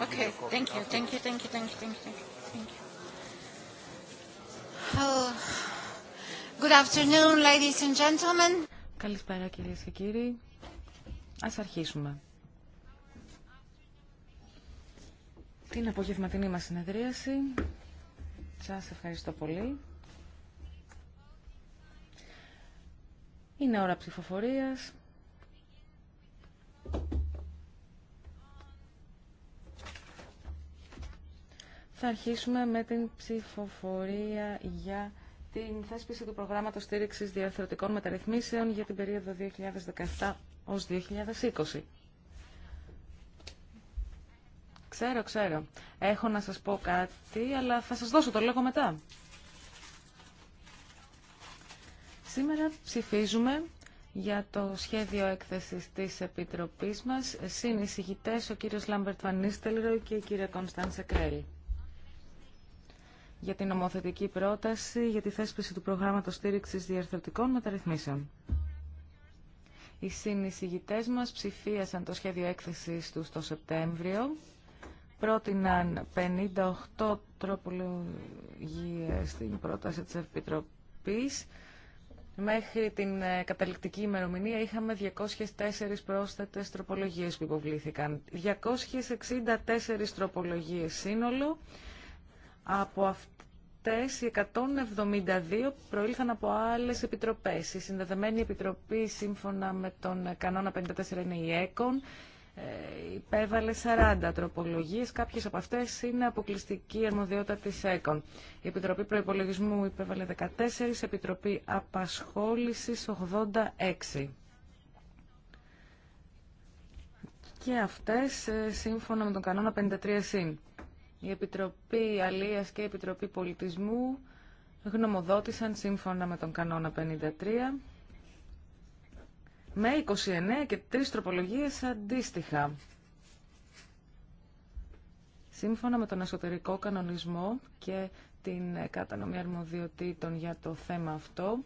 Okay, thank you, thank you, thank you, thank you, thank you, thank you. Oh. Good afternoon, ladies and gentlemen. Καλησπέρα κυρίες και κύριοι. Ας αρχίσουμε. Την απογευματινή μας συνεδρίαση. Σας ευχαριστώ πολύ. Είναι ώρα ψηφοφορίας. Θα αρχίσουμε με την ψηφοφορία για την θέσπιση του προγράμματος στήριξης διαρθρωτικών μεταρρυθμίσεων για την περίοδο 2017 ως 2020. Ξέρω, ξέρω. Έχω να σας πω κάτι, αλλά θα σας δώσω το λόγο μετά. Σήμερα ψηφίζουμε για το σχέδιο έκθεσης της Επιτροπής μας. Συνεισηγητές ο κύριος Λάμπερτ Βανίστελρο και η κυρία Κωνσταντσα Κρέλη για την νομοθετική πρόταση για τη θέσπιση του προγράμματος στήριξης διαρθρωτικών μεταρρυθμίσεων. Οι συνεισηγητές μας ψηφίασαν το σχέδιο έκθεσης του το Σεπτέμβριο. Πρότειναν 58 τροπολογίες στην πρόταση της Επιτροπής. Μέχρι την ε, καταληκτική ημερομηνία είχαμε 204 πρόσθετες τροπολογίες που υποβλήθηκαν. 264 τροπολογίες σύνολο από αυτές οι 172 προήλθαν από άλλες επιτροπές. Η Συνδεδεμένη Επιτροπή σύμφωνα με τον κανόνα 54 είναι η ΕΚΟΝ. Ε, υπέβαλε 40 τροπολογίες. Κάποιες από αυτές είναι αποκλειστική αρμοδιότητα τη ΕΚΟΝ. Η Επιτροπή προπολογισμού υπέβαλε 14, Επιτροπή Απασχόλησης 86. Και αυτές ε, σύμφωνα με τον κανόνα 53 συν. Η Επιτροπή Αλίας και η Επιτροπή Πολιτισμού γνωμοδότησαν σύμφωνα με τον κανόνα 53 με 29 και 3 τροπολογίες αντίστοιχα. Σύμφωνα με τον εσωτερικό κανονισμό και την κατανομή αρμοδιοτήτων για το θέμα αυτό,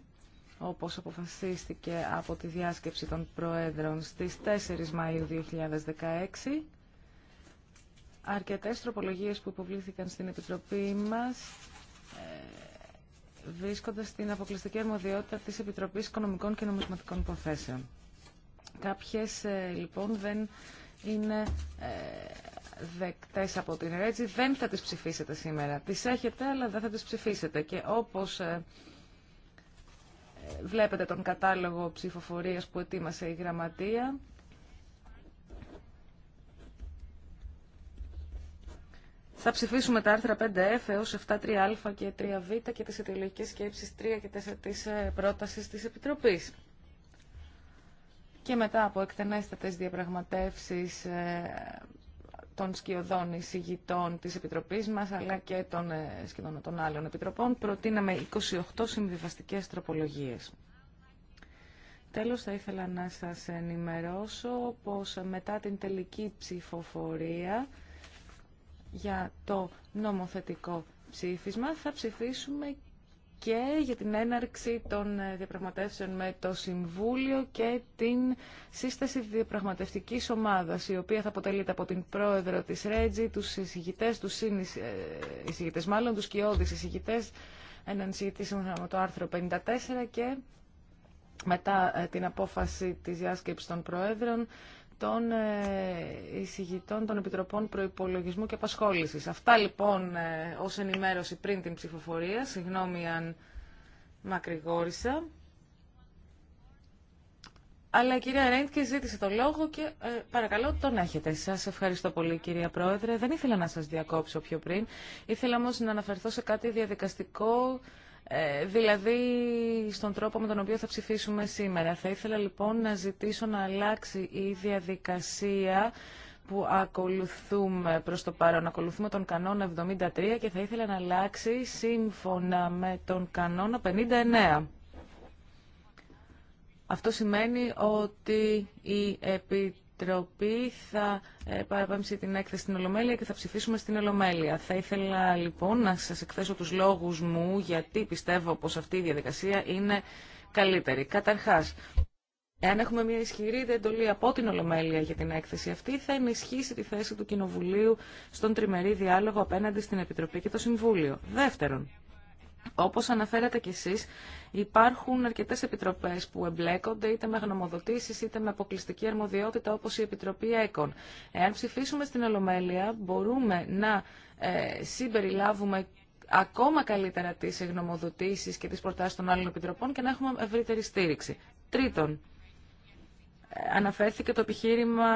όπως αποφασίστηκε από τη διάσκεψη των Προέδρων στις 4 Μαΐου 2016, αρκετές τροπολογίες που υποβλήθηκαν στην Επιτροπή μας ε, βρίσκονται στην αποκλειστική αρμοδιότητα της Επιτροπής Οικονομικών και Νομισματικών Υποθέσεων. Κάποιες ε, λοιπόν δεν είναι ε, δεκτές από την Ρέτζη, δεν θα τις ψηφίσετε σήμερα. Τις έχετε αλλά δεν θα τις ψηφίσετε και όπως βλέπετε τον κατάλογο ψηφοφορίας που ετοίμασε η Γραμματεία, Θα ψηφίσουμε τα άρθρα 5F έως 7.3α και 3β και τις αιτιολογικές σκέψεις 3 και 4 της ε, πρότασης της Επιτροπής. Και μετά από εκτενέστατες διαπραγματεύσεις ε, των σκιωδών εισηγητών της Επιτροπής μας, αλλά και των ε, σχεδόν των άλλων επιτροπών, προτείναμε 28 συμβιβαστικές τροπολογίες. Τέλος, θα ήθελα να σας ενημερώσω πως μετά την τελική ψηφοφορία για το νομοθετικό ψήφισμα θα ψηφίσουμε και για την έναρξη των ε, διαπραγματεύσεων με το Συμβούλιο και την σύσταση διαπραγματευτικής ομάδας, η οποία θα αποτελείται από την πρόεδρο της Ρέτζη, τους εισηγητές, τους σύνης, ε, μάλλον, τους κοιόδης εισηγητές, έναν εισηγητή σύμφωνα με το άρθρο 54 και μετά ε, την απόφαση της διάσκεψης των Προέδρων, των ε, εισηγητών των Επιτροπών Προϋπολογισμού και Απασχόλησης. Αυτά λοιπόν ε, ως ενημέρωση πριν την ψηφοφορία. Συγγνώμη αν μακρηγόρησα. Αλλά η κυρία Ρέντκε ζήτησε το λόγο και ε, παρακαλώ τον έχετε. Σα ευχαριστώ πολύ κυρία Πρόεδρε. Δεν ήθελα να σα διακόψω πιο πριν. Ήθελα όμω να αναφερθώ σε κάτι διαδικαστικό ε, δηλαδή στον τρόπο με τον οποίο θα ψηφίσουμε σήμερα. Θα ήθελα λοιπόν να ζητήσω να αλλάξει η διαδικασία που ακολουθούμε προς το παρόν. Ακολουθούμε τον κανόνα 73 και θα ήθελα να αλλάξει σύμφωνα με τον κανόνα 59. Αυτό σημαίνει ότι η επί Επιτροπή θα ε, την έκθεση στην Ολομέλεια και θα ψηφίσουμε στην Ολομέλεια. Θα ήθελα λοιπόν να σας εκθέσω τους λόγους μου γιατί πιστεύω πως αυτή η διαδικασία είναι καλύτερη. Καταρχάς, εάν έχουμε μια ισχυρή εντολή από την Ολομέλεια για την έκθεση αυτή, θα ενισχύσει τη θέση του Κοινοβουλίου στον τριμερή διάλογο απέναντι στην Επιτροπή και το Συμβούλιο. Δεύτερον, όπως αναφέρατε κι εσείς, υπάρχουν αρκετές επιτροπές που εμπλέκονται είτε με γνωμοδοτήσεις είτε με αποκλειστική αρμοδιότητα όπως η Επιτροπή ΕΚΟΝ. Εάν ψηφίσουμε στην Ολομέλεια μπορούμε να ε, συμπεριλάβουμε ακόμα καλύτερα τις γνωμοδοτήσεις και τις προτάσεις των άλλων επιτροπών και να έχουμε ευρύτερη στήριξη. Τρίτον, ε, αναφέρθηκε το επιχείρημα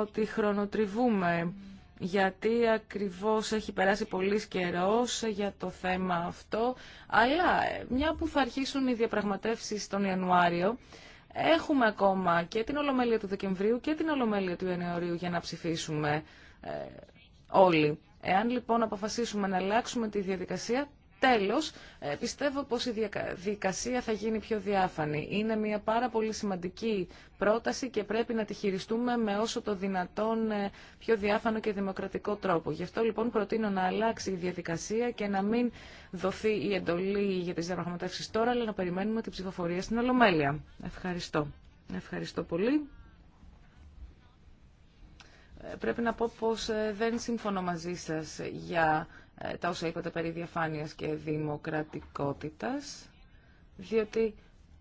ότι χρονοτριβούμε γιατί ακριβώς έχει περάσει πολύς καιρός για το θέμα αυτό, αλλά ε, μια που θα αρχίσουν οι διαπραγματεύσεις τον Ιανουάριο, έχουμε ακόμα και την Ολομέλεια του Δεκεμβρίου και την Ολομέλεια του Ιανουαρίου για να ψηφίσουμε ε, όλοι. Εάν λοιπόν αποφασίσουμε να αλλάξουμε τη διαδικασία, Τέλος, ε, πιστεύω πως η διαδικασία θα γίνει πιο διάφανη. Είναι μια πάρα πολύ σημαντική πρόταση και πρέπει να τη χειριστούμε με όσο το δυνατόν ε, πιο διάφανο και δημοκρατικό τρόπο. Γι' αυτό λοιπόν προτείνω να αλλάξει η διαδικασία και να μην δοθεί η εντολή για τις διαπραγματεύσεις τώρα, αλλά να περιμένουμε την ψηφοφορία στην Ολομέλεια. Ευχαριστώ. Ευχαριστώ πολύ. Ε, πρέπει να πω πως δεν συμφωνώ μαζί σας για ε, τα όσα είπατε περί διαφάνειας και δημοκρατικότητας, διότι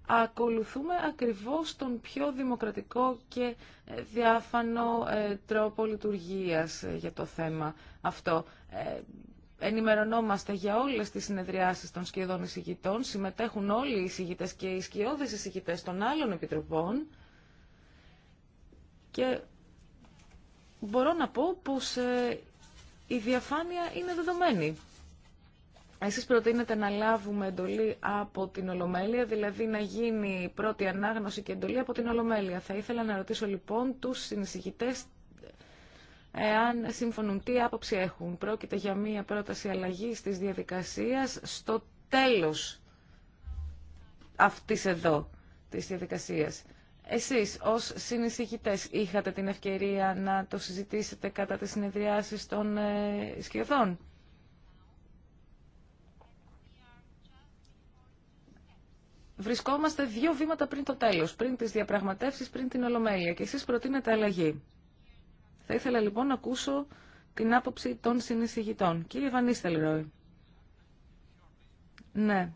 ακολουθούμε ακριβώς τον πιο δημοκρατικό και ε, διάφανο ε, τρόπο λειτουργίας για το θέμα αυτό. Ενημερωνόμαστε για όλες τις συνεδριάσεις των σκιωδών εισηγητών, συμμετέχουν όλοι οι εισηγητές και οι σκιώδες εισηγητές των άλλων επιτροπών και μπορώ να πω πως η διαφάνεια είναι δεδομένη. Εσείς προτείνετε να λάβουμε εντολή από την Ολομέλεια, δηλαδή να γίνει η πρώτη ανάγνωση και εντολή από την Ολομέλεια. Θα ήθελα να ρωτήσω λοιπόν τους συνεισηγητές εάν συμφωνούν τι άποψη έχουν. Πρόκειται για μία πρόταση αλλαγή της διαδικασίας στο τέλος αυτής εδώ της διαδικασίας. Εσείς ως συνεισηγητές είχατε την ευκαιρία να το συζητήσετε κατά τις συνεδριάσεις των ε, Βρισκόμαστε δύο βήματα πριν το τέλος, πριν τις διαπραγματεύσεις, πριν την Ολομέλεια και εσείς προτείνετε αλλαγή. Θα ήθελα λοιπόν να ακούσω την άποψη των συνεισυχητών. Κύριε Βανίστελ Ρόι. Ναι.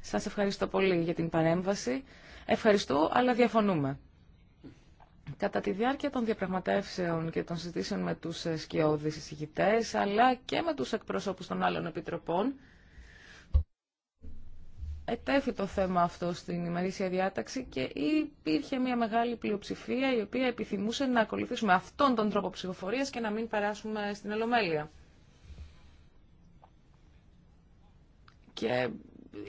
Σας ευχαριστώ πολύ για την παρέμβαση. Ευχαριστώ, αλλά διαφωνούμε. Κατά τη διάρκεια των διαπραγματεύσεων και των συζητήσεων με τους ε, σκιώδεις εισηγητές, αλλά και με τους εκπροσώπους των άλλων επιτροπών, ετέθη το θέμα αυτό στην ημερήσια διάταξη και υπήρχε μια μεγάλη πλειοψηφία η οποία επιθυμούσε να ακολουθήσουμε αυτόν τον τρόπο ψηφοφορίας και να μην περάσουμε στην ελομέλεια. Και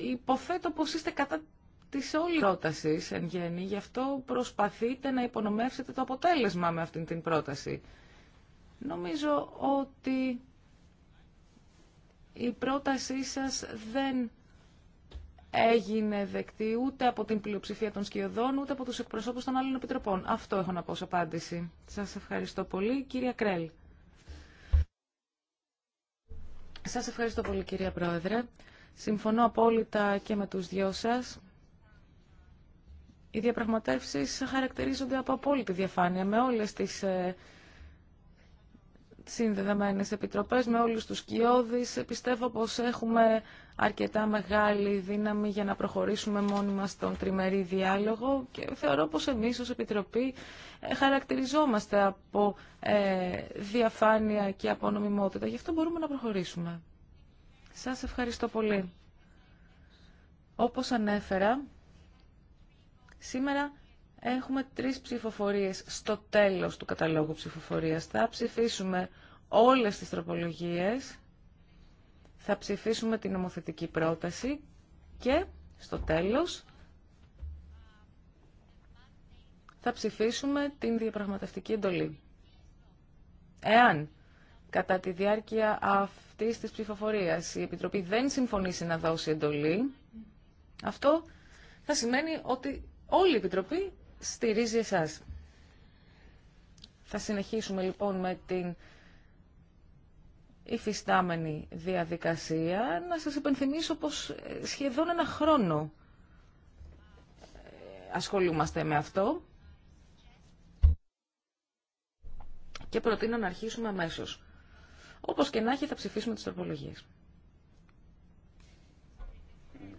υποθέτω πως είστε κατά Τη όλη πρόταση εν γέννη, γι' αυτό προσπαθείτε να υπονομεύσετε το αποτέλεσμα με αυτήν την πρόταση. Νομίζω ότι η πρότασή σας δεν έγινε δεκτή ούτε από την πλειοψηφία των σκιωδών, ούτε από τους εκπροσώπους των άλλων επιτροπών. Αυτό έχω να πω ως απάντηση. Σας ευχαριστώ πολύ, κυρία Κρέλ. Σας ευχαριστώ πολύ, κυρία Πρόεδρε. Συμφωνώ απόλυτα και με τους δυο σας. Οι διαπραγματεύσεις χαρακτηρίζονται από απόλυτη διαφάνεια με όλες τις ε, συνδεδεμένες επιτροπές, με όλους τους κοιόδης. Ε, πιστεύω πως έχουμε αρκετά μεγάλη δύναμη για να προχωρήσουμε μόνοι μας στον τριμερή διάλογο και θεωρώ πως εμείς ως Επιτροπή ε, χαρακτηριζόμαστε από διαφάνεια και από νομιμότητα. Γι' αυτό μπορούμε να προχωρήσουμε. Σας ευχαριστώ πολύ. Όπως ανέφερα, Σήμερα έχουμε τρεις ψηφοφορίες στο τέλος του καταλόγου ψηφοφορίας. Θα ψηφίσουμε όλες τις τροπολογίες, θα ψηφίσουμε την νομοθετική πρόταση και στο τέλος θα ψηφίσουμε την διαπραγματευτική εντολή. Εάν κατά τη διάρκεια αυτής της ψηφοφορίας η Επιτροπή δεν συμφωνήσει να δώσει εντολή, αυτό θα σημαίνει ότι Όλη η Επιτροπή στηρίζει εσάς. Θα συνεχίσουμε λοιπόν με την υφιστάμενη διαδικασία. Να σας υπενθυμίσω πως ε, σχεδόν ένα χρόνο ε, ασχολούμαστε με αυτό και προτείνω να αρχίσουμε αμέσως. Όπως και να έχει θα ψηφίσουμε τις τροπολογίες.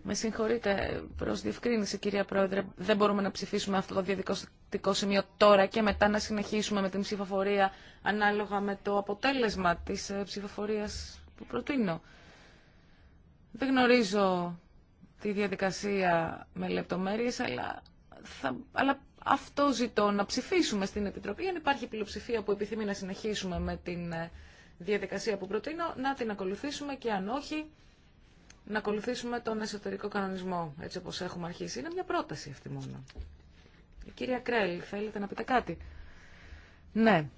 Με συγχωρείτε προ διευκρίνηση, κυρία Πρόεδρε. Δεν μπορούμε να ψηφίσουμε αυτό το διαδικαστικό σημείο τώρα και μετά να συνεχίσουμε με την ψηφοφορία ανάλογα με το αποτέλεσμα τη ε, ψηφοφορία που προτείνω. Δεν γνωρίζω τη διαδικασία με λεπτομέρειες, αλλά, θα, αλλά αυτό ζητώ να ψηφίσουμε στην Επιτροπή. Αν υπάρχει πλειοψηφία που επιθυμεί να συνεχίσουμε με την ε, διαδικασία που προτείνω, να την ακολουθήσουμε και αν όχι, να ακολουθήσουμε τον εσωτερικό κανονισμό, έτσι όπως έχουμε αρχίσει. Είναι μια πρόταση αυτή μόνο. Η κυρία Κρέλ, θέλετε να πείτε κάτι. Ναι.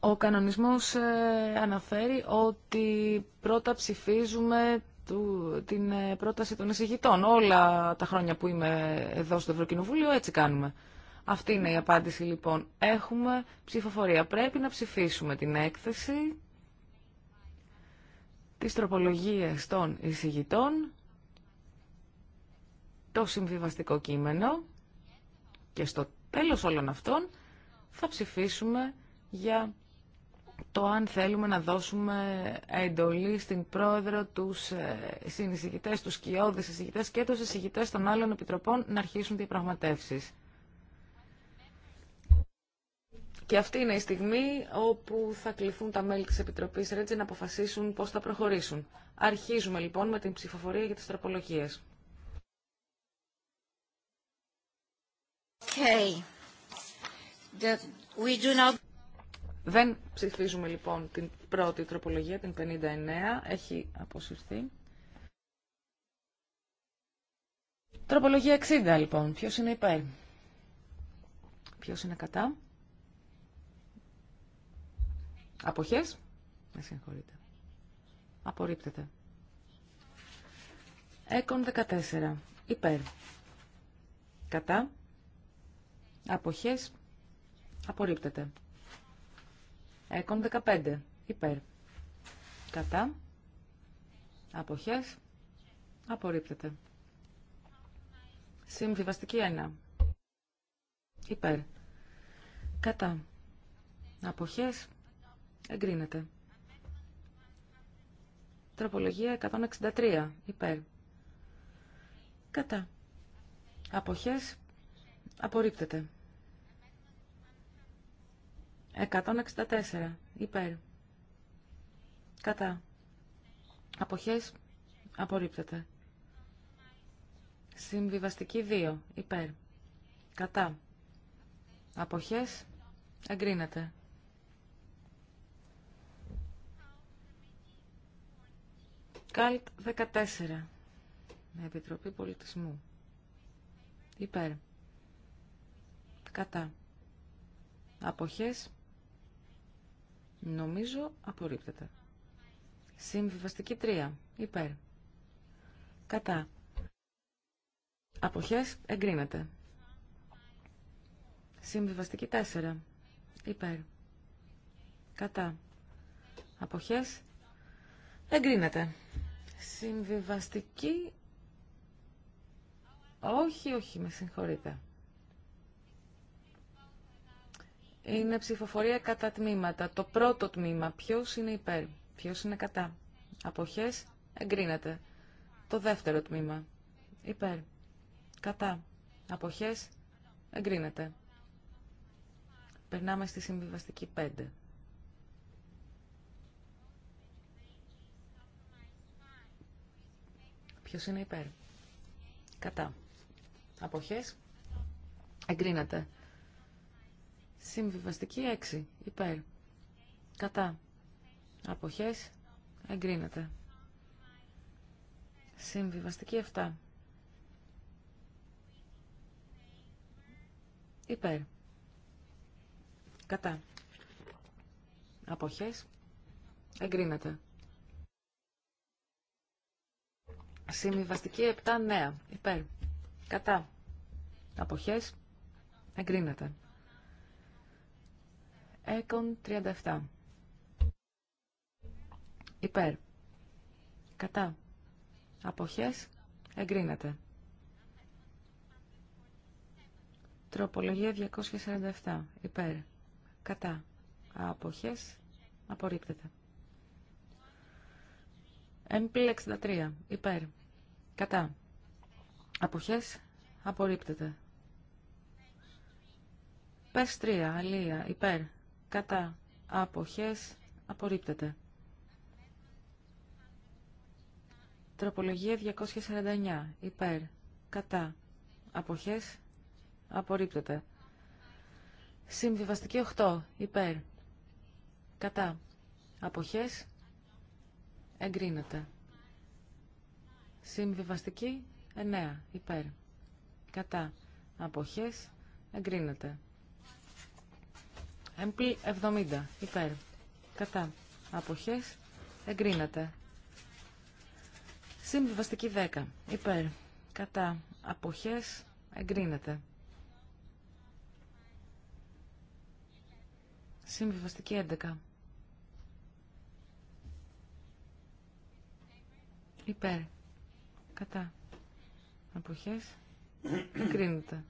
Ο κανονισμός ε, αναφέρει ότι πρώτα ψηφίζουμε την ε, πρόταση των εισηγητών. Όλα τα χρόνια που είμαι εδώ στο Ευρωκοινοβούλιο έτσι κάνουμε. Αυτή είναι η απάντηση λοιπόν. Έχουμε ψηφοφορία. Πρέπει να ψηφίσουμε την έκθεση τις τροπολογίες των εισηγητών, το συμβιβαστικό κείμενο και στο τέλος όλων αυτών θα ψηφίσουμε για το αν θέλουμε να δώσουμε εντολή στην πρόεδρο, τους ε, συνεισηγητές, τους κοιόδες εισηγητές και τους εισηγητές των άλλων επιτροπών να αρχίσουν διαπραγματεύσεις. Και αυτή είναι η στιγμή όπου θα κληθούν τα μέλη της Επιτροπής Ρέτζι να αποφασίσουν πώς θα προχωρήσουν. Αρχίζουμε λοιπόν με την ψηφοφορία για τις τροπολογίες. Okay. We do not... Δεν ψηφίζουμε λοιπόν την πρώτη τροπολογία, την 59. Έχει αποσυρθεί. Τροπολογία 60 λοιπόν. Ποιος είναι υπέρ. Ποιος είναι κατά. Αποχές. Με συγχωρείτε. Απορρίπτεται. Έκον 14. Υπέρ. Κατά. Αποχές. Απορρίπτεται. Έκον 15. Υπέρ. Κατά. Αποχές. Απορρίπτεται. Συμβιβαστική 1. Υπέρ. Κατά. Αποχές. Εγκρίνεται. Τροπολογία 163. Υπέρ. Κατά. Αποχές. Απορρίπτεται. 164. Υπέρ. Κατά. Αποχές. Απορρίπτεται. Συμβιβαστική 2. Υπέρ. Κατά. Αποχές. Εγκρίνεται. Καλτ 14. με Επιτροπή Πολιτισμού. Υπέρ. Κατά. Αποχές. Νομίζω απορρίπτεται. Συμβιβαστική 3. Υπέρ. Κατά. Αποχές εγκρίνεται. Συμβιβαστική 4. Υπέρ. Κατά. Αποχές εγκρίνεται. Συμβιβαστική. Όχι, όχι, με συγχωρείτε. Είναι ψηφοφορία κατά τμήματα. Το πρώτο τμήμα, ποιος είναι υπέρ, ποιος είναι κατά. Αποχές, εγκρίνεται. Το δεύτερο τμήμα, υπέρ, κατά. Αποχές, εγκρίνεται. Περνάμε στη συμβιβαστική 5. Ποιο είναι υπέρ. Κατά. Αποχέ. Εγκρίνεται. Συμβιβαστική 6. Υπέρ. Κατά. Αποχέ. Εγκρίνεται. Συμβιβαστική 7. Υπέρ. Κατά. Αποχές. Εγκρίνεται. Συμβιβαστική 7 νέα. Υπέρ. Κατά. Αποχές. Εγκρίνεται. Έκον 37. Υπέρ. Κατά. Αποχές. Εγκρίνεται. Τροπολογία 247. Υπέρ. Κατά. Αποχές. Απορρίπτεται. Έμπλ 63. Υπέρ. Κατά. Αποχές απορρίπτεται. Πες τρία, Αλία. Υπέρ. Κατά. Αποχές απορρίπτεται. Τροπολογία 249. Υπέρ. Κατά. Αποχές απορρίπτεται. Συμβιβαστική 8. Υπέρ. Κατά. Αποχές εγκρίνεται. Συμβιβαστική 9. Υπέρ. Κατά. Αποχές. Εγκρίνεται. Εμπλή 70. Υπέρ. Κατά. Αποχές. Εγκρίνεται. Συμβιβαστική 10. Υπέρ. Κατά. Αποχές. Εγκρίνεται. Συμβιβαστική 11. Υπέρ. Κατά. Αποχές. Κρίνεται.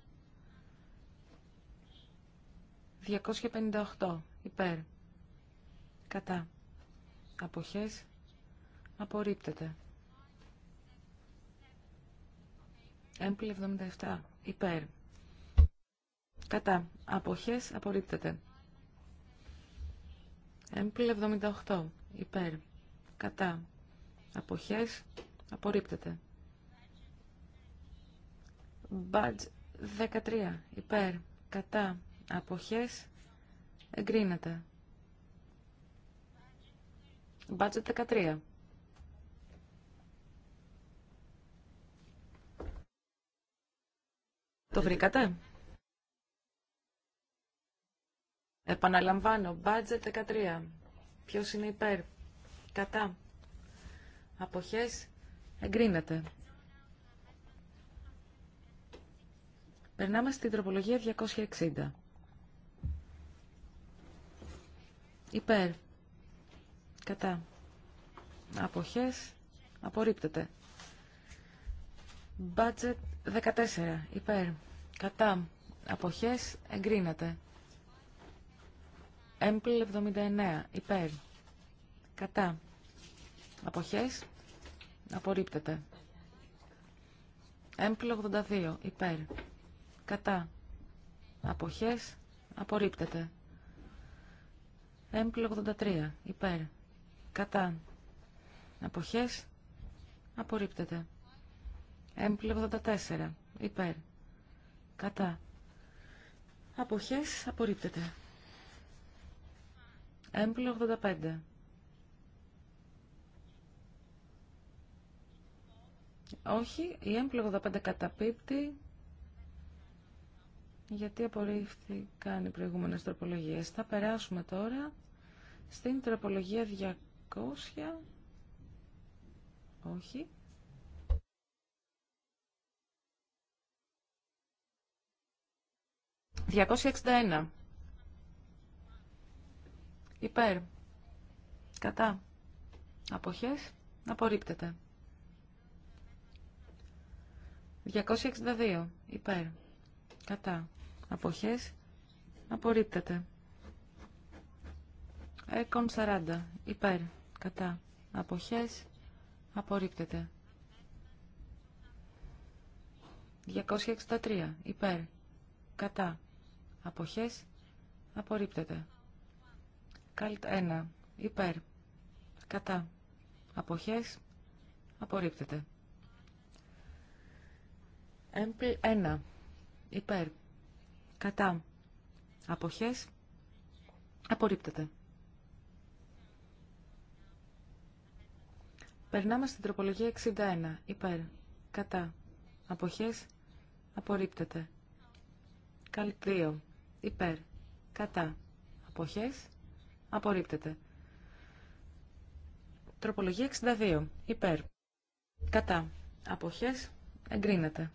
258. Υπέρ. Κατά. Αποχές. Απορρίπτεται. Έμπλη 77. Υπέρ. Κατά. Αποχές. Απορρίπτεται. Έμπλη 78. Υπέρ. Κατά. Αποχές. Απορρίπτεται. Μπάτζ 13. Υπέρ. Κατά. Αποχέ. Εγκρίνεται. Μπάτζ 13. Το βρήκατε. Επαναλαμβάνω. Μπάτζε 13. Ποιος είναι υπέρ. Κατά. Αποχές. Εγκρίνεται. Περνάμε στην τροπολογία 260. Υπέρ. Κατά. Αποχές. Απορρίπτεται. Budget 14. Υπέρ. Κατά. Αποχές. Εγκρίνεται. Έμπλ 79. Υπέρ. Κατά. Αποχές. Απορρίπτεται. Έμπλ 82. Υπέρ. Κατά. Αποχές. Απορρίπτεται. Έμπλο 83. Υπέρ. Κατά. Αποχές. Απορρίπτεται. Έμπλο 84. Υπέρ. Κατά. Αποχές. Απορρίπτεται. Έμπλο 85. Όχι, η έμπλο 85 καταπίπτει γιατί απορρίφθηκαν οι προηγούμενε τροπολογίες. Θα περάσουμε τώρα στην τροπολογία 200. Όχι. «261. Υπέρ. Κατά. Αποχές. Απορρίπτεται. 262. Υπέρ. Κατά αποχές απορρίπτεται. Έκον 40 υπέρ κατά αποχές απορρίπτεται. 263 υπέρ κατά αποχές απορρίπτεται. Καλτ 1 υπέρ κατά αποχές απορρίπτεται. Έμπλ 1 υπέρ Κατά. Αποχές. Απορρίπτεται. Περνάμε στην τροπολογία 61. Υπέρ. Κατά. Αποχές. Απορρίπτεται. Καλ 2. Υπέρ. Κατά. Αποχές. Απορρίπτεται. Τροπολογία 62. Υπέρ. Κατά. Αποχές. Εγκρίνεται.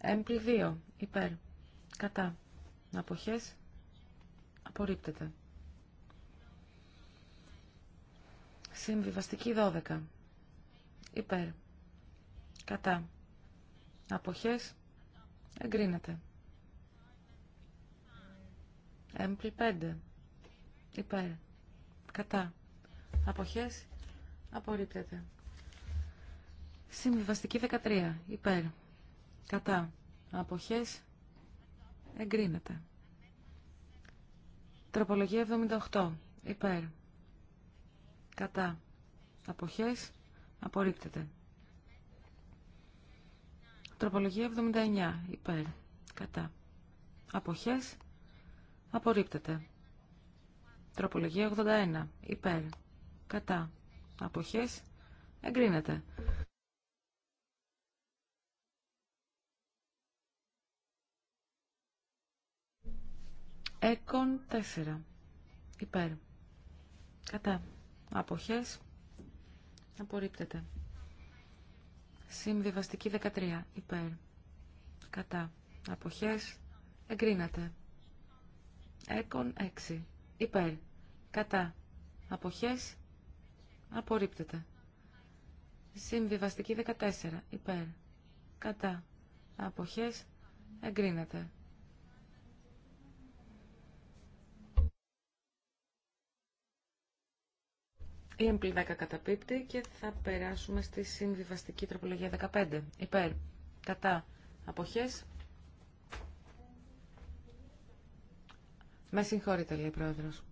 Έμπλη 2. Υπέρ. Κατά. Αποχές. Απορρίπτεται. Συμβιβαστική 12. Υπέρ. Κατά. Αποχές. Εγκρίνεται. Έμπλη 5. Υπέρ. Κατά. Αποχές. Απορρίπτεται. Συμβιβαστική 13. Υπέρ. Κατά. Αποχές. Εγκρίνεται. Τροπολογία 78. Υπέρ. Κατά. Αποχές. Απορρίπτεται. Τροπολογία 79. Υπέρ. Κατά. Αποχές. Απορρίπτεται. Τροπολογία 81. Υπέρ. Κατά. Αποχές. Εγκρίνεται. Έκον 4. Υπέρ. Κατά. Αποχές. Απορρίπτεται. Συμβιβαστική 13. Υπέρ. Κατά. Αποχές. Εγκρίνατε. Έκον 6. Υπέρ. Κατά. Αποχές. Απορρίπτεται. Συμβιβαστική 14. Υπέρ. Κατά. Αποχές. Εγκρίνεται. Η 10 καταπίπτει και θα περάσουμε στη συμβιβαστική τροπολογία 15. Υπέρ. Κατά. Αποχές. Με συγχωρείτε, λέει η Πρόεδρος.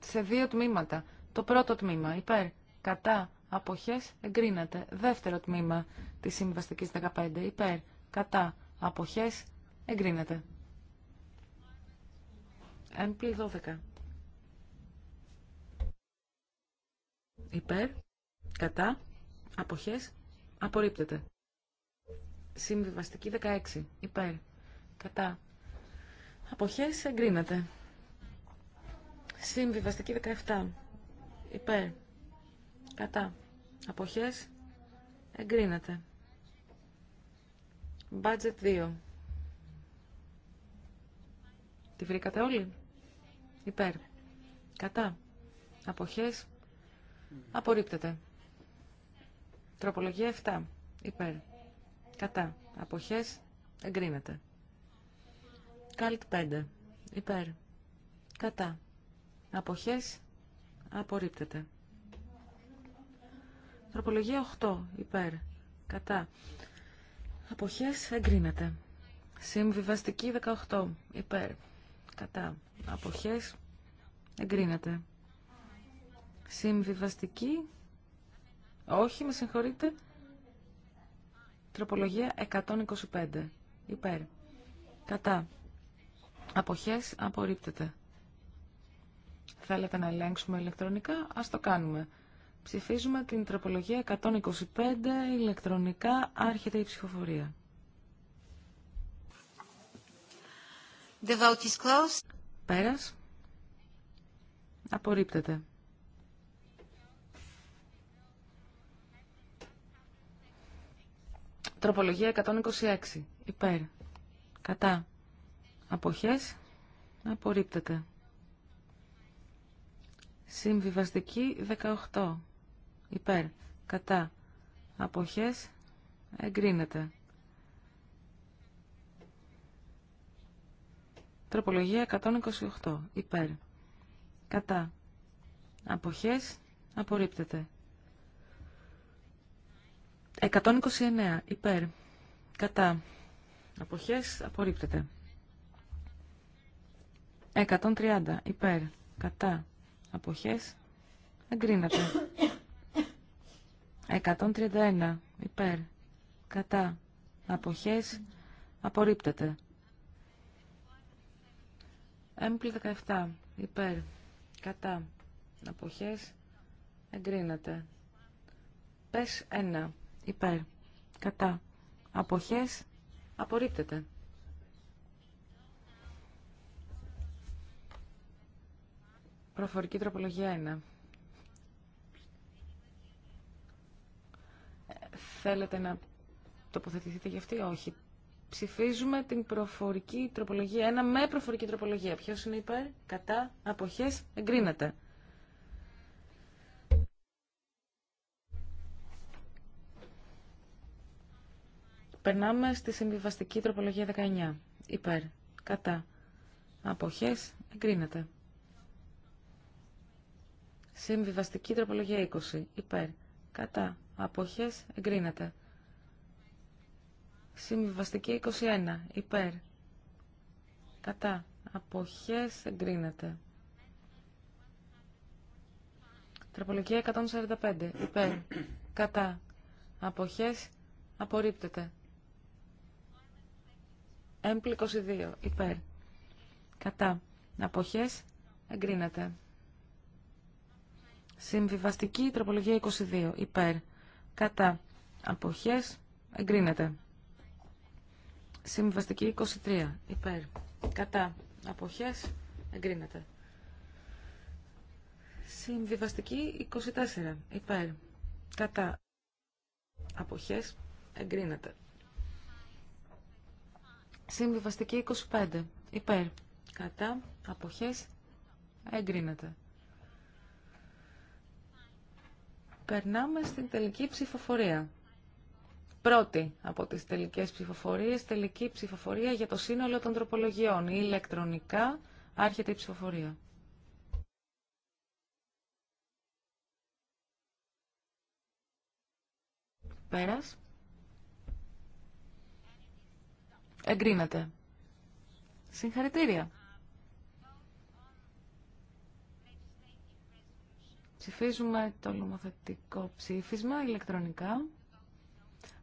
Σε δύο τμήματα. Το πρώτο τμήμα. Υπέρ. Κατά. Αποχές. Εγκρίνεται. Δεύτερο τμήμα της συμβιβαστικής 15. Υπέρ. Κατά. Αποχές. Εγκρίνεται. Εμπλυ 12. υπέρ, κατά, αποχές, απορρίπτεται. Συμβιβαστική 16, υπέρ, κατά, αποχές, εγκρίνεται. Συμβιβαστική 17, υπέρ, κατά, αποχές, εγκρίνεται. Budget 2. Τη βρήκατε όλοι. Υπέρ. Κατά. Αποχές. Απορρίπτεται. Τροπολογία 7. Υπέρ. Κατά. Αποχές. Εγκρίνεται. Κάλτ 5. Υπέρ. Κατά. Αποχές. Απορρίπτεται. Τροπολογία 8. Υπέρ. Κατά. Αποχές. Εγκρίνεται. Συμβιβαστική 18. Υπέρ. Κατά. Αποχές. Εγκρίνεται. Συμβιβαστική. Όχι, με συγχωρείτε. Τροπολογία 125. Υπέρ. Κατά. Αποχές απορρίπτεται. Θέλετε να ελέγξουμε ηλεκτρονικά, ας το κάνουμε. Ψηφίζουμε την τροπολογία 125 ηλεκτρονικά, άρχεται η ψηφοφορία. The vote is closed. Πέρας. Απορρίπτεται. Τροπολογία 126. Υπέρ. Κατά. Αποχές. Απορρίπτεται. Συμβιβαστική 18. Υπέρ. Κατά. Αποχές. Εγκρίνεται. Τροπολογία 128. Υπέρ. Κατά. Αποχές. Απορρίπτεται. 129 υπέρ. Κατά. Αποχές απορρίπτεται. 130 υπέρ. Κατά. Αποχές εγκρίνεται. 131 υπέρ. Κατά. Αποχές απορρίπτεται. Έμπλη 17 υπέρ. Κατά. Αποχές εγκρίνεται. Πες 1 υπέρ, κατά, αποχές, απορρίπτεται. Προφορική τροπολογία 1. Ε, θέλετε να τοποθετηθείτε γι' αυτή, όχι. Ψηφίζουμε την προφορική τροπολογία 1 με προφορική τροπολογία. Ποιος είναι υπέρ, κατά, αποχές, εγκρίνεται. Περνάμε στη συμβιβαστική τροπολογία 19. Υπέρ. Κατά. Αποχές. Εγκρίνεται. Συμβιβαστική τροπολογία 20. Υπέρ. Κατά. Αποχές. Εγκρίνεται. Συμβιβαστική 21. Υπέρ. Κατά. Αποχές. Εγκρίνεται. Τροπολογία 145. Υπέρ. Κατά. Αποχές. Απορρίπτεται. Έμπλη 22. Υπέρ. Κατά. Αποχές. Εγκρίνεται. Συμβιβαστική τροπολογία 22. Υπέρ. Κατά. Αποχές. Εγκρίνεται. Συμβιβαστική 23. Υπέρ. Κατά. Αποχές. Εγκρίνεται. Συμβιβαστική 24. Υπέρ. Κατά. Αποχές. Εγκρίνεται. Συμβιβαστική 25. Υπέρ. Κατά. Αποχές. Εγκρίνεται. Περνάμε στην τελική ψηφοφορία. Πρώτη από τις τελικές ψηφοφορίες, τελική ψηφοφορία για το σύνολο των τροπολογιών. Η ηλεκτρονικά άρχεται η ψηφοφορία. Πέρας. Εγκρίνεται. Συγχαρητήρια. Ψηφίζουμε το νομοθετικό ψήφισμα ηλεκτρονικά.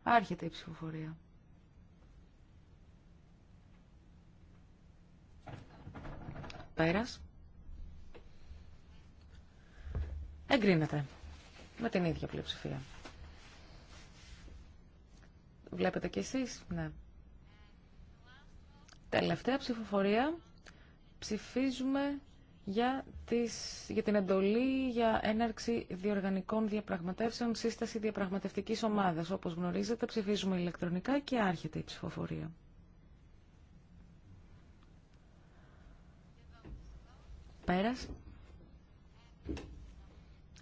Άρχεται η ψηφοφορία. Πέρας. Εγκρίνεται. Με την ίδια πλειοψηφία. Βλέπετε κι εσείς. Ναι. Τελευταία ψηφοφορία ψηφίζουμε για, τις, για την εντολή για έναρξη διοργανικών διαπραγματεύσεων, σύσταση διαπραγματευτικής ομάδας. Όπως γνωρίζετε ψηφίζουμε ηλεκτρονικά και άρχεται η ψηφοφορία. Πέρας.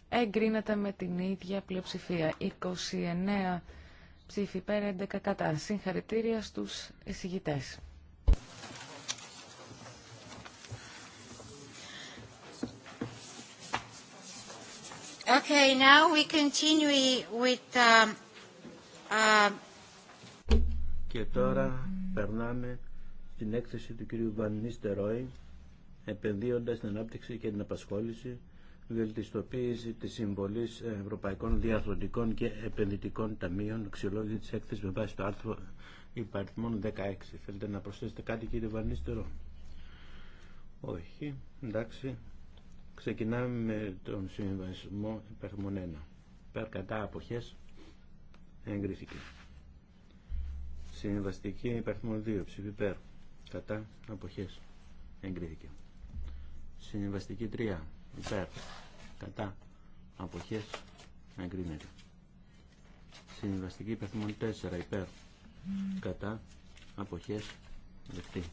Εγκρίνεται με την ίδια πλειοψηφία. 29 ψήφοι πέρα, 11 κατά. Συγχαρητήρια στους εισηγητές. Okay, now we continue with, um, um, Και τώρα περνάμε στην έκθεση του κυρίου Βανίστε Ρόι επενδύοντας την ανάπτυξη και την απασχόληση βελτιστοποίηση της συμβολής Ευρωπαϊκών Διαθροντικών και Επενδυτικών Ταμείων αξιολόγηση της έκθεσης με βάση το άρθρο υπαριθμών 16. Θέλετε να προσθέσετε κάτι κύριε Βανίστερο. Όχι. Εντάξει. Ξεκινάμε με τον συμβασμό υπερθμών 1. Πέρ κατά αποχές εγκρίθηκε. Συμβαστική υπερθμών 2. Ψήφι πέρ κατά αποχές εγκρίθηκε. Συμβαστική 3. Υπέρ κατά αποχές εγκρίνεται. Συμβαστική υπερθμών 4. Υπέρ κατά αποχές δεκτή.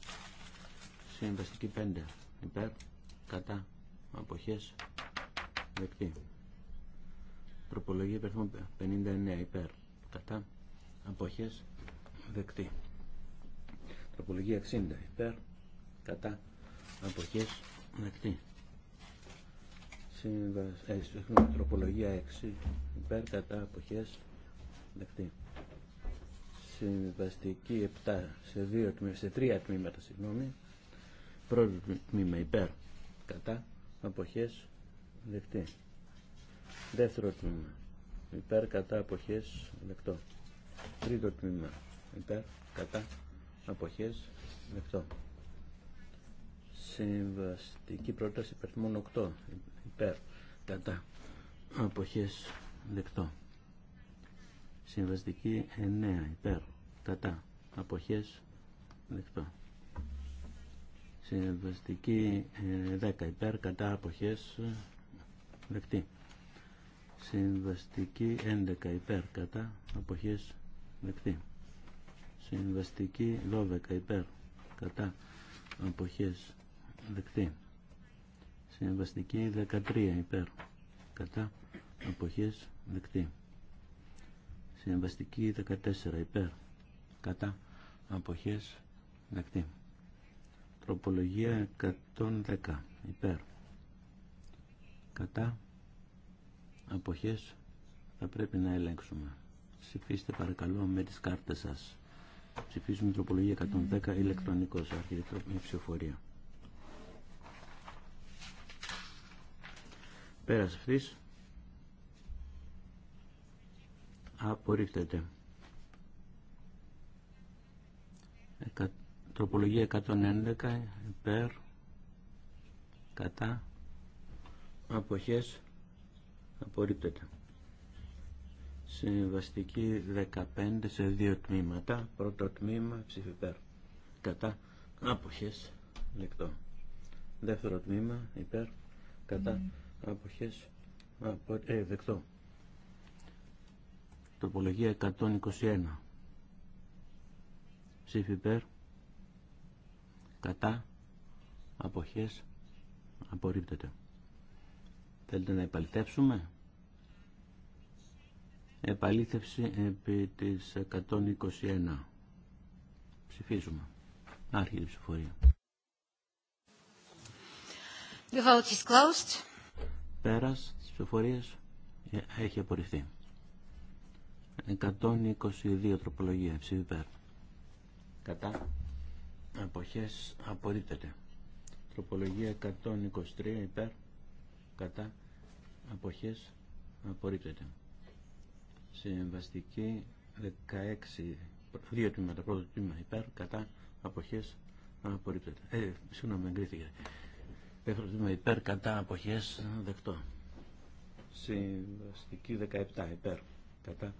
Συμβαστική 5. Υπέρ κατά αποχές δεκτή τροπολογία υπερθμών 59 υπέρ κατά αποχές δεκτή τροπολογία 60 υπέρ κατά αποχές δεκτή Σύμβαση, ε, τροπολογία 6 υπέρ κατά αποχές δεκτή συμβαστική 7 σε, δύο, σε 3 τμήματα συγγνώμη πρώτο τμήμα υπέρ κατά αποχές δεκτή. Δεύτερο τμήμα. Υπέρ κατά αποχές δεκτό. Τρίτο τμήμα. Υπέρ κατά αποχές δεκτό. Συμβαστική πρόταση υπερθμών 8. Υπέρ κατά αποχές δεκτό. Συμβαστική 9. Υπέρ κατά αποχές δεκτό. Συμβαστική 10 ε, υπέρ κατά αποχές δεκτή. Συμβαστική 11 υπέρ κατά αποχές δεκτή. Συμβαστική 12 υπέρ κατά αποχές δεκτή. Συμβαστική 13 υπέρ κατά αποχές δεκτή. Συμβαστική 14 υπέρ κατά αποχές δεκτή. Τροπολογία 110 υπέρ. Κατά αποχές θα πρέπει να ελέγξουμε. Ψηφίστε παρακαλώ με τις κάρτες σας. Ψηφίζουμε τροπολογία 110 ηλεκτρονικός αρχιτεκτό ψηφοφορία. Πέρας αυτής απορρίφτεται. Τροπολογία 111 υπέρ κατά αποχές απορρίπτεται. Συμβαστική 15 σε δύο τμήματα. Πρώτο τμήμα ψηφίπερ κατά αποχές λεκτό. Δεύτερο τμήμα υπέρ κατά αποχές απο... Ε, δεκτό. Τροπολογία 121 ψήφι υπέρ κατά αποχές απορρίπτεται θέλετε να επαληθεύσουμε επαλήθευση επί της 121 ψηφίζουμε η ψηφορία The vote is closed. Πέρας της ψηφοφορίας ε, έχει απορριφθεί. 122 τροπολογία ψήφι πέρα. Κατά αποχές απορρίπτεται τροπολογία 123 υπέρ κατά αποχές απορρίπτεται συμβαστική 16 δύο τμήματα πρώτο τμήμα υπέρ κατά αποχές απορρίπτεται ε, συγγνώμη εγκρίθηκε δεύτερο τμήμα υπέρ κατά αποχές δεκτό συμβαστική 17 υπέρ κατά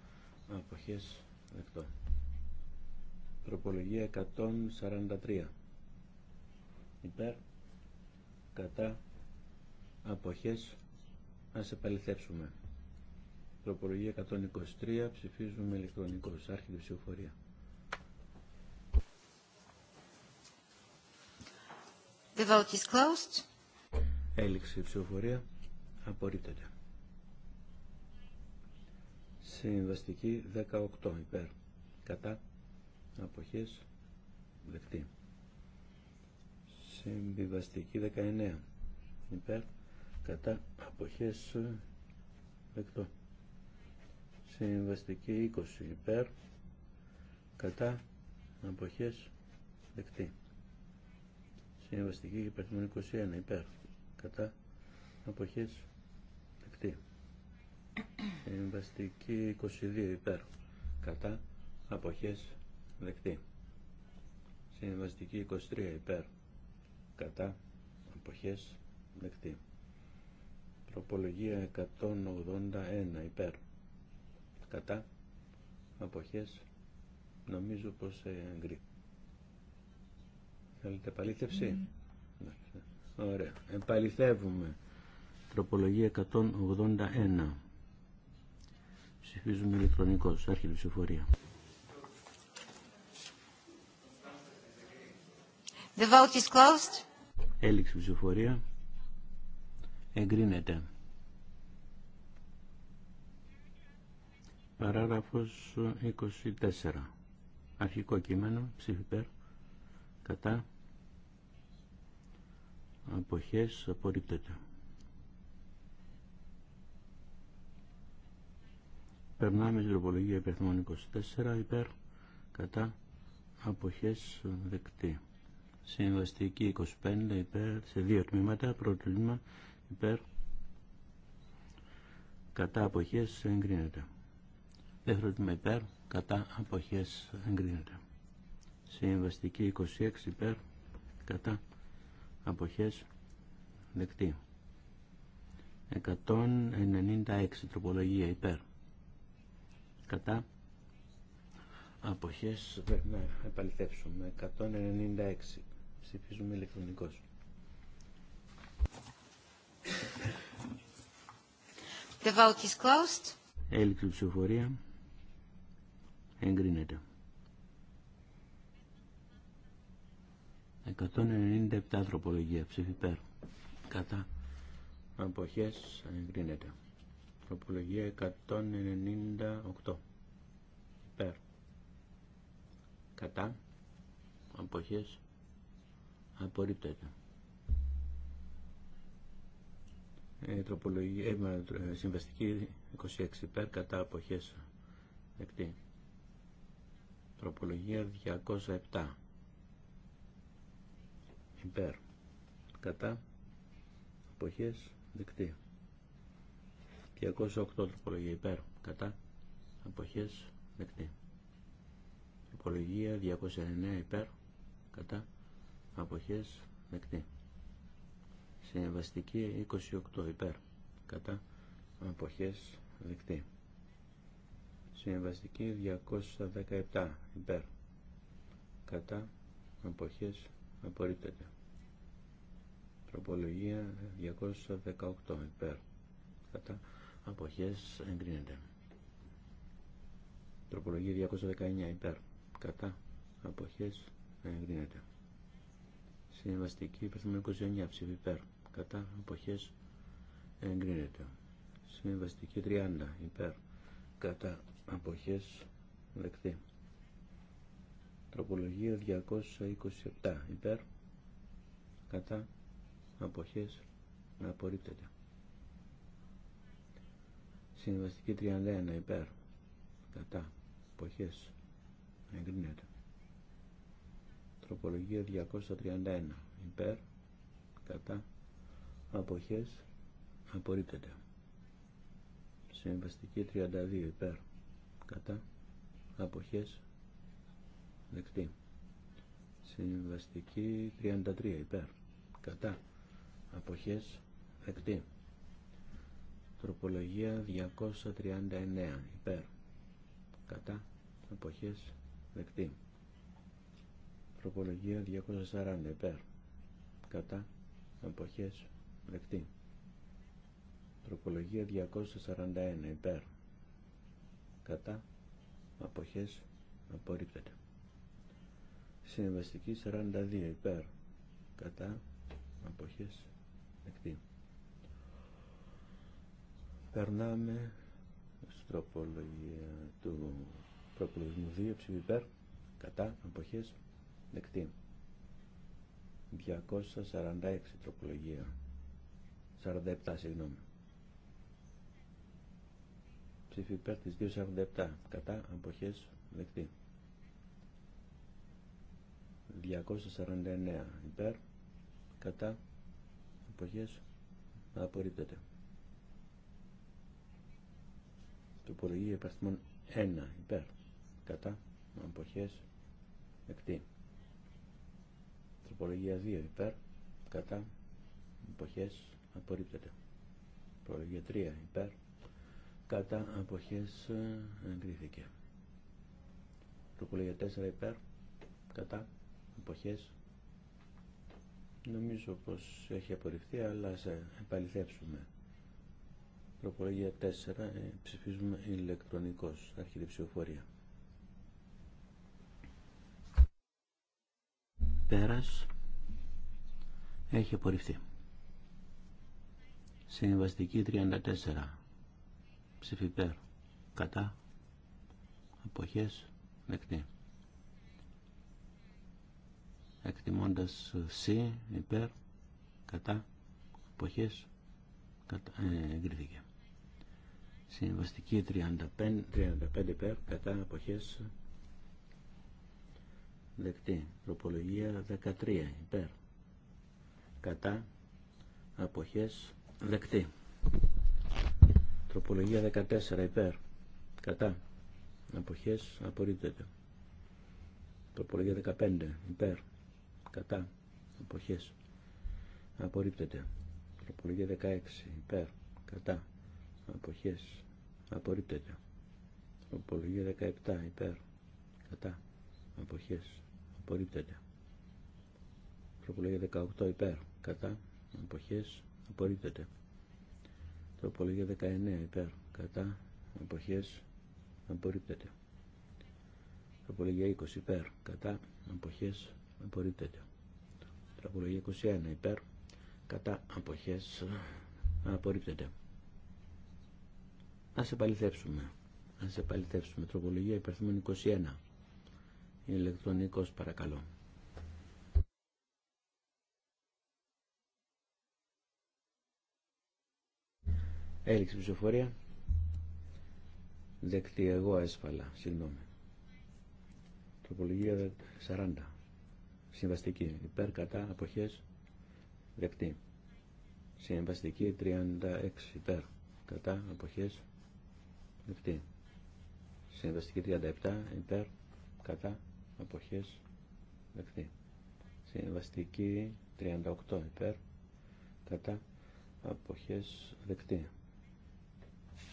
αποχές δεκτό Τροπολογία 143. Υπέρ, κατά, αποχές, ας επαληθεύσουμε. Τροπολογία 123, ψηφίζουμε ηλεκτρονικώς, Άρχιτε ψηφοφορία. The vote is closed. η ψηφοφορία. Απορρίπτεται. Συμβαστική 18 υπέρ. Κατά αποχές δεκτή συμβιβαστική 19 υπέρ κατά αποχές δεκτό συμβαστική 20 υπέρ κατά αποχές δεκτή συμβαστική 21 υπέρ κατά αποχές δεκτή συμβαστική 22 υπέρ κατά αποχές δεκτή. Συμβαστική 23 υπέρ κατά αποχές δεκτή. Τροπολογία 181 υπέρ κατά αποχές νομίζω πως εγκρί. Θέλετε επαλήθευση. Mm. Ωραία. Επαληθεύουμε. Τροπολογία 181. Ψηφίζουμε ηλεκτρονικώς. Άρχιτη ψηφορία. The vote is closed. Έληξη ψηφοφορία. Εγκρίνεται. Παράγραφος 24. Αρχικό κείμενο. Ψήφι περ. Κατά. Αποχές. Απορρίπτεται. Περνάμε στην τροπολογία υπερθμών 24 υπέρ κατά αποχές δεκτή. Συμβαστική 25 υπέρ σε δύο τμήματα. Πρώτο τμήμα υπέρ κατά αποχές εγκρίνεται. Δεύτερο τμήμα υπέρ κατά αποχές εγκρίνεται. Συμβαστική 26 υπέρ κατά αποχές δεκτή. 196 τροπολογία υπέρ κατά αποχές να επαληθεύσουμε 196 Ψηφίζουμε ηλεκτρονικώ. The vote is closed. Η ψηφοφορία. Εγκρίνεται. 197 τροπολογία ψήφι Κατά. Αποχές εγκρίνεται. Τροπολογία 198. Υπέρ. Κατά. Αποχές Απορρίπτεται. Ε, τροπολογία, ε, ε συμβαστική 26 υπέρ κατά αποχές δεκτή. Τροπολογία 207 υπέρ κατά αποχές δεκτή. 208 τροπολογία υπέρ κατά αποχές δεκτή. Τροπολογία 209 υπέρ κατά αποχές δεκτή. Συμβαστική 28 υπέρ κατά αποχές δεκτή. Συμβαστική 217 υπέρ κατά αποχές απορρίπτεται. Τροπολογία 218 υπέρ κατά αποχές εγκρίνεται. Τροπολογία 219 υπέρ κατά αποχές εγκρίνεται. Συμβαστική υπερθυμό 29 ψήφι υπέρ. Κατά αποχές εγκρίνεται. Συμβαστική 30 υπέρ. Κατά αποχές δεκτή. Τροπολογία 227 υπέρ. Κατά αποχές απορρίπτεται. Συμβαστική 31 υπέρ. Κατά αποχές εγκρίνεται τροπολογία 231 υπέρ κατά αποχές απορρίπτεται συμβαστική 32 υπέρ κατά αποχές δεκτή συμβαστική 33 υπέρ κατά αποχές δεκτή τροπολογία 239 υπέρ κατά αποχές δεκτή Τροπολογία 240 υπέρ. Κατά. Εποχές. Δεκτή. Τροπολογία 241 υπέρ. Κατά. Αποχές. Απορρίπτεται. Συμβαστική 42 υπέρ. Κατά. Αποχές. Δεκτή. Περνάμε στην τροπολογία του προπολογισμού 2 ψηφιπέρ. Κατά. Αποχές. Δεκτή. 246 τροπολογία. 47 συγγνώμη. Ψήφι υπέρ της 247. Κατά αποχές δεκτή. 249 υπέρ. Κατά αποχές απορρίπτεται. Τροπολογία υπαρθμών 1 υπέρ. Κατά αποχές δεκτή. Προλογία 2 υπέρ, κατά, εποχές, απορρίπτεται. Προλογία 3 υπέρ, κατά, εποχές, εγκρίθηκε. Προλογία 4 υπέρ, κατά, εποχές, νομίζω πως έχει απορριφθεί, αλλά σε επαληθεύσουμε. Προπολογία 4, ε, ψηφίζουμε ηλεκτρονικός, αρχή ψηφοφορία. πέρας έχει απορριφθεί. Συμβαστική 34. Ψηφιπέρ. Κατά. Αποχές. Δεκτή. Εκτιμώντας C. Υπέρ. Κατά. Αποχές. Κατά, ε, εγκρίθηκε. Συμβαστική 35, 35 υπέρ. Κατά. Αποχές δεκτή. Τροπολογία 13 υπέρ. Κατά αποχές δεκτή. Τροπολογία 14 υπέρ. Κατά αποχές απορρίπτεται. Τροπολογία 15 υπέρ. Κατά αποχές απορρίπτεται. Τροπολογία 16 υπέρ. Κατά αποχές απορρίπτεται. Τροπολογία 17 υπέρ. Κατά αποχές απορρίπτεται. Τροπολογία 18 υπέρ, κατά, εποχές, απορρίπτεται. Τροπολογία 19 υπέρ, κατά, εποχές, απορρίπτεται. Τροπολογία 20 υπέρ, κατά, εποχές, απορρίπτεται. Τροπολογία 21 υπέρ, κατά, εποχές, απορρίπτεται. Ας επαληθεύσουμε. Ας επαληθεύσουμε. Τροπολογία υπερθυμών 21 ηλεκτρονικός παρακαλώ. Έληξη ψηφοφορία. Δεκτή εγώ έσφαλα, συγγνώμη. Τροπολογία 40. Συμβαστική. Υπέρ, κατά, αποχές. Δεκτή. Συμβαστική 36. Υπέρ, κατά, αποχές. Δεκτή. Συμβαστική 37. Υπέρ, κατά, αποχές δεκτή. Συμβαστική 38 υπέρ κατά αποχές δεκτή.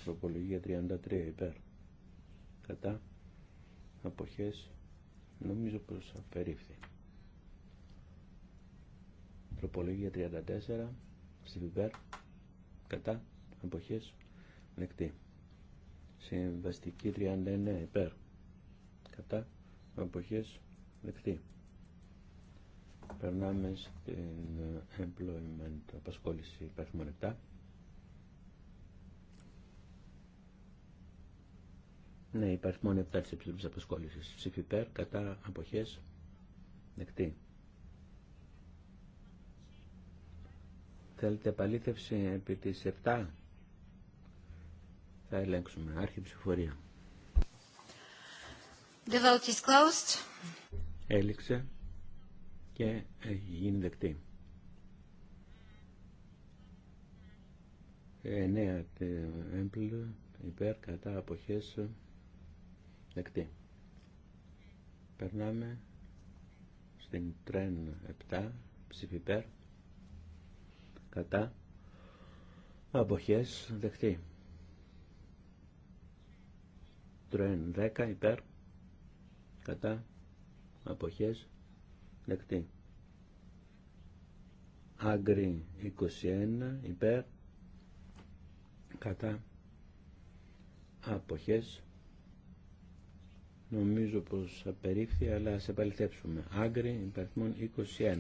Προπολογία 33 υπέρ κατά αποχές νομίζω πως απερίφθη. Προπολογία 34 υπέρ κατά αποχές δεκτή. Συμβαστική 39 υπέρ κατά εποχές δεκτή. Περνάμε στην ε, employment απασχόληση υπάρχουν 7. Ναι, υπάρχει μόνο 7 της επιστήμης απασχόλησης. Ψήφι υπέρ, κατά, αποχές, δεκτή. Θέλετε επαλήθευση επί τις 7. Θα ελέγξουμε. Άρχη ψηφορία. Έληξε και έχει γίνει δεκτή. 9 έμπλ υπέρ κατά αποχές δεκτή. Περνάμε στην τρέν 7 ψήφι κατά αποχές δεκτή. Τρέν 10 υπέρ κατά αποχές δεκτή. Άγκρι 21 υπέρ κατά αποχές νομίζω πως απερίφθη αλλά σε επαληθέψουμε. άγκρι υπερθμών 21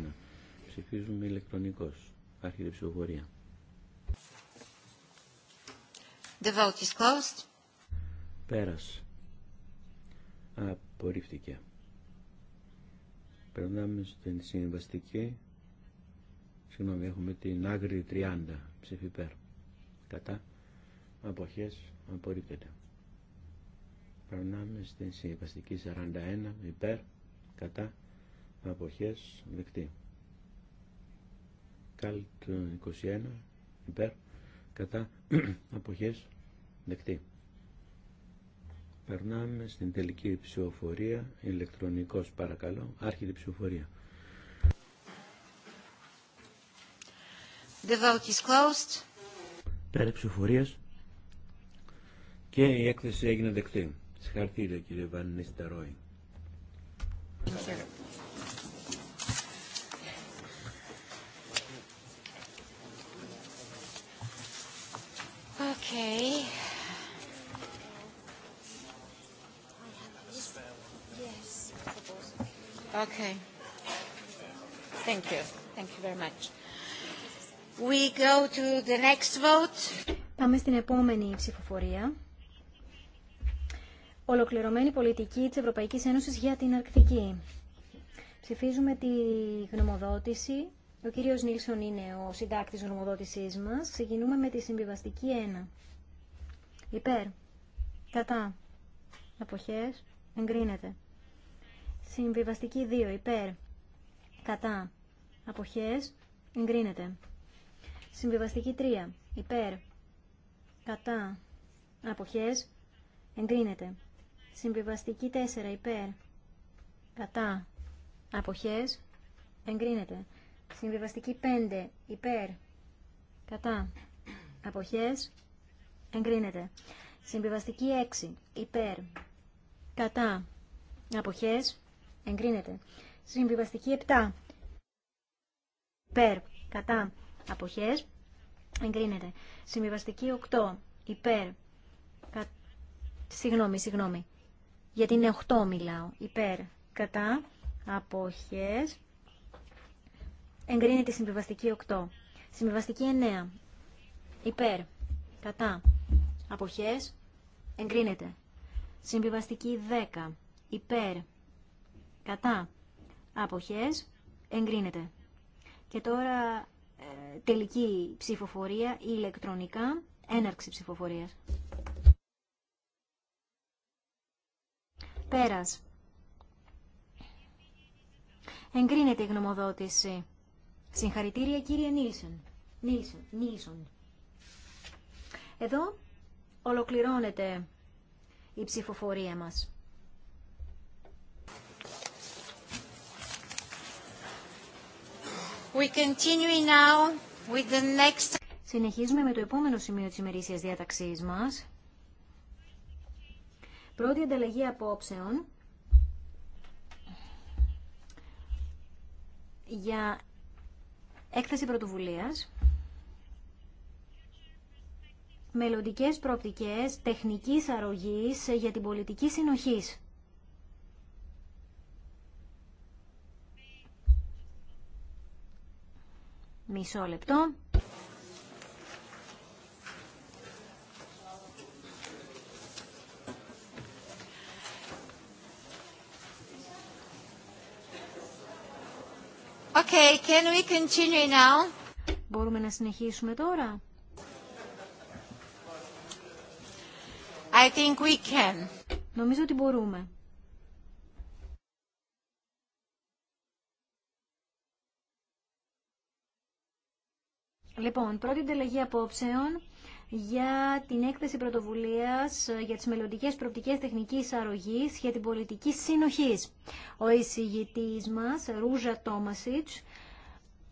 ψηφίζουμε ηλεκτρονικός άρχιτε ψηφοφορία The vote is απορρίφθηκε. Περνάμε στην συμβαστική. Συγγνώμη, έχουμε την άγρη 30 ψηφιπέρ. Κατά. Αποχές απορρίπτεται. Περνάμε στην συμβαστική 41 υπέρ. Κατά. Αποχές δεκτή. Καλτ 21 υπέρ. Κατά. Αποχές δεκτή. Περνάμε στην τελική ψηφοφορία, ηλεκτρονικός παρακαλώ, άρχιτη ψηφοφορία. The vote is closed. Πέρα ψηφοφορίας και η έκθεση έγινε δεκτή. Συγχαρητήρια κύριε Βανίστα Ρόι. Okay. Okay. Thank you. Thank you very much. We go to the next vote. Πάμε στην επόμενη ψηφοφορία. Ολοκληρωμένη πολιτική της Ευρωπαϊκής Ένωσης για την Αρκτική. Ψηφίζουμε τη γνωμοδότηση. Ο κύριος Νίλσον είναι ο συντάκτης γνωμοδότησής μας. Ξεκινούμε με τη συμβιβαστική 1. Υπέρ. Κατά. Αποχές. Εγκρίνεται. Συμβιβαστική 2 υπέρ κατά αποχές εγκρίνεται. Συμβιβαστική 3 υπέρ κατά αποχές εγκρίνεται. Συμβιβαστική 4 υπέρ κατά αποχές εγκρίνεται. Συμβιβαστική 5 υπέρ κατά αποχές εγκρίνεται. Συμβιβαστική 6 υπέρ κατά αποχές εγκρίνεται. Συμβιβαστική 7 υπέρ κατά αποχές εγκρίνεται. Συμβιβαστική 8 υπέρ κα... Συγγνώμη, συγγνώμη. Γιατί είναι 8 μιλάω. Υπέρ κατά αποχές εγκρίνεται η συμβιβαστική 8. Συμβιβαστική 9 υπέρ κατά αποχές εγκρίνεται. Συμβιβαστική 10 υπέρ κατά αποχές εγκρίνεται. Και τώρα ε, τελική ψηφοφορία ηλεκτρονικά, έναρξη ψηφοφορίας. Πέρας. Εγκρίνεται η γνωμοδότηση. Συγχαρητήρια κύριε Νίλσον. Νίλσον. Νίλσον. Εδώ ολοκληρώνεται η ψηφοφορία μας. Συνεχίζουμε με το επόμενο σημείο της ημερήσιας διάταξής μας. Πρώτη ανταλλαγή απόψεων για έκθεση πρωτοβουλίας μελλοντικές προοπτικές τεχνικής αρρωγής για την πολιτική συνοχής. Μισό λεπτό. Okay, can we continue now? Μπορούμε να συνεχίσουμε τώρα. I think we can. Νομίζω ότι μπορούμε. Λοιπόν, πρώτη εντελεγή απόψεων για την έκθεση πρωτοβουλίας για τις μελλοντικέ προοπτικές τεχνικής αρρωγής για την πολιτική συνοχής. Ο εισηγητής μας, Ρούζα Τόμασιτς,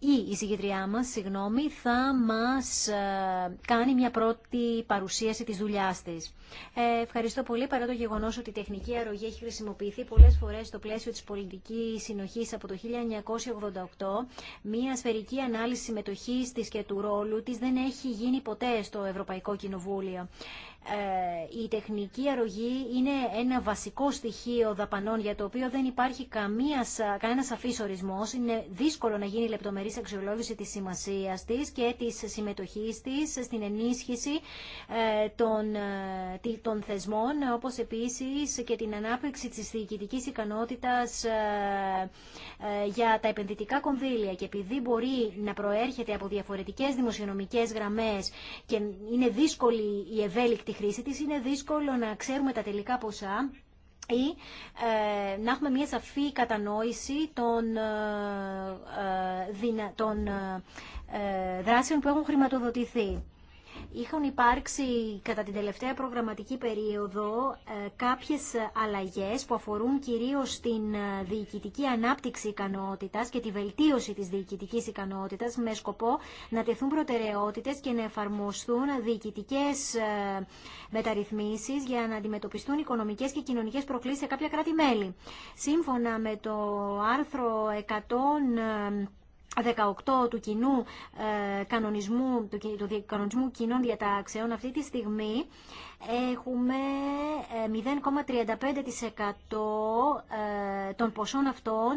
η εισηγητριά μας, συγγνώμη, θα μας ε, κάνει μια πρώτη παρουσίαση της δουλειάς της. Ε, ευχαριστώ πολύ, παρά το γεγονός ότι η τεχνική αρρωγή έχει χρησιμοποιηθεί πολλές φορές στο πλαίσιο της πολιτικής συνοχής από το 1988. Μια σφαιρική ανάλυση συμμετοχής της και του ρόλου της δεν έχει γίνει ποτέ στο Ευρωπαϊκό Κοινοβούλιο. Ε, η τεχνική αρρωγή είναι ένα βασικό στοιχείο δαπανών για το οποίο δεν υπάρχει κανένα σαφής ορισμός. Είναι δύσκολο να γίνει λεπτομερής αξιολόγηση της σημασίας της και της συμμετοχής της στην ενίσχυση ε, των, ε, των θεσμών, όπως επίσης και την ανάπτυξη της διοικητικής ικανότητας για τα επενδυτικά κονδύλια. Και επειδή μπορεί να προέρχεται από διαφορετικές δημοσιονομικές γραμμές και είναι δύσκολη η ευέλικτη χρήση Είναι δύσκολο να ξέρουμε τα τελικά ποσά ή ε, να έχουμε μια σαφή κατανόηση των, ε, ε, ε, ε δράσεων που έχουν χρηματοδοτηθεί είχαν υπάρξει κατά την τελευταία προγραμματική περίοδο ε, κάποιες αλλαγές που αφορούν κυρίως την ε, διοικητική ανάπτυξη ικανότητας και τη βελτίωση της διοικητικής ικανότητας με σκοπό να τεθούν προτεραιότητες και να εφαρμοστούν διοικητικές ε, μεταρρυθμίσεις για να αντιμετωπιστούν οικονομικές και κοινωνικές προκλήσεις σε κάποια κράτη-μέλη. Σύμφωνα με το άρθρο 100 18 του κοινού ε, κανονισμού, του, κανονισμού κοινών διατάξεων αυτή τη στιγμή έχουμε 0,35% ε, ε, των ποσών αυτών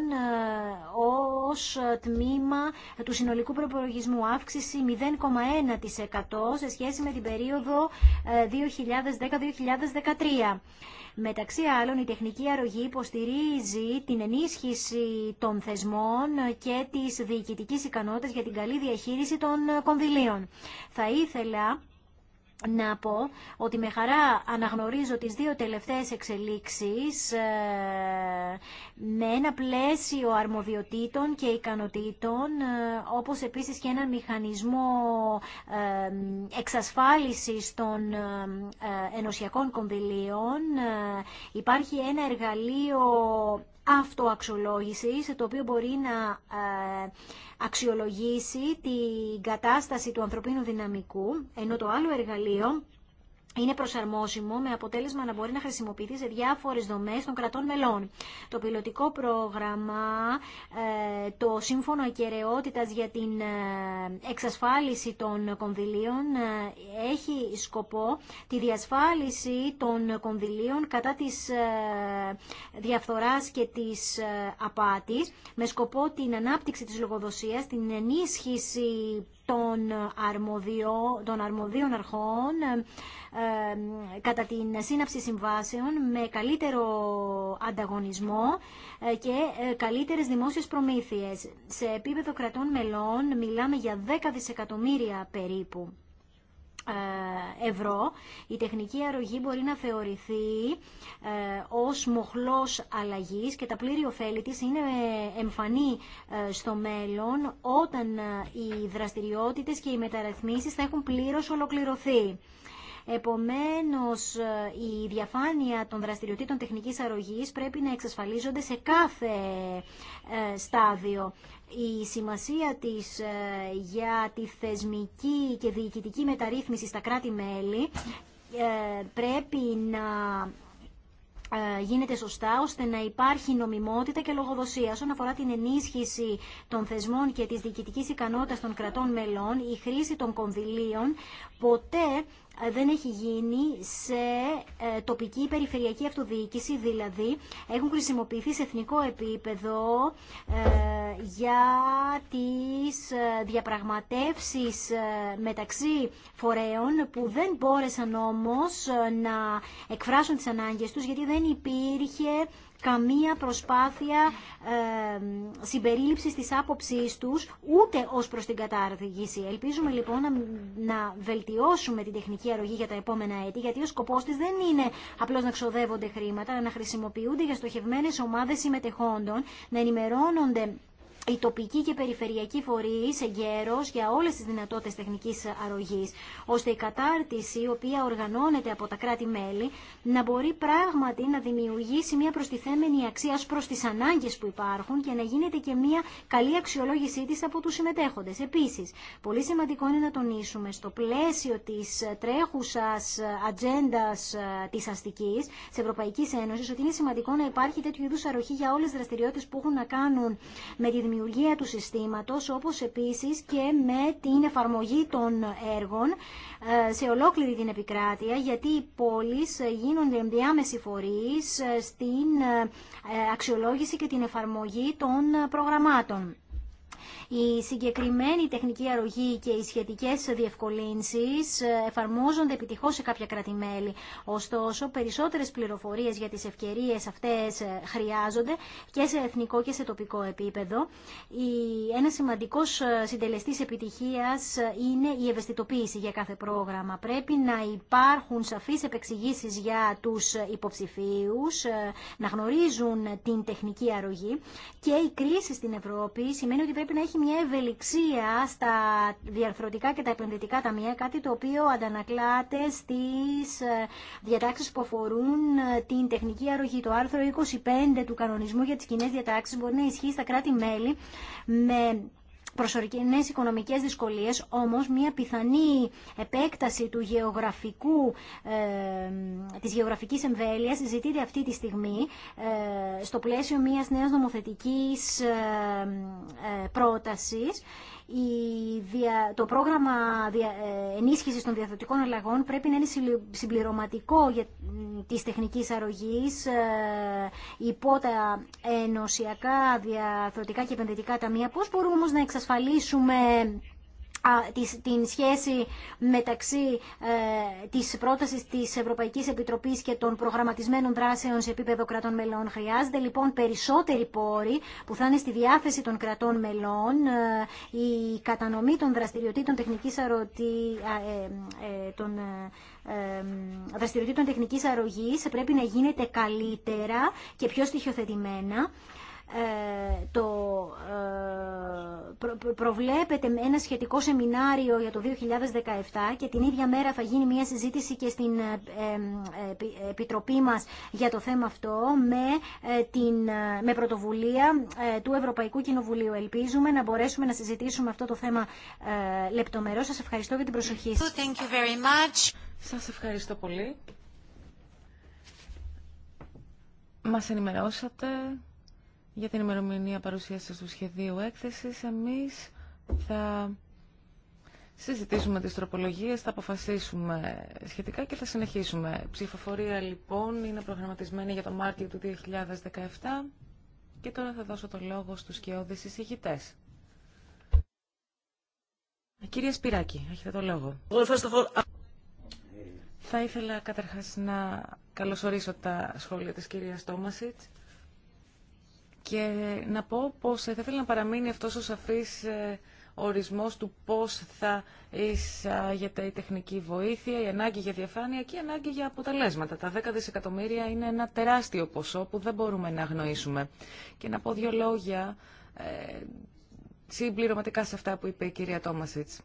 ως τμήμα του συνολικού προπολογισμού αύξηση 0,1% σε σχέση με την περίοδο 2010-2013. Μεταξύ άλλων, η τεχνική αρρωγή υποστηρίζει την ενίσχυση των θεσμών και της διοικητική ικανότητα για την καλή διαχείριση των κονδυλίων. Θα ήθελα να πω ότι με χαρά αναγνωρίζω τις δύο τελευταίες εξελίξεις ε, με ένα πλαίσιο αρμοδιοτήτων και ικανοτήτων ε, όπως επίσης και ένα μηχανισμό ε, εξασφάλισης των ενωσιακών κονδυλίων. Υπάρχει ένα εργαλείο αυτοαξιολόγησης το οποίο μπορεί να αξιολογήσει την κατάσταση του ανθρωπίνου δυναμικού, ενώ το άλλο εργαλείο είναι προσαρμόσιμο με αποτέλεσμα να μπορεί να χρησιμοποιηθεί σε διάφορες δομές των κρατών μελών. Το πιλωτικό πρόγραμμα, ε, το σύμφωνο Ακεραιότητας για την ε, εξασφάλιση των κονδυλίων ε, έχει σκοπό τη διασφάλιση των κονδυλίων κατά της διαφθοράς και της απάτης με σκοπό την ανάπτυξη της λογοδοσίας, την ενίσχυση των, αρμοδιών, των αρμοδίων αρχών κατά την σύναψη συμβάσεων με καλύτερο ανταγωνισμό ε, και ε, καλύτερες δημόσιες προμήθειες. Σε επίπεδο κρατών μελών μιλάμε για 10 δισεκατομμύρια περίπου. Ε, ευρώ, η τεχνική αρρωγή μπορεί να θεωρηθεί ε, ως μοχλός αλλαγής και τα πλήρη ωφέλη της είναι εμφανή ε, στο μέλλον όταν οι δραστηριότητες και οι μεταρρυθμίσεις θα έχουν πλήρως ολοκληρωθεί. Επομένως, ε, η διαφάνεια των δραστηριοτήτων τεχνικής αρρωγής πρέπει να εξασφαλίζονται σε κάθε ε, στάδιο. Η σημασία της ε, για τη θεσμική και διοικητική μεταρρύθμιση στα κράτη-μέλη πρέπει να γίνεται σωστά ώστε να υπάρχει νομιμότητα και λογοδοσία. Όσον αφορά την ενίσχυση των θεσμών και της διοικητικής ικανότητας των κρατών μελών, η χρήση των κονδυλίων ποτέ ε, δεν έχει γίνει σε ε, τοπική περιφερειακή αυτοδιοίκηση, δηλαδή έχουν χρησιμοποιηθεί σε εθνικό επίπεδο ε, για τις διαπραγματεύσεις μεταξύ φορέων που δεν μπόρεσαν όμως να εκφράσουν τις ανάγκες τους γιατί δεν υπήρχε καμία προσπάθεια ε, συμπερίληψης της άποψής τους, ούτε ως προς την κατάργηση. Ελπίζουμε λοιπόν να, να βελτιώσουμε την τεχνική αρρωγή για τα επόμενα έτη, γιατί ο σκοπός της δεν είναι απλώς να ξοδεύονται χρήματα, αλλά να χρησιμοποιούνται για στοχευμένες ομάδες συμμετεχόντων, να ενημερώνονται η τοπική και περιφερειακή περιφερειακοί σε γέρο για όλε τι δυνατότητε τεχνική αρρωγή, ώστε η κατάρτιση, η οποία οργανώνεται από τα κράτη-μέλη, να μπορεί πράγματι να δημιουργήσει μια προστιθέμενη αξία προ προς τις ανάγκες που υπάρχουν και να γίνεται και μια καλή αξιολόγησή τη από του συμμετέχοντες. Επίση, πολύ σημαντικό είναι να τονίσουμε στο πλαίσιο τη τρέχουσα ατζέντα ε, τη αστική τη Ευρωπαϊκή Ένωση, ότι είναι σημαντικό να υπάρχει τέτοιου είδου αρρωγή για όλε τι δραστηριότητε που έχουν να κάνουν με τη δημιουργία δημιουργία του συστήματος, όπως επίσης και με την εφαρμογή των έργων ε, σε ολόκληρη την επικράτεια, γιατί οι πόλεις γίνονται ενδιάμεση φορείς ε, στην ε, αξιολόγηση και την εφαρμογή των προγραμμάτων. Η συγκεκριμένη τεχνική αρρωγή και οι σχετικέ διευκολύνσει ε, εφαρμόζονται επιτυχώ σε κάποια κράτη-μέλη. Ωστόσο, περισσότερε πληροφορίε για τι ευκαιρίε αυτές ε, χρειάζονται και σε εθνικό και σε τοπικό επίπεδο. Ένα σημαντικό ε, συντελεστή επιτυχία είναι η ευαισθητοποίηση για κάθε πρόγραμμα. Πρέπει να υπάρχουν σαφεί επεξηγήσει για τους υποψηφίου, να γνωρίζουν την τεχνική αρρωγή και η κρίση στην Ευρώπη σημαίνει ότι πρέπει να έχει υπάρχει μια ευελιξία στα διαρθρωτικά και τα επενδυτικά ταμεία, κάτι το οποίο αντανακλάται στις ε, διατάξεις που αφορούν ε, την τεχνική αρρωγή. Το άρθρο 25 του κανονισμού για τις κοινέ διατάξεις μπορεί να ισχύει στα κράτη-μέλη με προσωρινές οικονομικές δυσκολίες, όμως μια πιθανή επέκταση του γεωγραφικού, ε, της γεωγραφικής εμβέλειας συζητείται αυτή τη στιγμή ε, στο πλαίσιο μια νέας νομοθετικής ε, πρότασης το πρόγραμμα ε, ενίσχυσης των διαθετικών αλλαγών πρέπει να είναι συμπληρωματικό για της τεχνικής αρρωγής ε, υπό τα ενωσιακά διαθροτικά και επενδυτικά ταμεία. Πώς μπορούμε όμως να εξασφαλίσουμε την σχέση μεταξύ ε, της πρότασης της Ευρωπαϊκής Επιτροπής και των προγραμματισμένων δράσεων σε επίπεδο κρατών μελών. Χρειάζεται λοιπόν περισσότεροι πόροι που θα είναι στη διάθεση των κρατών μελών. Ε, η κατανομή των δραστηριοτήτων τεχνικής αρωτη... Ε, τεχνικής αρρωγής πρέπει να γίνεται καλύτερα και πιο στοιχειοθετημένα ε, το, ε, προβλέπεται ένα σχετικό σεμινάριο για το 2017 και την ίδια μέρα θα γίνει μια συζήτηση και στην ε, Επιτροπή μας για το θέμα αυτό με, την, με πρωτοβουλία του Ευρωπαϊκού Κοινοβουλίου. Ελπίζουμε να μπορέσουμε να συζητήσουμε αυτό το θέμα λεπτομερώς. Σας ευχαριστώ για την προσοχή σας. Thank Σας ευχαριστώ πολύ. Μας ενημερώσατε για την ημερομηνία παρουσίασης του σχεδίου έκθεσης. Εμείς θα συζητήσουμε τι τροπολογίε, θα αποφασίσουμε σχετικά και θα συνεχίσουμε. Ψηφοφορία λοιπόν είναι προγραμματισμένη για το Μάρτιο του 2017 και τώρα θα δώσω το λόγο στους σκιώδει εισηγητές. Κύριε Σπυράκη, έχετε το λόγο. Θα ήθελα καταρχάς να καλωσορίσω τα σχόλια της κυρίας Τόμασιτς και να πω πως ε, θα ήθελα να παραμείνει αυτός ο σαφής ε, ορισμός του πώς θα εισάγεται η τεχνική βοήθεια, η ανάγκη για διαφάνεια και η ανάγκη για αποτελέσματα. Τα 10 δισεκατομμύρια είναι ένα τεράστιο ποσό που δεν μπορούμε να αγνοήσουμε. Και να πω δύο λόγια ε, συμπληρωματικά σε αυτά που είπε η κυρία Τόμασιτς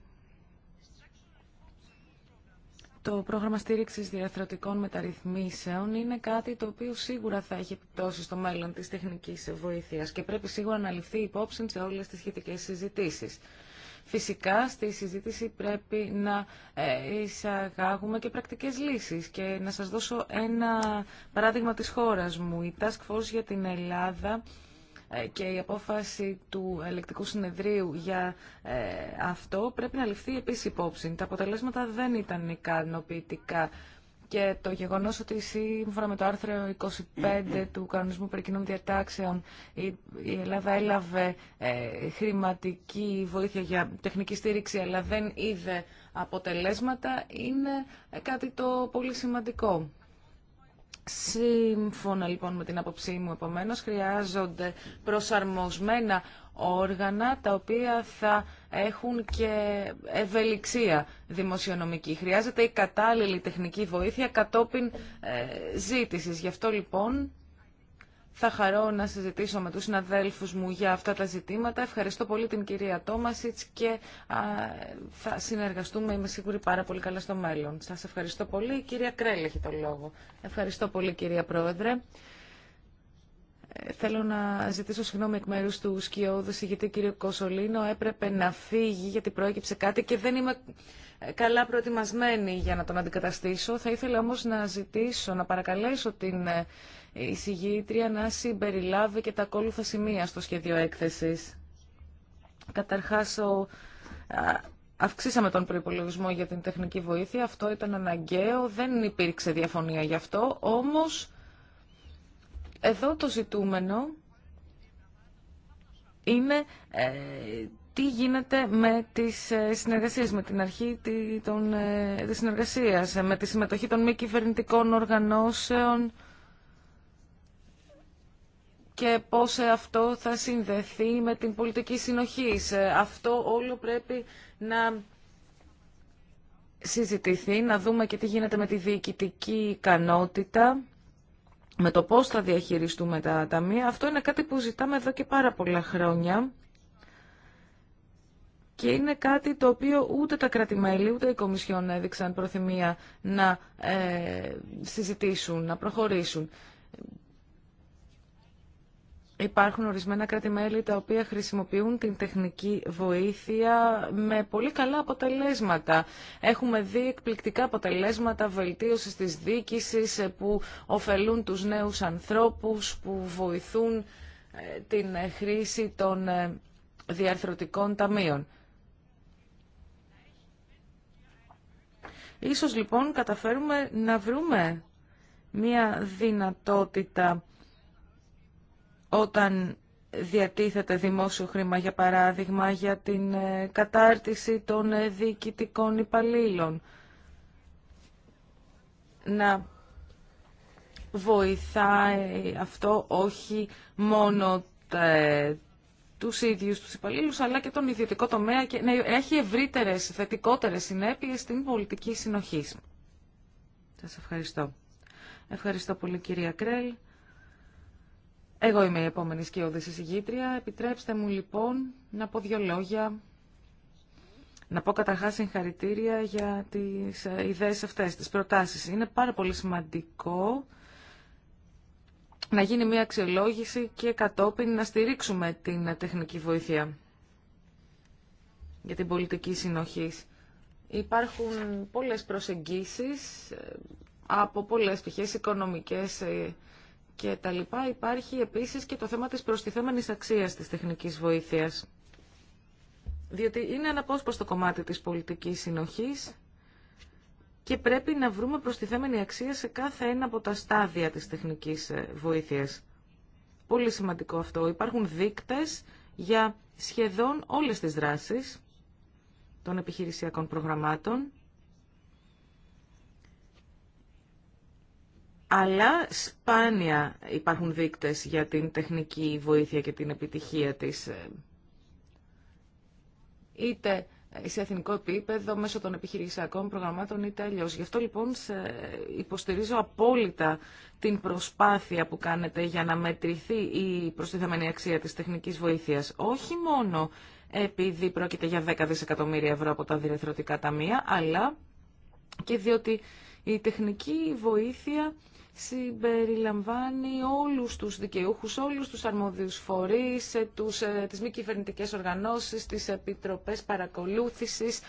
το πρόγραμμα στήριξη διαθροτικών μεταρρυθμίσεων είναι κάτι το οποίο σίγουρα θα έχει επιπτώσει στο μέλλον τη τεχνική βοήθεια και πρέπει σίγουρα να ληφθεί υπόψη σε όλες τις σχετικές συζητήσει. Φυσικά στη συζήτηση πρέπει να ε, εισαγάγουμε και πρακτικές λύσεις και να σας δώσω ένα παράδειγμα της χώρας μου. Η Task Force για την Ελλάδα ε, και η απόφαση του ελεκτικού συνεδρίου για ε, αυτό πρέπει να ληφθεί επίσης υπόψη. Τα αποτελέσματα δεν ήταν ικανοποιητικά και το γεγονός ότι σύμφωνα με το άρθρο 25 του Κανονισμού Περικοινών Διατάξεων η Ελλάδα έλαβε ε, χρηματική βοήθεια για τεχνική στήριξη αλλά δεν είδε αποτελέσματα είναι κάτι το πολύ σημαντικό. Σύμφωνα λοιπόν με την άποψή μου, επομένως, χρειάζονται προσαρμοσμένα όργανα τα οποία θα έχουν και ευελιξία δημοσιονομική. Χρειάζεται η κατάλληλη τεχνική βοήθεια κατόπιν ε, ζήτησης. Γι' αυτό λοιπόν θα χαρώ να συζητήσω με τους συναδέλφους μου για αυτά τα ζητήματα. Ευχαριστώ πολύ την κυρία Τόμασιτς και α, θα συνεργαστούμε, είμαι σίγουρη, πάρα πολύ καλά στο μέλλον. Σας ευχαριστώ πολύ. Η κυρία Κρέλ έχει τον λόγο. Ευχαριστώ πολύ κυρία Πρόεδρε. Ε, θέλω να ζητήσω συγγνώμη εκ μέρου του σκιώδου συγγητή κ. Κοσολίνο. Έπρεπε να φύγει γιατί προέκυψε κάτι και δεν είμαι ε, καλά προετοιμασμένη για να τον αντικαταστήσω. Θα ήθελα όμως να ζητήσω, να παρακαλέσω την ε, η συγγήτρια να συμπεριλάβει και τα ακόλουθα σημεία στο σχέδιο έκθεσης. Καταρχάς, ο, αυξήσαμε τον προϋπολογισμό για την τεχνική βοήθεια. Αυτό ήταν αναγκαίο. Δεν υπήρξε διαφωνία γι' αυτό. Όμως, εδώ το ζητούμενο είναι ε, τι γίνεται με τις ε, συνεργασίες, με την αρχή τη, των, ε, της ε, με τη συμμετοχή των μη κυβερνητικών οργανώσεων, και πώς αυτό θα συνδεθεί με την πολιτική συνοχή. Αυτό όλο πρέπει να συζητηθεί, να δούμε και τι γίνεται με τη διοικητική ικανότητα, με το πώς θα διαχειριστούμε τα ταμεία. Αυτό είναι κάτι που ζητάμε εδώ και πάρα πολλά χρόνια και είναι κάτι το οποίο ούτε τα κρατημέλη ούτε οι Κομισιόν έδειξαν προθυμία να ε, συζητήσουν, να προχωρήσουν. Υπάρχουν ορισμένα κράτη-μέλη τα οποία χρησιμοποιούν την τεχνική βοήθεια με πολύ καλά αποτελέσματα. Έχουμε δει εκπληκτικά αποτελέσματα βελτίωση της διοίκηση ε, που ωφελούν τους νέους ανθρώπους, που βοηθούν ε, την ε, χρήση των διαρθρωτικών ταμείων. Ίσως λοιπόν καταφέρουμε να βρούμε μια δυνατότητα όταν διατίθεται δημόσιο χρήμα, για παράδειγμα, για την ε, κατάρτιση των ε, διοικητικών υπαλλήλων. Να βοηθάει αυτό όχι μόνο ε, τους ίδιους τους υπαλλήλους, αλλά και τον ιδιωτικό τομέα και να έχει ευρύτερες, θετικότερες συνέπειες στην πολιτική συνοχή. Σας ευχαριστώ. Ευχαριστώ πολύ κυρία Κρέλ. Εγώ είμαι η επόμενη σκιώδη εισηγήτρια. Επιτρέψτε μου λοιπόν να πω δύο λόγια. Να πω καταρχά συγχαρητήρια για τις ε, ιδέες αυτές, τις προτάσεις. Είναι πάρα πολύ σημαντικό να γίνει μια αξιολόγηση και κατόπιν να στηρίξουμε την τεχνική βοήθεια για την πολιτική συνοχή. Υπάρχουν πολλές προσεγγίσεις ε, από πολλές πτυχές, οικονομικές, ε, και τα λοιπά. Υπάρχει επίσης και το θέμα της προστιθέμενης αξίας της τεχνικής βοήθειας. Διότι είναι ένα στο κομμάτι της πολιτικής συνοχής και πρέπει να βρούμε προστιθέμενη αξία σε κάθε ένα από τα στάδια της τεχνικής ε, βοήθειας. Πολύ σημαντικό αυτό. Υπάρχουν δείκτες για σχεδόν όλες τις δράσεις των επιχειρησιακών προγραμμάτων αλλά σπάνια υπάρχουν δείκτες για την τεχνική βοήθεια και την επιτυχία της. Ε, είτε σε εθνικό επίπεδο, μέσω των επιχειρησιακών προγραμμάτων είτε αλλιώ. Γι' αυτό λοιπόν υποστηρίζω απόλυτα την προσπάθεια που κάνετε για να μετρηθεί η προστιθέμενη αξία της τεχνικής βοήθειας. Όχι μόνο επειδή πρόκειται για 10 δισεκατομμύρια ευρώ από τα διεθνωτικά ταμεία, αλλά και διότι η τεχνική βοήθεια συμπεριλαμβάνει όλους τους δικαιούχους, όλους τους αρμόδιους φορείς, ε, τους, ε, τις μη κυβερνητικές οργανώσεις, τις επιτροπές παρακολούθησης,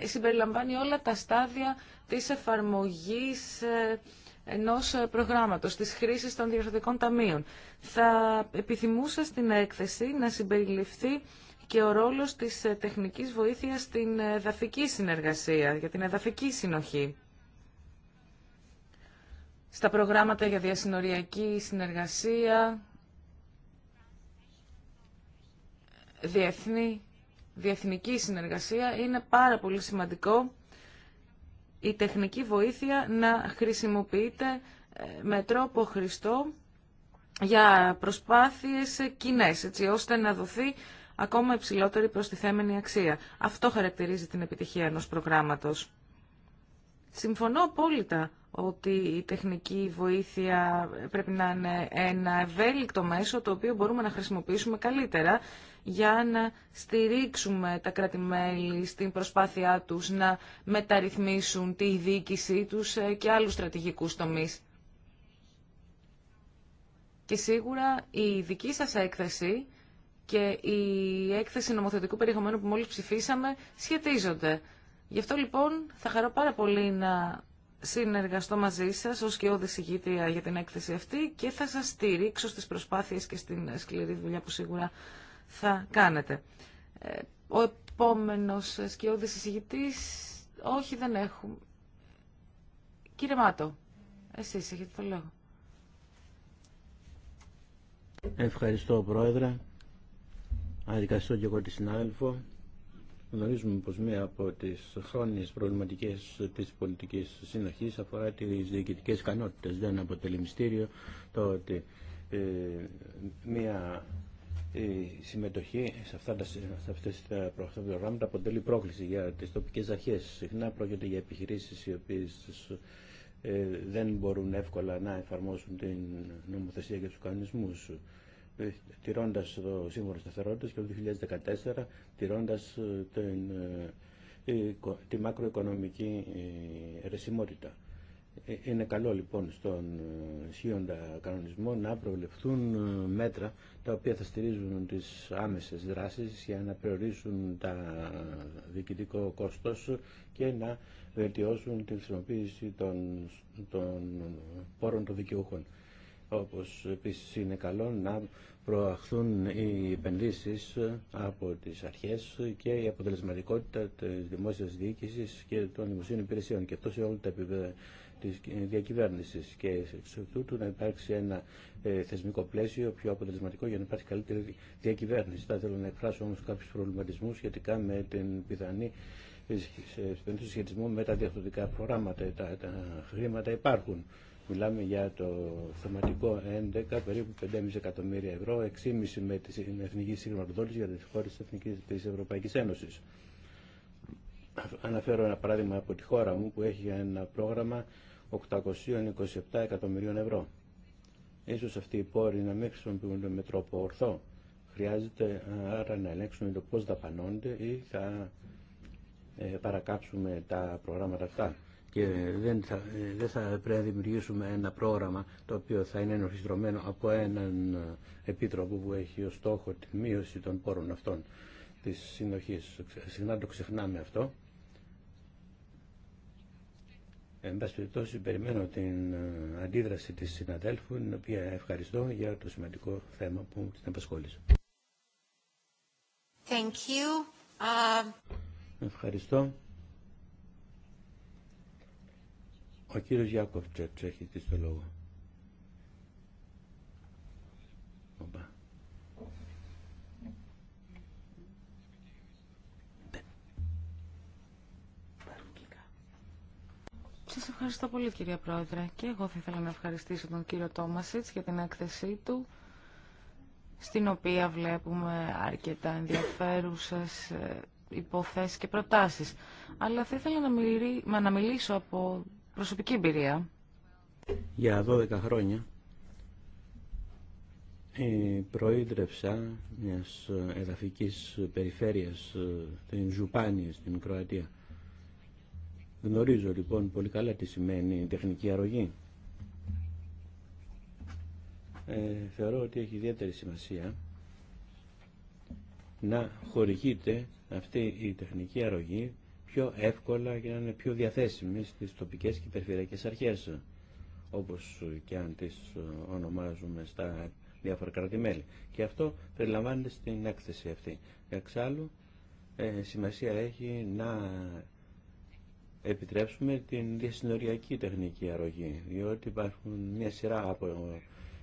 ε, συμπεριλαμβάνει όλα τα στάδια της εφαρμογής ενός προγράμματος, της χρήσης των διορθωτικών ταμείων. Θα επιθυμούσα στην έκθεση να συμπεριληφθεί και ο ρόλος της τεχνικής βοήθειας στην εδαφική συνεργασία, για την εδαφική συνοχή στα προγράμματα για διασυνοριακή συνεργασία, διεθνή, διεθνική συνεργασία, είναι πάρα πολύ σημαντικό η τεχνική βοήθεια να χρησιμοποιείται ε, με τρόπο χρηστό για προσπάθειες κοινέ, έτσι ώστε να δοθεί ακόμα υψηλότερη προστιθέμενη αξία. Αυτό χαρακτηρίζει την επιτυχία ενός προγράμματος. Συμφωνώ απόλυτα ότι η τεχνική βοήθεια πρέπει να είναι ένα ευέλικτο μέσο το οποίο μπορούμε να χρησιμοποιήσουμε καλύτερα για να στηρίξουμε τα κρατημέλη στην προσπάθειά τους να μεταρρυθμίσουν τη διοίκησή τους και άλλους στρατηγικούς τομείς. Και σίγουρα η δική σας έκθεση και η έκθεση νομοθετικού περιεχομένου που μόλις ψηφίσαμε σχετίζονται. Γι' αυτό λοιπόν θα χαρώ πάρα πολύ να συνεργαστώ μαζί σας ως και ηγήτρια για την έκθεση αυτή και θα σας στηρίξω στις προσπάθειες και στην σκληρή δουλειά που σίγουρα θα κάνετε. Ε, ο επόμενος σκιώδης εισηγητής, όχι δεν έχουμε. Κύριε Μάτο, εσείς έχετε το λόγο. Ευχαριστώ Πρόεδρε. Αδικαστώ και εγώ τη συνάδελφο. Γνωρίζουμε πως μία από τις χρόνιες προβληματικές της πολιτικής συνοχής αφορά τις διοικητικές ικανότητες. Δεν αποτελεί μυστήριο το ότι ε, μία συμμετοχή σε, αυτά τα, σε αυτές τα προγράμματα αποτελεί πρόκληση για τις τοπικές αρχές. Συχνά πρόκειται για επιχειρήσεις οι οποίες ε, δεν μπορούν εύκολα να εφαρμόσουν την νομοθεσία και τους κανονισμούς τηρώντας το Σύμφωνο Σταθερότητας και το 2014 τηρώντας ε, την, ε, τη μακροοικονομική ε, ρεσιμότητα. Είναι καλό λοιπόν στον ισχύοντα κανονισμό να προβλεφθούν μέτρα τα οποία θα στηρίζουν τις άμεσες δράσεις για να περιορίσουν τα διοικητικό κόστος και να βελτιώσουν την χρησιμοποίηση των, των πόρων των δικαιούχων. Όπως επίσης είναι καλό να προαχθούν οι επενδύσεις ε, από τις αρχές και η αποτελεσματικότητα της δημόσιας διοίκησης και των δημοσίων υπηρεσιών και αυτό σε όλα τα επίπεδα της διακυβέρνησης και σε τούτου να υπάρξει ένα ε, θεσμικό πλαίσιο πιο αποτελεσματικό για να υπάρξει καλύτερη διακυβέρνηση. Θα ήθελα να εκφράσω όμως κάποιους προβληματισμούς σχετικά με την πιθανή ε, σχετισμό με τα διαφορετικά προγράμματα. Τα, τα χρήματα υπάρχουν. Μιλάμε για το θεματικό 11, περίπου 5,5 εκατομμύρια ευρώ, 6,5 με την εθνική συγχρηματοδότηση για τις χώρες της Ευρωπαϊκής Ένωσης. Αναφέρω ένα παράδειγμα από τη χώρα μου που έχει ένα πρόγραμμα 827 εκατομμυρίων ευρώ. Ίσως αυτοί οι πόροι να μην χρησιμοποιούνται με τρόπο ορθό. Χρειάζεται άρα να ελέγξουμε το πώς δαπανώνται ή θα ε, παρακάψουμε τα προγράμματα αυτά και ε, δεν θα, πρέπει να δημιουργήσουμε ένα πρόγραμμα το οποίο θα είναι ενορχιστρωμένο από έναν ε, επίτροπο που έχει ως στόχο τη μείωση των πόρων αυτών της συνοχής. Συχνά το ξεχνάμε αυτό. Εν πάση περιπτώσει περιμένω την ε, αντίδραση της συναδέλφου, την οποία ευχαριστώ για το σημαντικό θέμα που την απασχόλησε. you. Ευχαριστώ. Ο κύριος Γιάκοφτσετς έχει τη στο λόγο. Σας ευχαριστώ πολύ κυρία Πρόεδρε και εγώ θα ήθελα να ευχαριστήσω τον κύριο Τόμασιτς για την έκθεσή του στην οποία βλέπουμε αρκετά ενδιαφέρουσες ε, υποθέσεις και προτάσεις. Αλλά θα ήθελα να, μιλήσω από προσωπική εμπειρία. Για 12 χρόνια ε, προείδρευσα μιας εδαφικής περιφέρειας ε, την Ζουπάνη στην Κροατία. Γνωρίζω λοιπόν πολύ καλά τι σημαίνει τεχνική αρρωγή. Ε, θεωρώ ότι έχει ιδιαίτερη σημασία να χορηγείται αυτή η τεχνική αρρωγή πιο εύκολα και να είναι πιο διαθέσιμη στις τοπικές και περιφερειακές αρχές, όπως και αν τις ονομάζουμε στα διάφορα κρατημέλη. Και αυτό περιλαμβάνεται στην έκθεση αυτή. Εξάλλου, ε, σημασία έχει να επιτρέψουμε την διασυνοριακή τεχνική αρρωγή, διότι υπάρχουν μια σειρά από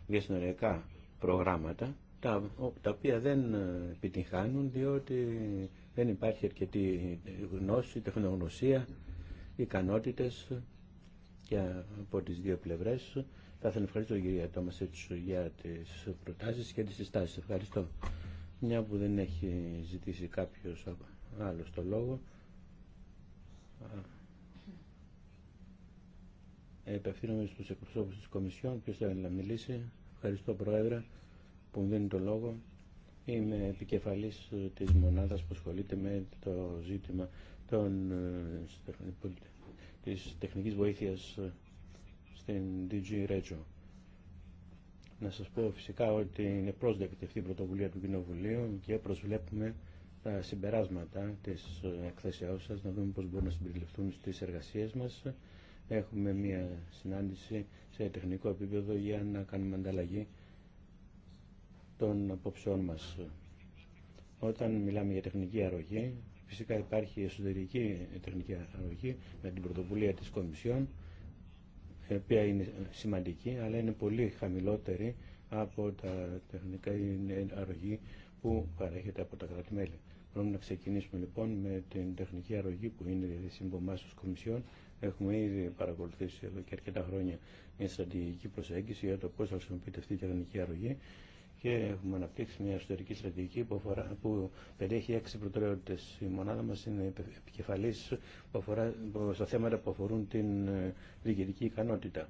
διασυνοριακά προγράμματα, τα, τα οποία δεν ε, επιτυχάνουν διότι δεν υπάρχει αρκετή γνώση, τεχνογνωσία, ικανότητες και από τις δύο πλευρές. Θα ήθελα να ευχαριστώ τον κυρία Τόμασέτσου για τις προτάσεις και τις συστάσεις. Ευχαριστώ. Μια που δεν έχει ζητήσει κάποιος άλλος το λόγο. Επευθύνομαι στους εκπροσώπους της Κομισιόν. Ποιος θέλει να μιλήσει. Ευχαριστώ Πρόεδρε που μου δίνει το λόγο. Είμαι επικεφαλής ε, της μονάδας που ασχολείται με το ζήτημα των, ε, της τεχνικής βοήθειας ε, στην DG Regio. Να σας πω φυσικά ότι είναι πρόσδεκτη αυτή η πρωτοβουλία του Κοινοβουλίου και προσβλέπουμε τα συμπεράσματα της εκθέσεώς σας, να δούμε πώς μπορούν να συμπεριληφθούν στις εργασίες μας. Έχουμε μία συνάντηση σε τεχνικό επίπεδο για να κάνουμε ανταλλαγή των απόψεών μας. Όταν μιλάμε για τεχνική αρρωγή, φυσικά υπάρχει εσωτερική τεχνική αρρωγή με την πρωτοβουλία της Κομισιόν, η οποία είναι σημαντική, αλλά είναι πολύ χαμηλότερη από τα τεχνικά αρρωγή που παρέχεται από τα κράτη-μέλη. Πρέπει να ξεκινήσουμε λοιπόν με την τεχνική αρρωγή που είναι η από εμάς Κομισιόν. Έχουμε ήδη παρακολουθήσει εδώ και αρκετά χρόνια μια στρατηγική προσέγγιση για το πώς θα χρησιμοποιείται αυτή η τεχνική αρρωγή και έχουμε αναπτύξει μια εσωτερική στρατηγική που, αφορά, που περιέχει έξι προτεραιότητε. Η μονάδα μα είναι επικεφαλή στα θέματα που αφορούν την ε, διοικητική ικανότητα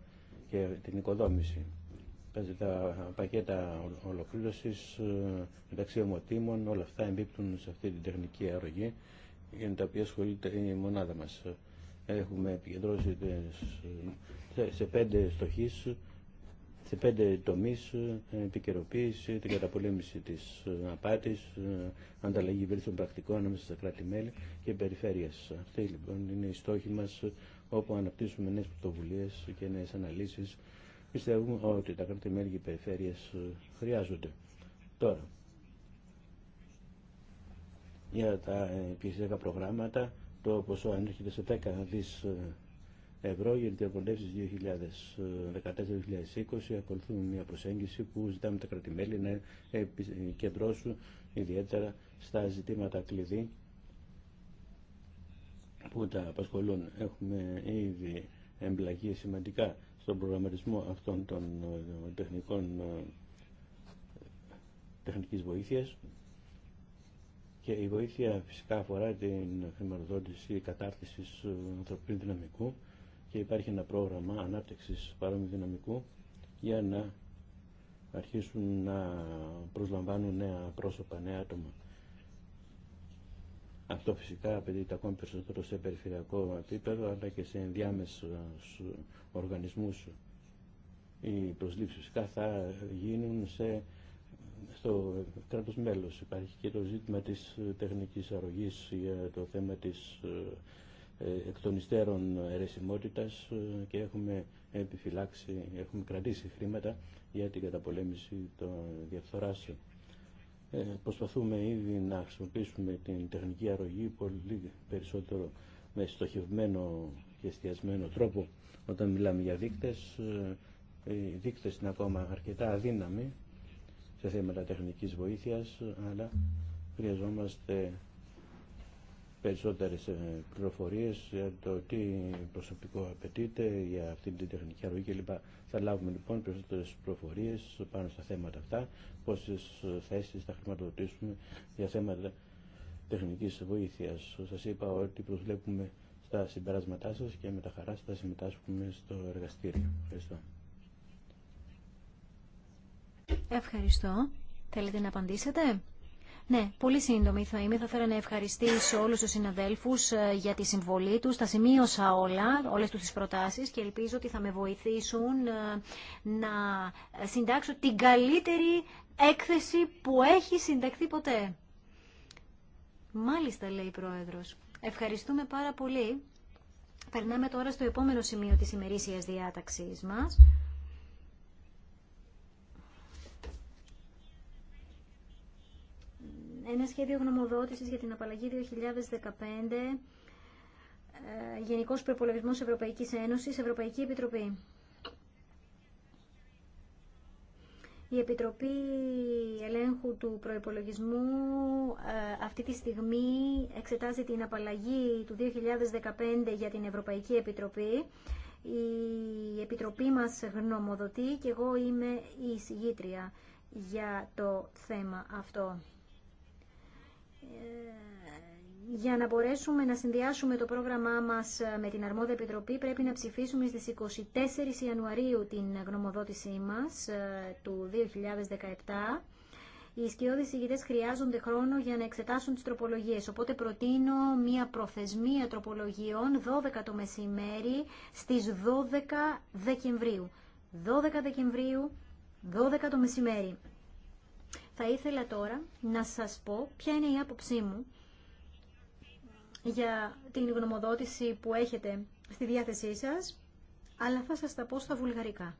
και την οικοδόμηση. Παίζει τα πακέτα ολοκλήρωση ε, μεταξύ ομοτήμων, όλα αυτά εμπίπτουν σε αυτή την τεχνική αρρωγή για τα οποία ασχολείται η μονάδα μα. Έχουμε επικεντρώσει ε, σε πέντε στοχείς σε πέντε τομείς, ε, επικαιροποίηση, την καταπολέμηση της ε, απάτης, ε, ανταλλαγή βρίσκων πρακτικών ανάμεσα στα κράτη-μέλη και περιφέρειες. Αυτή λοιπόν είναι η στόχη μας όπου αναπτύσσουμε νέες πρωτοβουλίες και νέες αναλύσεις. Πιστεύουμε ότι τα κράτη-μέλη και οι περιφέρειες χρειάζονται. Τώρα, για τα επιχειρησιακά προγράμματα, το ποσό ανέρχεται σε 10 δις ευρώ για διαβολεύσεις 2014-2020 ακολουθούμε μια προσέγγιση που ζητάμε τα κρατημέλη να κεντρώσουν ιδιαίτερα στα ζητήματα κλειδί που τα απασχολούν. Έχουμε ήδη εμπλακεί σημαντικά στον προγραμματισμό αυτών των ε, τεχνικών ε, τεχνικής βοήθειας και η βοήθεια φυσικά αφορά την χρηματοδότηση κατάρτισης ε, ανθρωπίνου δυναμικού και υπάρχει ένα πρόγραμμα ανάπτυξης παρόμοιου δυναμικού για να αρχίσουν να προσλαμβάνουν νέα πρόσωπα, νέα άτομα. Αυτό φυσικά απαιτείται ακόμη περισσότερο σε περιφερειακό επίπεδο αλλά και σε ενδιάμεσους οργανισμούς. Οι προσλήψεις φυσικά θα γίνουν σε, στο κράτος μέλος. Υπάρχει και το ζήτημα της τεχνικής αρρωγής για το θέμα της ε, ε, εκ των υστέρων αιρεσιμότητας ε, και έχουμε επιφυλάξει, έχουμε κρατήσει χρήματα για την καταπολέμηση των διαφθοράσεων. Ε, προσπαθούμε ήδη να χρησιμοποιήσουμε την τεχνική αρρωγή πολύ περισσότερο με στοχευμένο και εστιασμένο τρόπο. Όταν μιλάμε για δείκτες, ε, οι δείκτες είναι ακόμα αρκετά αδύναμοι σε θέματα τεχνικής βοήθειας, αλλά χρειαζόμαστε περισσότερες ε, πληροφορίες για το τι προσωπικό απαιτείται για αυτή την τεχνική αρρωγή κλπ. Θα λάβουμε λοιπόν περισσότερες πληροφορίες πάνω στα θέματα αυτά, πόσες ε, θέσεις θα χρηματοδοτήσουμε για θέματα τεχνικής βοήθειας. Σας είπα ότι προσβλέπουμε στα συμπεράσματά σας και με τα χαρά θα συμμετάσχουμε στο εργαστήριο. Ευχαριστώ. Ευχαριστώ. Θέλετε να απαντήσετε. Ναι, πολύ σύντομη θα είμαι. Θα ήθελα να ευχαριστήσω όλους τους συναδέλφους ε, για τη συμβολή τους. Τα σημείωσα όλα, όλες τους τις προτάσεις και ελπίζω ότι θα με βοηθήσουν ε, να συντάξω την καλύτερη έκθεση που έχει συνταχθεί ποτέ. Μάλιστα, λέει η Πρόεδρος. Ευχαριστούμε πάρα πολύ. Περνάμε τώρα στο επόμενο σημείο της ημερήσιας διάταξής μας. ένα σχέδιο γνωμοδότησης για την απαλλαγή 2015 ε, Γενικός προπολογισμό Ευρωπαϊκής Ένωσης, Ευρωπαϊκή Επιτροπή. Η Επιτροπή Ελέγχου του Προϋπολογισμού ε, αυτή τη στιγμή εξετάζει την απαλλαγή του 2015 για την Ευρωπαϊκή Επιτροπή. Η Επιτροπή μας γνωμοδοτεί και εγώ είμαι η συγγήτρια για το θέμα αυτό. Ε, για να μπορέσουμε να συνδυάσουμε το πρόγραμμά μας με την Αρμόδια Επιτροπή πρέπει να ψηφίσουμε στις 24 Ιανουαρίου την γνωμοδότησή μας ε, του 2017. Οι σκιώδεις ηγητές χρειάζονται χρόνο για να εξετάσουν τις τροπολογίες, οπότε προτείνω μία προθεσμία τροπολογιών 12 το μεσημέρι στις 12 Δεκεμβρίου. 12 Δεκεμβρίου, 12 το μεσημέρι. Θα ήθελα τώρα να σας πω ποια είναι η άποψή μου για την γνωμοδότηση που έχετε στη διάθεσή σας, αλλά θα σας τα πω στα βουλγαρικά.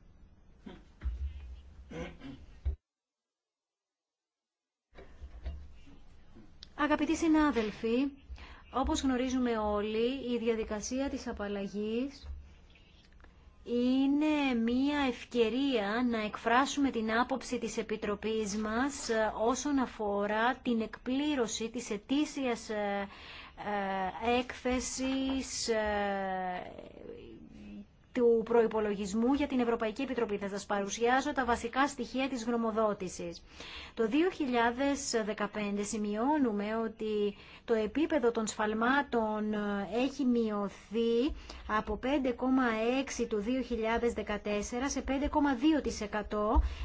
Αγαπητοί συνάδελφοι, όπως γνωρίζουμε όλοι, η διαδικασία της απαλλαγής είναι μία ευκαιρία να εκφράσουμε την άποψη της Επιτροπής μας ε, όσον αφορά την εκπλήρωση της ετήσιας ε, ε, έκθεσης του προϋπολογισμού για την Ευρωπαϊκή Επιτροπή. Θα σας παρουσιάζω τα βασικά στοιχεία της γνωμοδότησης. Το 2015 σημειώνουμε ότι το επίπεδο των σφαλμάτων έχει μειωθεί από 5,6 του 2014 σε 5,2%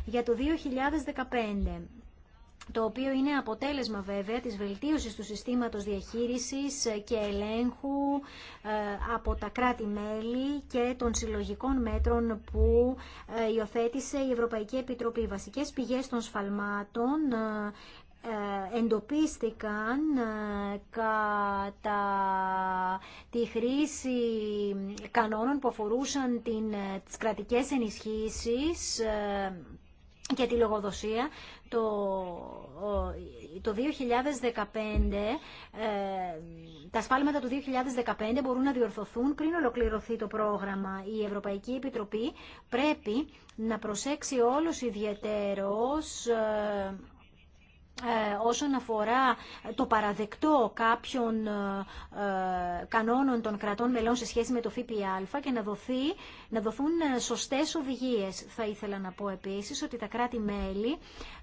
για το 2015 το οποίο είναι αποτέλεσμα βέβαια της βελτίωσης του συστήματος διαχείρισης και ελέγχου ε, από τα κράτη-μέλη και των συλλογικών μέτρων που ε, υιοθέτησε η Ευρωπαϊκή Επιτροπή. Βασικές πηγές των σφαλμάτων ε, εντοπίστηκαν κατά τη χρήση κανόνων που αφορούσαν την, τις κρατικές ενισχύσεις και τη λογοδοσία το, το 2015, ε, τα σφάλματα του 2015 μπορούν να διορθωθούν πριν ολοκληρωθεί το πρόγραμμα. Η Ευρωπαϊκή Επιτροπή πρέπει να προσέξει όλος ιδιαίτερος ε, ε, όσον αφορά το παραδεκτό κάποιων κανόνων των κρατών μελών σε σχέση με το ΦΠΑ και να δοθεί να δοθούν ε, σωστές οδηγίες. Θα ήθελα να πω επίσης ότι τα κράτη-μέλη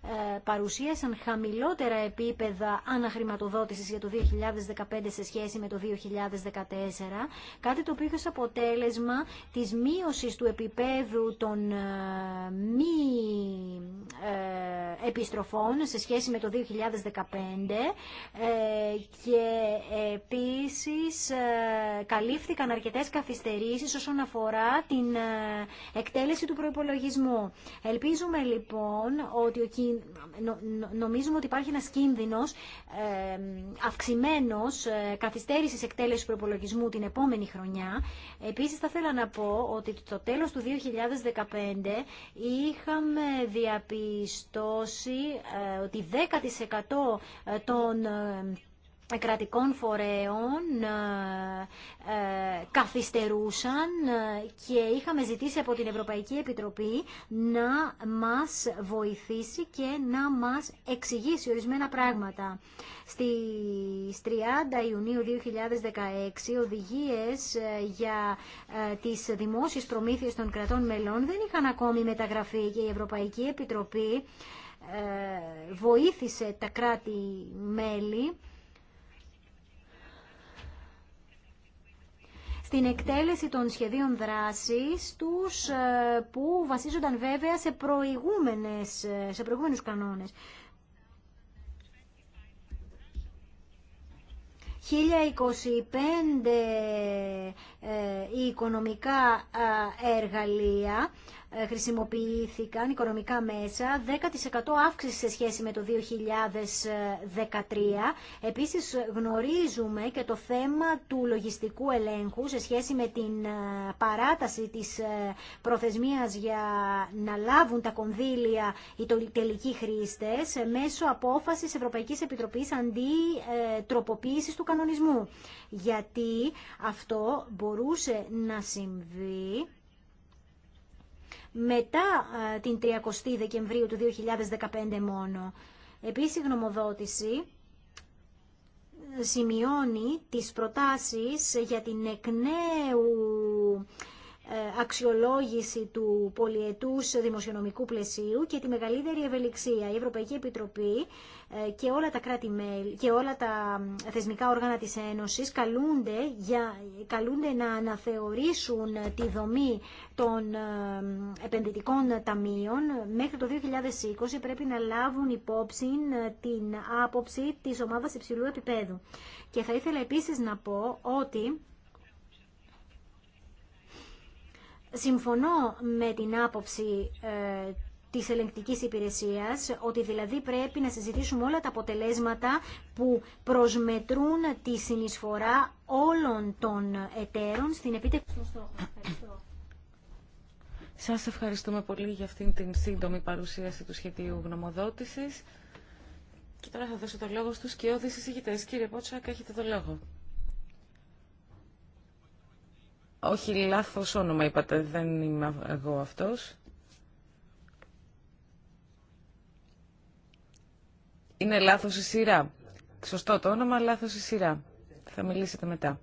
ε, παρουσίασαν χαμηλότερα επίπεδα αναχρηματοδότησης για το 2015 σε σχέση με το 2014, κάτι το οποίο είχε αποτέλεσμα της μείωσης του επίπεδου των ε, μη επιστροφών σε σχέση με το 2015 και επίσης καλύφθηκαν αρκετές καθυστερήσεις όσον αφορά την ε, εκτέλεση του προϋπολογισμού. Ελπίζουμε λοιπόν ότι ο, νομίζουμε ότι υπάρχει ένας κίνδυνος ε, αυξημένος ε, καθυστέρησης εκτέλεσης προϋπολογισμού την επόμενη χρονιά. Επίσης θα ήθελα να πω ότι το τέλος του 2015 είχαμε διαπιστώσει ε, ότι 10% ε, των κρατικών φορέων ε, ε, καθυστερούσαν ε, και είχαμε ζητήσει από την Ευρωπαϊκή Επιτροπή να μας βοηθήσει και να μας εξηγήσει ορισμένα πράγματα. Στις 30 Ιουνίου 2016 οδηγίες για τις δημόσιες προμήθειες των κρατών μελών δεν είχαν ακόμη μεταγραφεί και η Ευρωπαϊκή Επιτροπή βοήθησε τα κράτη-μέλη στην εκτέλεση των σχεδίων δράσης τους ε, που βασίζονταν βέβαια σε, προηγούμενες, ε, σε προηγούμενους κανόνες. 1025 ε, οι οικονομικά εργαλεία ε, χρησιμοποιήθηκαν, οικονομικά μέσα, 10% αύξηση σε σχέση με το 2013. Επίσης γνωρίζουμε και το θέμα του λογιστικού ελέγχου σε σχέση με την παράταση της ε, προθεσμίας για να λάβουν τα κονδύλια οι τελικοί χρήστες μέσω απόφασης Ευρωπαϊκής Επιτροπής αντί τροποποίησης του κανονισμού. Γιατί αυτό μπορεί μπορούσε να συμβεί μετά την 30 Δεκεμβρίου του 2015 μόνο. Επίσης η γνωμοδότηση σημειώνει τις προτάσεις για την εκ νέου ε, αξιολόγηση του πολιετούς δημοσιονομικού πλαισίου και τη μεγαλύτερη ευελιξία. Η Ευρωπαϊκή Επιτροπή ε, και όλα τα, κράτη και όλα τα θεσμικά όργανα της Ένωσης καλούνται, για, καλούνται να αναθεωρήσουν τη δομή των ε, επενδυτικών ταμείων. Μέχρι το 2020 πρέπει να λάβουν υπόψη την άποψη της ομάδας υψηλού επίπεδου. Και θα ήθελα επίσης να πω ότι Συμφωνώ με την άποψη ε, της ελεγκτικής υπηρεσίας, ότι δηλαδή πρέπει να συζητήσουμε όλα τα αποτελέσματα που προσμετρούν τη συνεισφορά όλων των εταίρων στην επίτευξη των στόχων. Σας ευχαριστούμε πολύ για αυτήν την σύντομη παρουσίαση του σχεδίου γνωμοδότησης. Και τώρα θα δώσω το λόγο στους κοιόδης ηγητές. Κύριε Πότσακ, έχετε το λόγο. Όχι, λάθος όνομα είπατε, δεν είμαι εγώ αυτός. Είναι λάθος η σειρά. Σωστό το όνομα, λάθος η σειρά. Θα μιλήσετε μετά.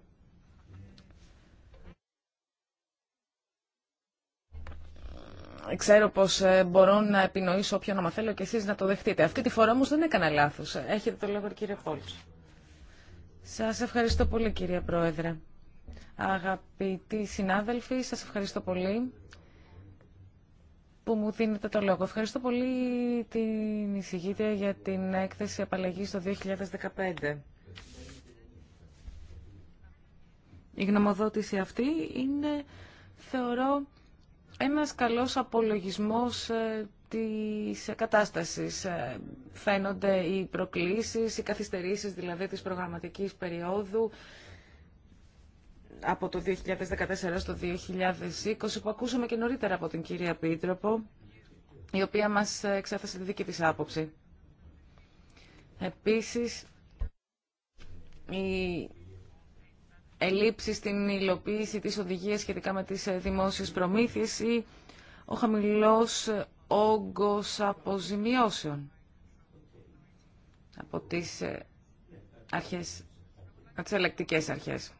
Ξέρω πως ε, μπορώ να επινοήσω όποιο όνομα θέλω και εσείς να το δεχτείτε. Αυτή τη φορά όμως δεν έκανα λάθος. Έχετε το λόγο κύριε Πόλτς. Σας ευχαριστώ πολύ κύριε Πρόεδρε. Αγαπητοί συνάδελφοι, σας ευχαριστώ πολύ που μου δίνετε το λόγο. Ευχαριστώ πολύ την εισηγήτρια για την έκθεση απαλλαγή το 2015. Η γνωμοδότηση αυτή είναι, θεωρώ, ένας καλός απολογισμός ε, της κατάστασης. Ε, φαίνονται οι προκλήσεις, οι καθυστερήσεις δηλαδή της προγραμματικής περίοδου, από το 2014 στο 2020 που ακούσαμε και νωρίτερα από την κυρία Πίτροπο η οποία μας εξέθεσε τη δική της άποψη. Επίσης, η ελλείψη στην υλοποίηση της οδηγίας σχετικά με τις δημόσιες προμήθειες ή ο χαμηλός όγκος αποζημιώσεων από τις αρχές, τις αρχές.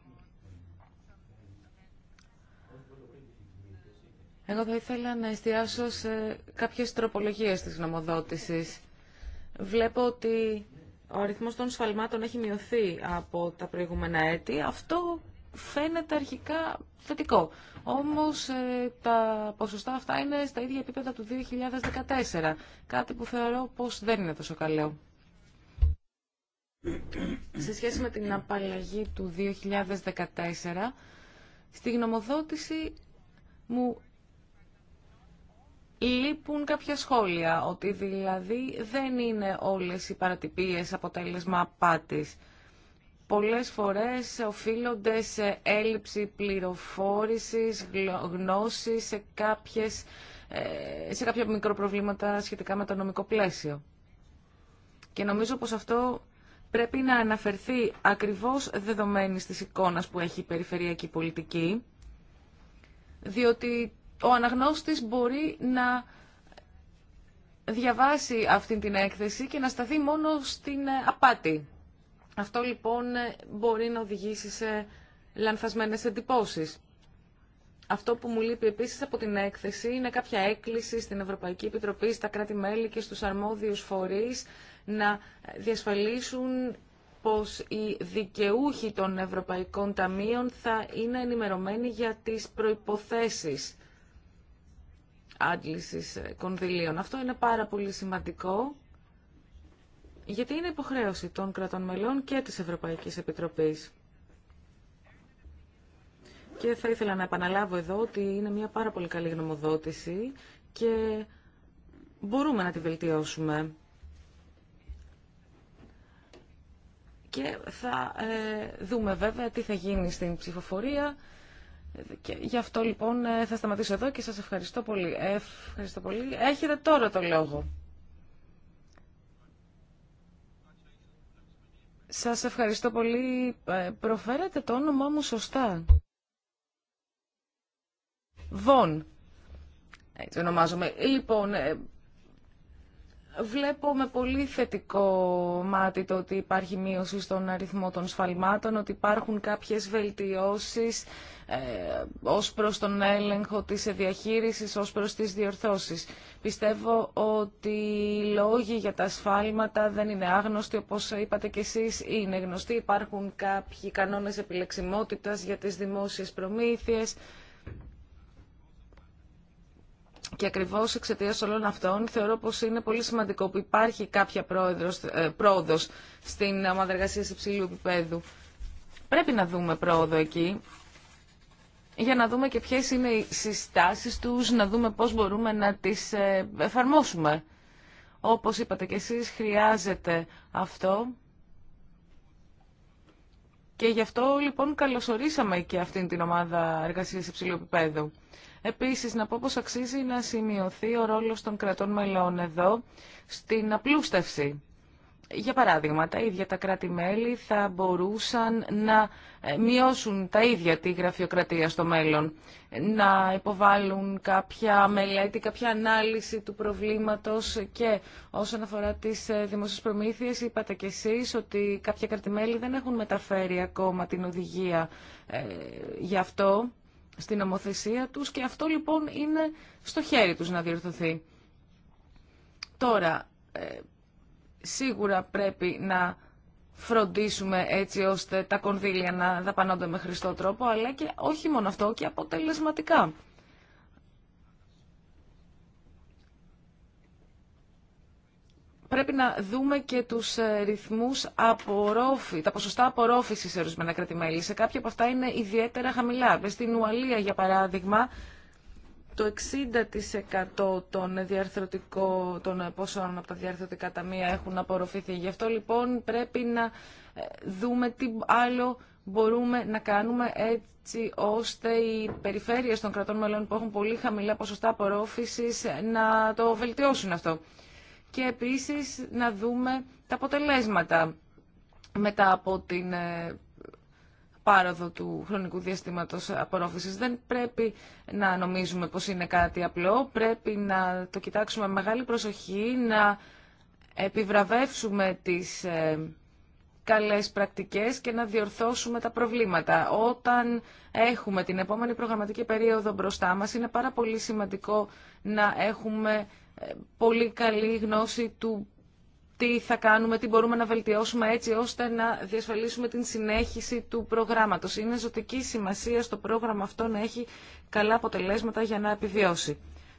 Εγώ θα ήθελα να εστιάσω σε κάποιες τροπολογίες της νομοδότησης. Βλέπω ότι ο αριθμός των σφαλμάτων έχει μειωθεί από τα προηγούμενα έτη. Αυτό φαίνεται αρχικά θετικό. Όμως ε, τα ποσοστά αυτά είναι στα ίδια επίπεδα του 2014. Κάτι που θεωρώ πως δεν είναι τόσο καλό. Σε σχέση με την απαλλαγή του 2014, στη γνωμοδότηση μου λείπουν κάποια σχόλια, ότι δηλαδή δεν είναι όλες οι παρατυπίες αποτέλεσμα απάτης. Πολλές φορές οφείλονται σε έλλειψη πληροφόρησης, γνώσης, σε, κάποιες, ε, σε κάποια μικροπροβλήματα σχετικά με το νομικό πλαίσιο. Και νομίζω πως αυτό πρέπει να αναφερθεί ακριβώς δεδομένης της εικόνας που έχει η περιφερειακή πολιτική, διότι ο αναγνώστης μπορεί να διαβάσει αυτή την έκθεση και να σταθεί μόνο στην ε, απάτη. Αυτό λοιπόν μπορεί να οδηγήσει σε λανθασμένες εντυπώσεις. Αυτό που μου λείπει επίσης από την έκθεση είναι κάποια έκκληση στην Ευρωπαϊκή Επιτροπή, στα κράτη-μέλη και στους αρμόδιους φορείς να διασφαλίσουν πως οι δικαιούχοι των Ευρωπαϊκών Ταμείων θα είναι ενημερωμένοι για τις προϋποθέσεις άντλησης κονδυλίων. Αυτό είναι πάρα πολύ σημαντικό, γιατί είναι υποχρέωση των κρατών μελών και της Ευρωπαϊκής Επιτροπής. Και θα ήθελα να επαναλάβω εδώ ότι είναι μια πάρα πολύ καλή γνωμοδότηση και μπορούμε να τη βελτιώσουμε. Και θα ε, δούμε βέβαια τι θα γίνει στην ψηφοφορία και γι' αυτό λοιπόν ε, θα σταματήσω εδώ και σας ευχαριστώ πολύ. Ε, ευχαριστώ πολύ. Έχετε τώρα το λόγο. Σας ευχαριστώ πολύ. Ε, Προφέρετε το όνομά μου σωστά. Βον. Έτσι ονομάζομαι. Λοιπόν, Βλέπω με πολύ θετικό μάτι το ότι υπάρχει μείωση στον αριθμό των σφαλμάτων, ότι υπάρχουν κάποιες βελτιώσεις ε, ως προς τον έλεγχο της διαχείρισης, ως προς τις διορθώσεις. Πιστεύω ότι οι λόγοι για τα σφάλματα δεν είναι άγνωστοι, όπως είπατε κι εσείς, είναι γνωστοί. Υπάρχουν κάποιοι κανόνες επιλεξιμότητας για τις δημόσιες προμήθειες, και ακριβώ εξαιτία όλων αυτών θεωρώ πω είναι πολύ σημαντικό που υπάρχει κάποια ε, πρόοδο στην ομάδα εργασία υψηλού επίπεδου. Πρέπει να δούμε πρόοδο εκεί για να δούμε και ποιες είναι οι συστάσεις τους, να δούμε πώς μπορούμε να τις ε, εφαρμόσουμε. Όπως είπατε και εσείς, χρειάζεται αυτό. Και γι' αυτό λοιπόν καλωσορίσαμε και αυτήν την ομάδα εργασίας υψηλού επίπεδου. Επίσης, να πω πως αξίζει να σημειωθεί ο ρόλος των κρατών μελών εδώ στην απλούστευση. Για παράδειγμα, τα ίδια τα κράτη-μέλη θα μπορούσαν να ε, μειώσουν τα ίδια τη γραφειοκρατία στο μέλλον, να υποβάλουν κάποια μελέτη, κάποια ανάλυση του προβλήματος και όσον αφορά τις ε, δημοσίες προμήθειες είπατε κι εσείς ότι κάποια κράτη-μέλη δεν έχουν μεταφέρει ακόμα την οδηγία ε, γι' αυτό στην ομοθεσία τους και αυτό λοιπόν είναι στο χέρι τους να διορθωθεί. Τώρα, ε, σίγουρα πρέπει να φροντίσουμε έτσι ώστε τα κονδύλια να δαπανώνται με χρηστό τρόπο, αλλά και όχι μόνο αυτό, και αποτελεσματικά. πρέπει να δούμε και τους ε, ρυθμούς απορρόφη, τα ποσοστά απορρόφησης σε ορισμένα κρατημέλη. Σε κάποια από αυτά είναι ιδιαίτερα χαμηλά. Στην Ουαλία, για παράδειγμα, το 60% των, των ποσών από τα διαρθρωτικά ταμεία έχουν απορροφηθεί. Γι' αυτό λοιπόν πρέπει να ε, δούμε τι άλλο μπορούμε να κάνουμε έτσι ώστε οι περιφέρειες των κρατών μελών που έχουν πολύ χαμηλά ποσοστά απορρόφησης να το βελτιώσουν αυτό και επίσης να δούμε τα αποτελέσματα μετά από την ε, πάροδο του χρονικού διαστήματος απορρόφησης. Δεν πρέπει να νομίζουμε πως είναι κάτι απλό, πρέπει να το κοιτάξουμε με μεγάλη προσοχή, να επιβραβεύσουμε τις ε, καλές πρακτικές και να διορθώσουμε τα προβλήματα. Όταν έχουμε την επόμενη προγραμματική περίοδο μπροστά μας, είναι πάρα πολύ σημαντικό να έχουμε πολύ καλή γνώση του τι θα κάνουμε, τι μπορούμε να βελτιώσουμε έτσι ώστε να διασφαλίσουμε την συνέχιση του προγράμματος. Είναι ζωτική σημασία στο πρόγραμμα αυτό να έχει καλά αποτελέσματα για να επιβιώσει.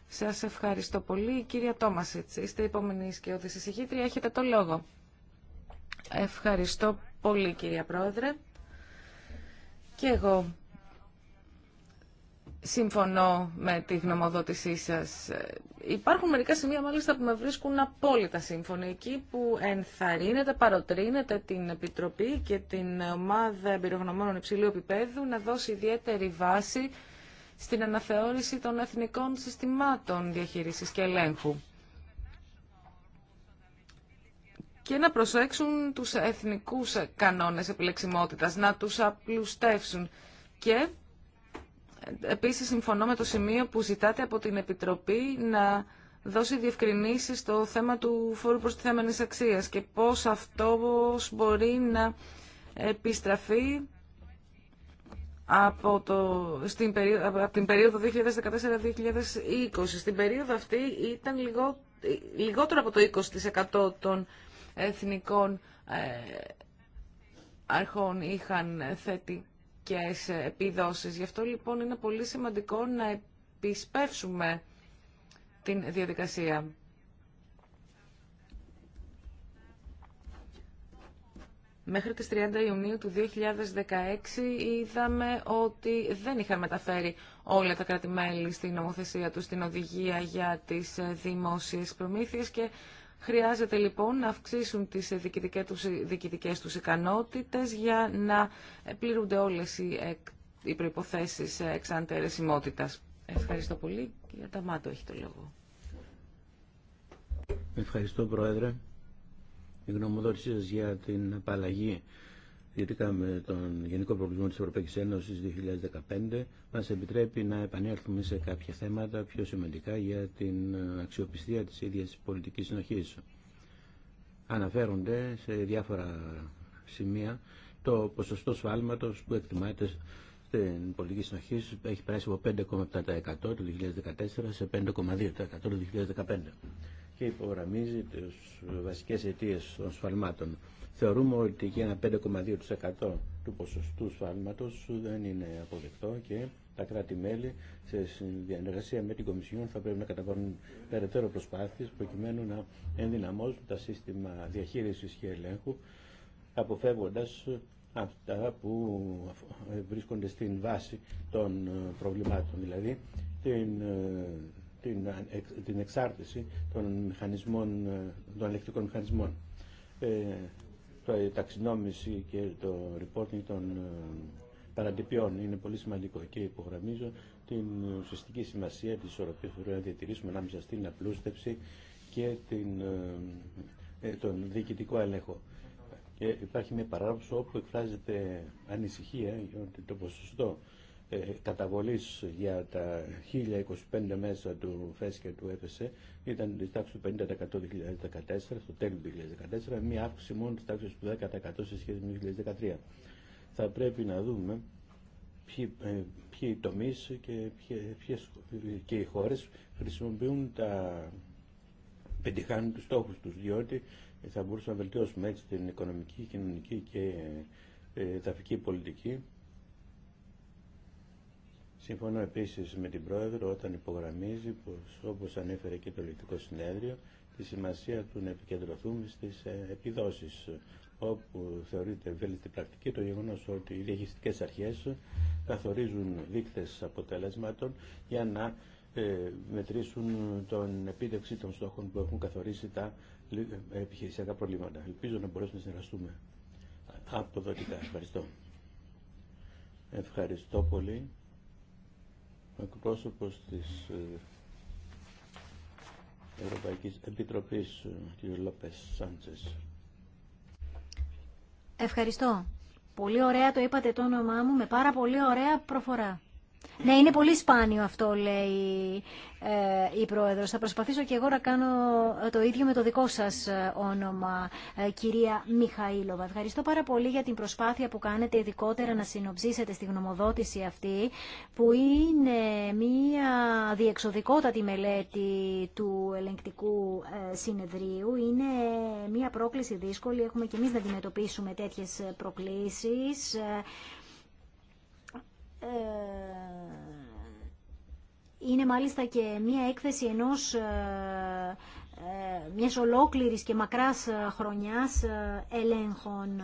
Σας ευχαριστώ πολύ. Κυρία Τόμασιτς, είστε επόμενη και ο Έχετε το λόγο. Ευχαριστώ πολύ κύριε Πρόεδρε. Και εγώ συμφωνώ με τη γνωμοδότησή σας. Υπάρχουν μερικά σημεία μάλιστα που με βρίσκουν απόλυτα σύμφωνοι εκεί που ενθαρρύνεται, παροτρύνεται την Επιτροπή και την ομάδα εμπειρογνωμόνων υψηλού επίπεδου να δώσει ιδιαίτερη βάση στην αναθεώρηση των εθνικών συστημάτων διαχείρισης και ελέγχου και να προσέξουν τους εθνικούς κανόνες επιλεξιμότητας, να τους απλουστεύσουν και Επίσης, συμφωνώ με το σημείο που ζητάτε από την Επιτροπή να δώσει διευκρινήσει στο θέμα του φόρου προς τη αξίας και πώς αυτό μπορεί να επιστραφεί από, το, στην περίοδο, από την περίοδο 2014-2020. Στην περίοδο αυτή ήταν λιγό, λιγότερο από το 20% των εθνικών ε, αρχών είχαν θέτει επιδόσεις. Γι' αυτό λοιπόν είναι πολύ σημαντικό να επισπεύσουμε την διαδικασία. Μέχρι τις 30 Ιουνίου του 2016 είδαμε ότι δεν είχαν μεταφέρει όλα τα κράτη-μέλη στην νομοθεσία του στην οδηγία για τις δημόσιες προμήθειες και Χρειάζεται λοιπόν να αυξήσουν τις διοικητικές τους ικανότητες για να πληρούνται όλες οι προϋποθέσεις εξαντερεσιμότητας. Ευχαριστώ πολύ. Κύριε Ταμάτο έχει το λόγο. Ευχαριστώ Πρόεδρε. Η γνωμοδότησή σας για την απαλλαγή σχετικά με τον Γενικό Προβλημό της Ευρωπαϊκής Ένωσης 2015 μας επιτρέπει να επανέλθουμε σε κάποια θέματα πιο σημαντικά για την αξιοπιστία της ίδιας πολιτικής συνοχής. Αναφέρονται σε διάφορα σημεία το ποσοστό σφάλματος που εκτιμάται στην πολιτική συνοχή έχει περάσει από 5,7% το 2014 σε 5,2% το 2015 και υπογραμμίζει τις βασικές αιτίες των σφαλμάτων. Θεωρούμε ότι και ένα 5,2% του ποσοστού σφάλματος δεν είναι αποδεκτό και τα κράτη-μέλη σε συνεργασία με την Κομισιόν θα πρέπει να καταβάλουν περαιτέρω προσπάθειες προκειμένου να ενδυναμώσουν τα σύστημα διαχείρισης και ελέγχου αποφεύγοντας αυτά που βρίσκονται στην βάση των ε, προβλημάτων, δηλαδή την, ε, την, ε, την εξάρτηση των, μηχανισμών, των ελεκτικών μηχανισμών. Ε, η ταξινόμηση και το reporting των ε, παρατυπιών είναι πολύ σημαντικό και υπογραμμίζω την ουσιαστική σημασία της ισορροπίας που πρέπει να διατηρήσουμε ανάμεσα στην απλούστευση και την, ε, ε, τον διοικητικό έλεγχο. Και υπάρχει μια παράδοση όπου εκφράζεται ανησυχία για το ποσοστό ε, καταβολής για τα 1025 μέσα του ΦΕΣ και του ΕΦΣΕ ήταν της τάξης του 50% 2014, στο τέλος του 2014, μία αύξηση μόνο της τάξης του 10% σε σχέση με το 2013. Θα πρέπει να δούμε ποιοι, ε, ποιοι τομείς και, ποιες, και οι χώρες χρησιμοποιούν τα πετυχάνουν τους στόχους τους, διότι θα μπορούσαμε να βελτιώσουμε έτσι την οικονομική, κοινωνική και ε, ταφική πολιτική Συμφωνώ επίση με την Πρόεδρο όταν υπογραμμίζει πως όπως ανέφερε και το Λεκτικό Συνέδριο τη σημασία του να επικεντρωθούμε στι ε, επιδόσεις όπου θεωρείται ευέλικτη πρακτική το γεγονό ότι οι διαχειριστικέ αρχέ καθορίζουν δείκτε αποτελέσματων για να ε, μετρήσουν τον επίτευξη των στόχων που έχουν καθορίσει τα ε, επιχειρησιακά προβλήματα. Ελπίζω να μπορέσουμε να συνεργαστούμε αποδοτικά. Ευχαριστώ. Ευχαριστώ πολύ εκπρόσωπος της ε, Ευρωπαϊκής Επιτροπής, ε, κ. Λόπες Σάντσες. Ευχαριστώ. Πολύ ωραία το είπατε το όνομά μου με πάρα πολύ ωραία προφορά. Ναι, είναι πολύ σπάνιο αυτό, λέει ε, η πρόεδρο. Θα προσπαθήσω και εγώ να κάνω το ίδιο με το δικό σας ε, όνομα, ε, κυρία Μιχαήλοβα. Ευχαριστώ πάρα πολύ για την προσπάθεια που κάνετε ειδικότερα να συνοψίσετε στη γνωμοδότηση αυτή, που είναι μία διεξοδικότατη μελέτη του ελεγκτικού συνεδρίου. Είναι μία πρόκληση δύσκολη, έχουμε και εμεί να αντιμετωπίσουμε τέτοιες προκλήσεις. Ε, είναι μάλιστα και μία έκθεση ενός ε, ε, μιας ολόκληρης και μακράς ε, χρονιάς ε, ελέγχων.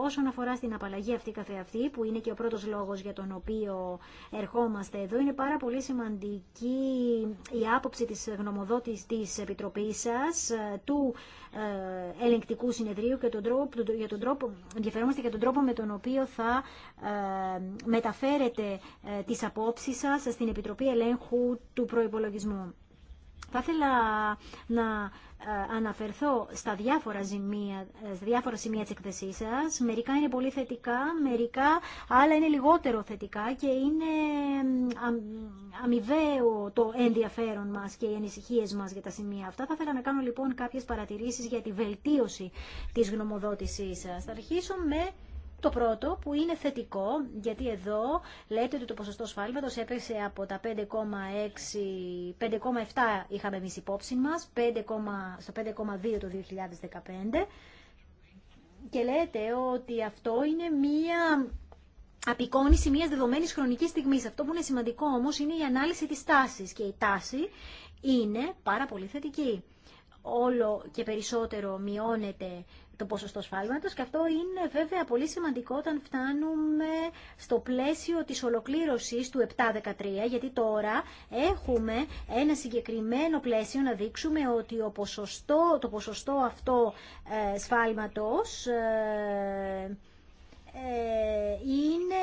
Όσον αφορά στην απαλλαγή αυτή καθεαυτή, που είναι και ο πρώτος λόγος για τον οποίο ερχόμαστε εδώ, είναι πάρα πολύ σημαντική η άποψη της γνωμοδότης της Επιτροπής σας, του ελεγκτικού συνεδρίου και τον τρόπο, για τον τρόπο, ενδιαφερόμαστε για τον τρόπο με τον οποίο θα μεταφέρετε τις απόψεις σας στην Επιτροπή Ελέγχου του Προϋπολογισμού. Θα ήθελα να ε, αναφερθώ ε, στα διάφορα, σημεία της εκθεσής σας. Μερικά είναι πολύ θετικά, μερικά άλλα είναι λιγότερο θετικά και είναι αμοιβαίο το ενδιαφέρον μας και οι ανησυχίε μας για τα σημεία αυτά. Θα ήθελα να κάνω λοιπόν κάποιες παρατηρήσεις για τη βελτίωση της γνωμοδότησής σας. Θα αρχίσω με το πρώτο που είναι θετικό, γιατί εδώ λέτε ότι το ποσοστό σφάλματος έπεσε από τα 5,6, 5,7 είχαμε εμείς υπόψη μας, στο 5,2 το 2015 και λέτε ότι αυτό είναι μία απεικόνηση μιας δεδομένης χρονικής στιγμής. Αυτό που είναι σημαντικό όμως είναι η ανάλυση της τάσης και η τάση είναι πάρα πολύ θετική. Όλο και περισσότερο μειώνεται το ποσοστό σφάλματος και αυτό είναι βέβαια πολύ σημαντικό όταν φτάνουμε στο πλαίσιο της ολοκλήρωσης του 7-13 γιατί τώρα έχουμε ένα συγκεκριμένο πλαίσιο να δείξουμε ότι ο ποσοστό, το ποσοστό αυτό ε, σφάλματος ε, ε είναι,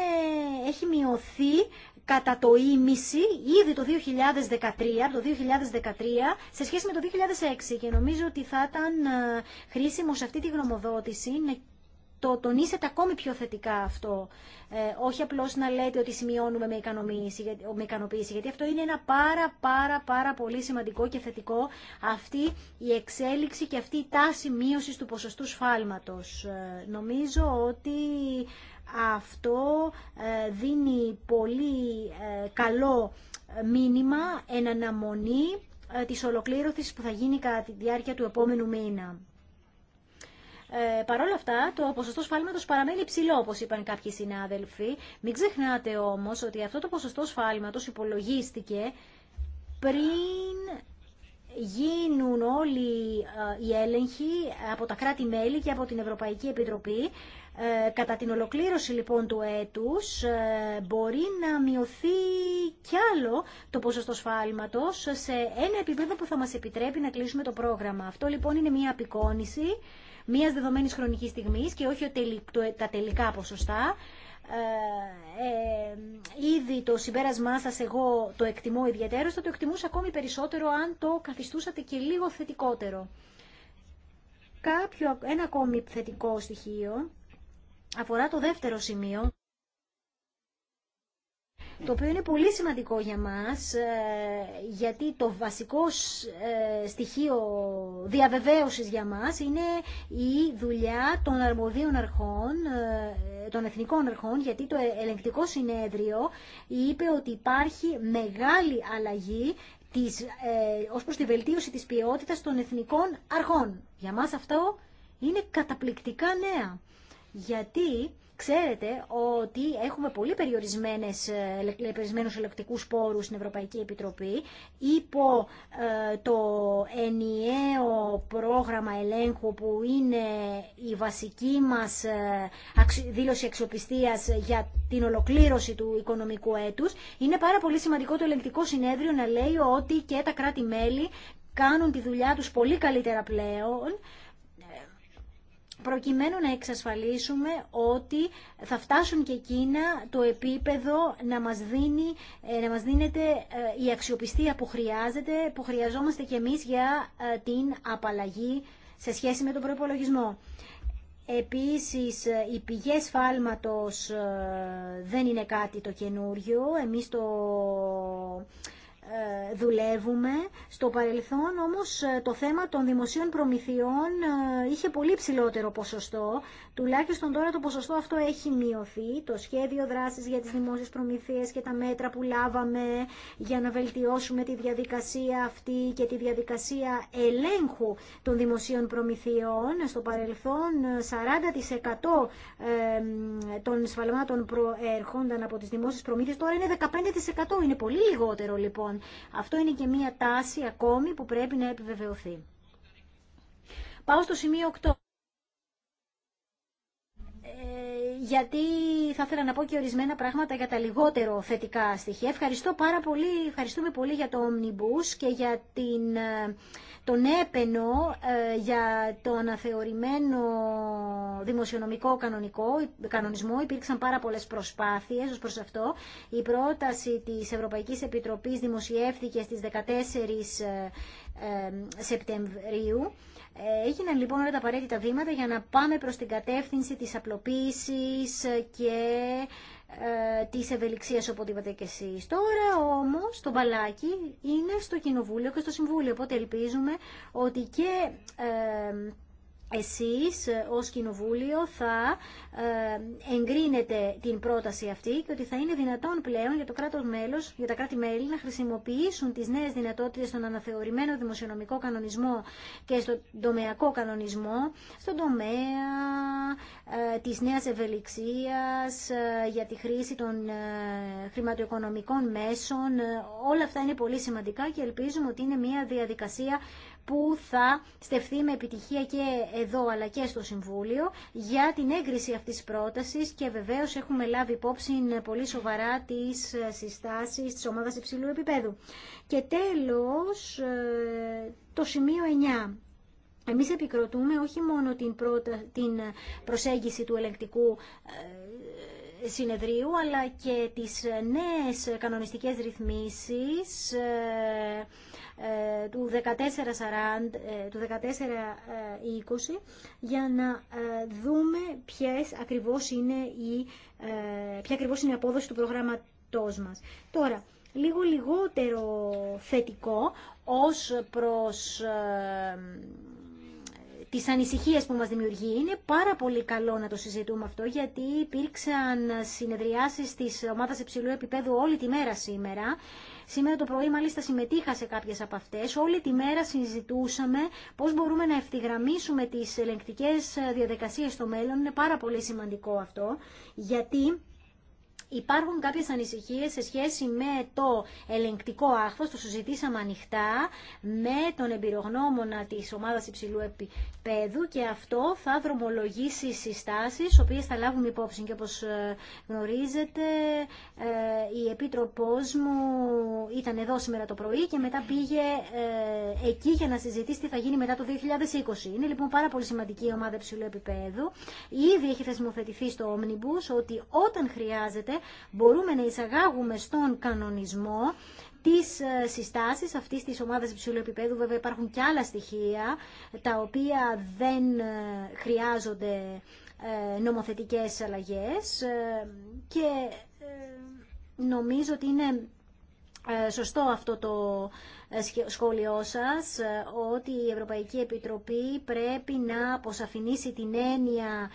έχει μειωθεί κατά το ίμιση ήδη το 2013, το 2013 σε σχέση με το 2006 και νομίζω ότι θα ήταν ε, χρήσιμο σε αυτή τη γνωμοδότηση να το τονίσετε ακόμη πιο θετικά αυτό. Ε, όχι απλώς να λέτε ότι σημειώνουμε με ικανοποίηση, με γιατί αυτό είναι ένα πάρα πάρα πάρα πολύ σημαντικό και θετικό αυτή η εξέλιξη και αυτή η τάση μείωσης του ποσοστού σφάλματος. Ε, νομίζω ότι αυτό ε, δίνει πολύ ε, καλό μήνυμα εν αναμονή ε, της ολοκλήρωσης που θα γίνει κατά τη διάρκεια του επόμενου μήνα. Ε, Παρ' όλα αυτά, το ποσοστό σφάλματος παραμένει ψηλό όπως είπαν κάποιοι συνάδελφοι. Μην ξεχνάτε όμως ότι αυτό το ποσοστό σφάλματος υπολογίστηκε πριν γίνουν όλοι οι έλεγχοι από τα κράτη-μέλη και από την Ευρωπαϊκή Επιτροπή ε, κατά την ολοκλήρωση λοιπόν του έτους ε, μπορεί να μειωθεί κι άλλο το ποσοστό σφάλματος σε ένα επίπεδο που θα μας επιτρέπει να κλείσουμε το πρόγραμμα. Αυτό λοιπόν είναι μια απεικόνηση μιας δεδομένης χρονικής στιγμής και όχι τα τελικά ποσοστά. Ε, ε, ήδη το συμπέρασμά σας εγώ το εκτιμώ ιδιαίτερο, θα το εκτιμούσα ακόμη περισσότερο αν το καθιστούσατε και λίγο θετικότερο. Κάποιο, ένα ακόμη θετικό στοιχείο αφορά το δεύτερο σημείο, το οποίο είναι πολύ σημαντικό για μας, ε, γιατί το βασικό ε, στοιχείο διαβεβαίωσης για μας είναι η δουλειά των αρμοδίων αρχών, ε, των εθνικών αρχών, γιατί το ελεγκτικό συνέδριο είπε ότι υπάρχει μεγάλη αλλαγή της, ως προς τη βελτίωση της ποιότητας των εθνικών αρχών. Για μας αυτό είναι καταπληκτικά νέα γιατί Ξέρετε ότι έχουμε πολύ περιορισμένου ε, περιορισμένους ελεκτικούς πόρους στην Ευρωπαϊκή Επιτροπή υπό ε, το ενιαίο πρόγραμμα ελέγχου που είναι η βασική μας ε, δήλωση αξιοπιστία για την ολοκλήρωση του οικονομικού έτους. Είναι πάρα πολύ σημαντικό το ελεγκτικό συνέδριο να λέει ότι και τα κράτη-μέλη κάνουν τη δουλειά τους πολύ καλύτερα πλέον προκειμένου να εξασφαλίσουμε ότι θα φτάσουν και εκείνα το επίπεδο να μας, δίνει, ε, να μας δίνεται ε, η αξιοπιστία που χρειάζεται, που χρειαζόμαστε και εμείς για ε, την απαλλαγή σε σχέση με τον προπολογισμό. Επίσης, οι πηγές φάλματος δεν είναι κάτι το καινούριο. Εμείς το ε, δουλεύουμε. Στο παρελθόν όμως ε, το θέμα των δημοσίων προμηθειών ε, είχε πολύ ψηλότερο ποσοστό. Τουλάχιστον τώρα το ποσοστό αυτό έχει μειωθεί. Το σχέδιο δράσης για τις δημόσιες προμηθείες και τα μέτρα που λάβαμε για να βελτιώσουμε τη διαδικασία αυτή και τη διαδικασία ελέγχου των δημοσίων προμηθειών. Στο παρελθόν 40% των σφαλμάτων προέρχονταν από τις δημόσιες προμήθειες. Τώρα είναι 15%. Είναι πολύ λιγότερο λοιπόν. Αυτό είναι και μία τάση ακόμη που πρέπει να επιβεβαιωθεί. Πάω στο σημείο 8 ε, γιατί θα ήθελα να πω και ορισμένα πράγματα για τα λιγότερο θετικά στοιχεία. Ευχαριστώ πάρα πολύ, ευχαριστούμε πολύ για το Omnibus και για την ε, τον έπαινο ε, για το αναθεωρημένο δημοσιονομικό κανονικό, κανονισμό. Υπήρξαν πάρα πολλές προσπάθειες ως προς αυτό. Η πρόταση της Ευρωπαϊκής Επιτροπής δημοσιεύθηκε στις 14 ε, ε, Σεπτεμβρίου. Έγιναν λοιπόν όλα τα απαραίτητα βήματα για να πάμε προς την κατεύθυνση της απλοποίησης και ε, της ευελιξίας όπου είπατε και εσείς. Τώρα όμως το μπαλάκι είναι στο Κοινοβούλιο και στο Συμβούλιο, οπότε ελπίζουμε ότι και ε, εσείς ε, ως Κοινοβούλιο θα ε, εγκρίνετε την πρόταση αυτή και ότι θα είναι δυνατόν πλέον για το κράτος μέλος, για τα κράτη-μέλη να χρησιμοποιήσουν τις νέες δυνατότητες στον αναθεωρημένο δημοσιονομικό κανονισμό και στον τομεακό κανονισμό, στον τομέα ε, της νέας ευελιξίας, για τη χρήση των χρηματοοικονομικών μέσων. Όλα αυτά είναι πολύ σημαντικά και ελπίζουμε ότι είναι μια διαδικασία που θα στεφθεί με επιτυχία και εδώ αλλά και στο Συμβούλιο για την έγκριση αυτής της πρότασης και βεβαίως έχουμε λάβει υπόψη πολύ σοβαρά τις ε, συστάσεις της ομάδας υψηλού επίπεδου. Και τέλος ε, το σημείο 9. Εμείς επικροτούμε όχι μόνο την, την προσέγγιση του ελεγκτικού ε, συνεδρίου, αλλά και τις νέες κανονιστικές ρυθμίσεις ε, του 1420 ε, για να ε, δούμε ποιες ακριβώς είναι η, ποια ακριβώς είναι η απόδοση του προγράμματός μας. Τώρα, λίγο λιγότερο θετικό ως προς τις ανησυχίε που μα δημιουργεί. Είναι πάρα πολύ καλό να το συζητούμε αυτό γιατί υπήρξαν συνεδριάσει τη ομάδα υψηλού επίπεδου όλη τη μέρα σήμερα. Σήμερα το πρωί μάλιστα συμμετείχα σε κάποιε από αυτέ. Όλη τη μέρα συζητούσαμε πώ μπορούμε να ευθυγραμμίσουμε τι ελεγκτικές διαδικασίε στο μέλλον. Είναι πάρα πολύ σημαντικό αυτό γιατί Υπάρχουν κάποιες ανησυχίες σε σχέση με το ελεγκτικό άχθος, το συζητήσαμε ανοιχτά με τον εμπειρογνώμονα της ομάδας υψηλού επίπεδου και αυτό θα δρομολογήσει συστάσεις, οποίες θα λάβουμε υπόψη και όπως ε, γνωρίζετε ε, η Επίτροπός μου ήταν εδώ σήμερα το πρωί και μετά πήγε ε, εκεί για να συζητήσει τι θα γίνει μετά το 2020. Είναι λοιπόν πάρα πολύ σημαντική η ομάδα υψηλού επίπεδου. Ήδη έχει θεσμοθετηθεί στο Omnibus ότι όταν χρειάζεται μπορούμε να εισαγάγουμε στον κανονισμό τις ε, συστάσεις αυτής της ομάδας υψηλού επίπεδου. Βέβαια υπάρχουν και άλλα στοιχεία τα οποία δεν ε, χρειάζονται ε, νομοθετικές αλλαγές και νομίζω ότι είναι ε, σωστό αυτό το ε, σχόλιο σας, ε, ότι η Ευρωπαϊκή Επιτροπή πρέπει να αποσαφηνίσει την έννοια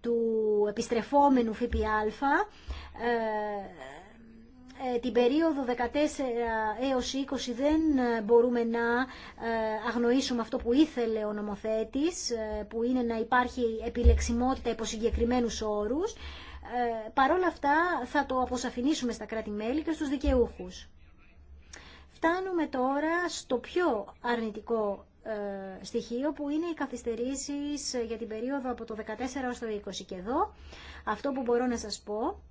του επιστρεφόμενου ΦΠΑ την περίοδο 14 έως 20 δεν μπορούμε να αγνοήσουμε αυτό που ήθελε ο νομοθέτης, που είναι να υπάρχει επιλεξιμότητα υπό συγκεκριμένου όρους. Ε, παρόλα αυτά θα το αποσαφηνίσουμε στα κράτη-μέλη και στους δικαιούχους. Φτάνουμε τώρα στο πιο αρνητικό ε, στοιχείο που είναι οι καθυστερήσεις για την περίοδο από το 14 έως το 20 και εδώ. Αυτό που μπορώ να σας πω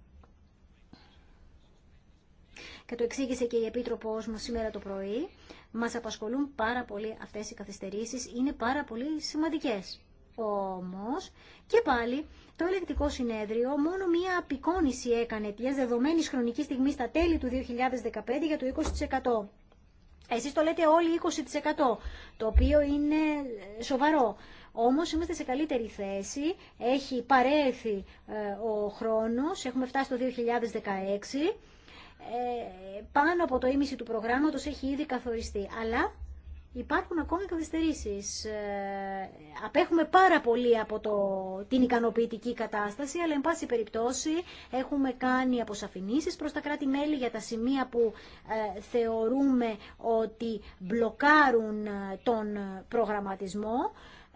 και το εξήγησε και η Επίτροπος μου σήμερα το πρωί, μας απασχολούν πάρα πολύ αυτές οι καθυστερήσεις, είναι πάρα πολύ σημαντικές. Όμως, και πάλι, το ελεγκτικό συνέδριο μόνο μία απεικόνηση έκανε τη δεδομένη χρονική στιγμή στα τέλη του 2015 για το 20%. Εσείς το λέτε όλοι 20%, το οποίο είναι ε, σοβαρό. Όμως είμαστε σε καλύτερη θέση, έχει παρέθει ε, ο χρόνος, έχουμε φτάσει το 2016, ε, πάνω από το ίμιση του προγράμματος έχει ήδη καθοριστεί. Αλλά υπάρχουν ακόμη καθυστερήσει. Ε, απέχουμε πάρα πολύ από το, την ικανοποιητική κατάσταση, αλλά εν πάση περιπτώσει έχουμε κάνει αποσαφηνήσεις προς τα κράτη-μέλη για τα σημεία που ε, θεωρούμε ότι μπλοκάρουν ε, τον προγραμματισμό.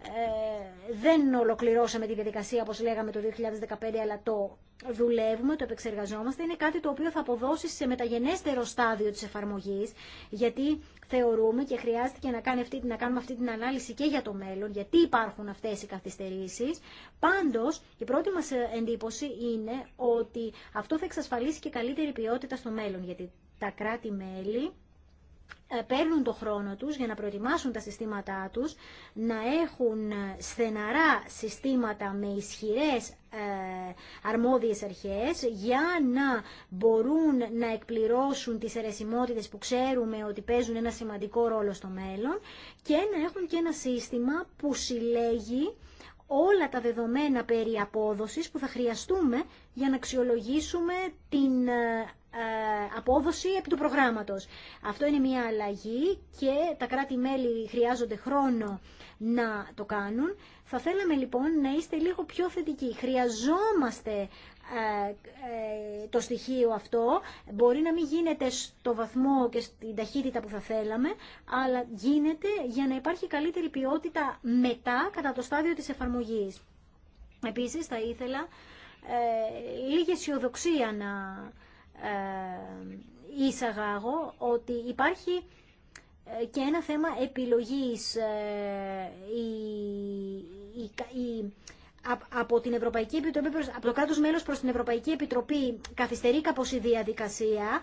Ε, δεν ολοκληρώσαμε τη διαδικασία όπως λέγαμε το 2015 αλλά το δουλεύουμε, το επεξεργαζόμαστε είναι κάτι το οποίο θα αποδώσει σε μεταγενέστερο στάδιο της εφαρμογής γιατί θεωρούμε και χρειάστηκε να, κάνει αυτή, να κάνουμε αυτή την ανάλυση και για το μέλλον γιατί υπάρχουν αυτές οι καθυστερήσεις πάντως η πρώτη μας εντύπωση είναι ότι αυτό θα εξασφαλίσει και καλύτερη ποιότητα στο μέλλον γιατί τα κράτη-μέλη ε, παίρνουν το χρόνο τους για να προετοιμάσουν τα συστήματά τους, να έχουν στεναρά συστήματα με ισχυρές ε, αρμόδιες αρχές για να μπορούν να εκπληρώσουν τις αιρεσιμότητες που ξέρουμε ότι παίζουν ένα σημαντικό ρόλο στο μέλλον και να έχουν και ένα σύστημα που συλλέγει όλα τα δεδομένα περί απόδοσης που θα χρειαστούμε για να αξιολογήσουμε την ε, ε, απόδοση επί του προγράμματος. Αυτό είναι μια αλλαγή και τα κράτη-μέλη χρειάζονται χρόνο να το κάνουν. Θα θέλαμε λοιπόν να είστε λίγο πιο θετικοί. Χρειαζόμαστε ε, ε, το στοιχείο αυτό μπορεί να μην γίνεται στο βαθμό και στην ταχύτητα που θα θέλαμε αλλά γίνεται για να υπάρχει καλύτερη ποιότητα μετά κατά το στάδιο της εφαρμογής. Επίσης θα ήθελα ε, λίγη αισιοδοξία να ε, εισαγάγω ότι υπάρχει ε, και ένα θέμα επιλογής. Ε, η, η, από την Ευρωπαϊκή Επιτροπή, από το κράτος μέλος προς την Ευρωπαϊκή Επιτροπή καθυστερεί κάπως η διαδικασία,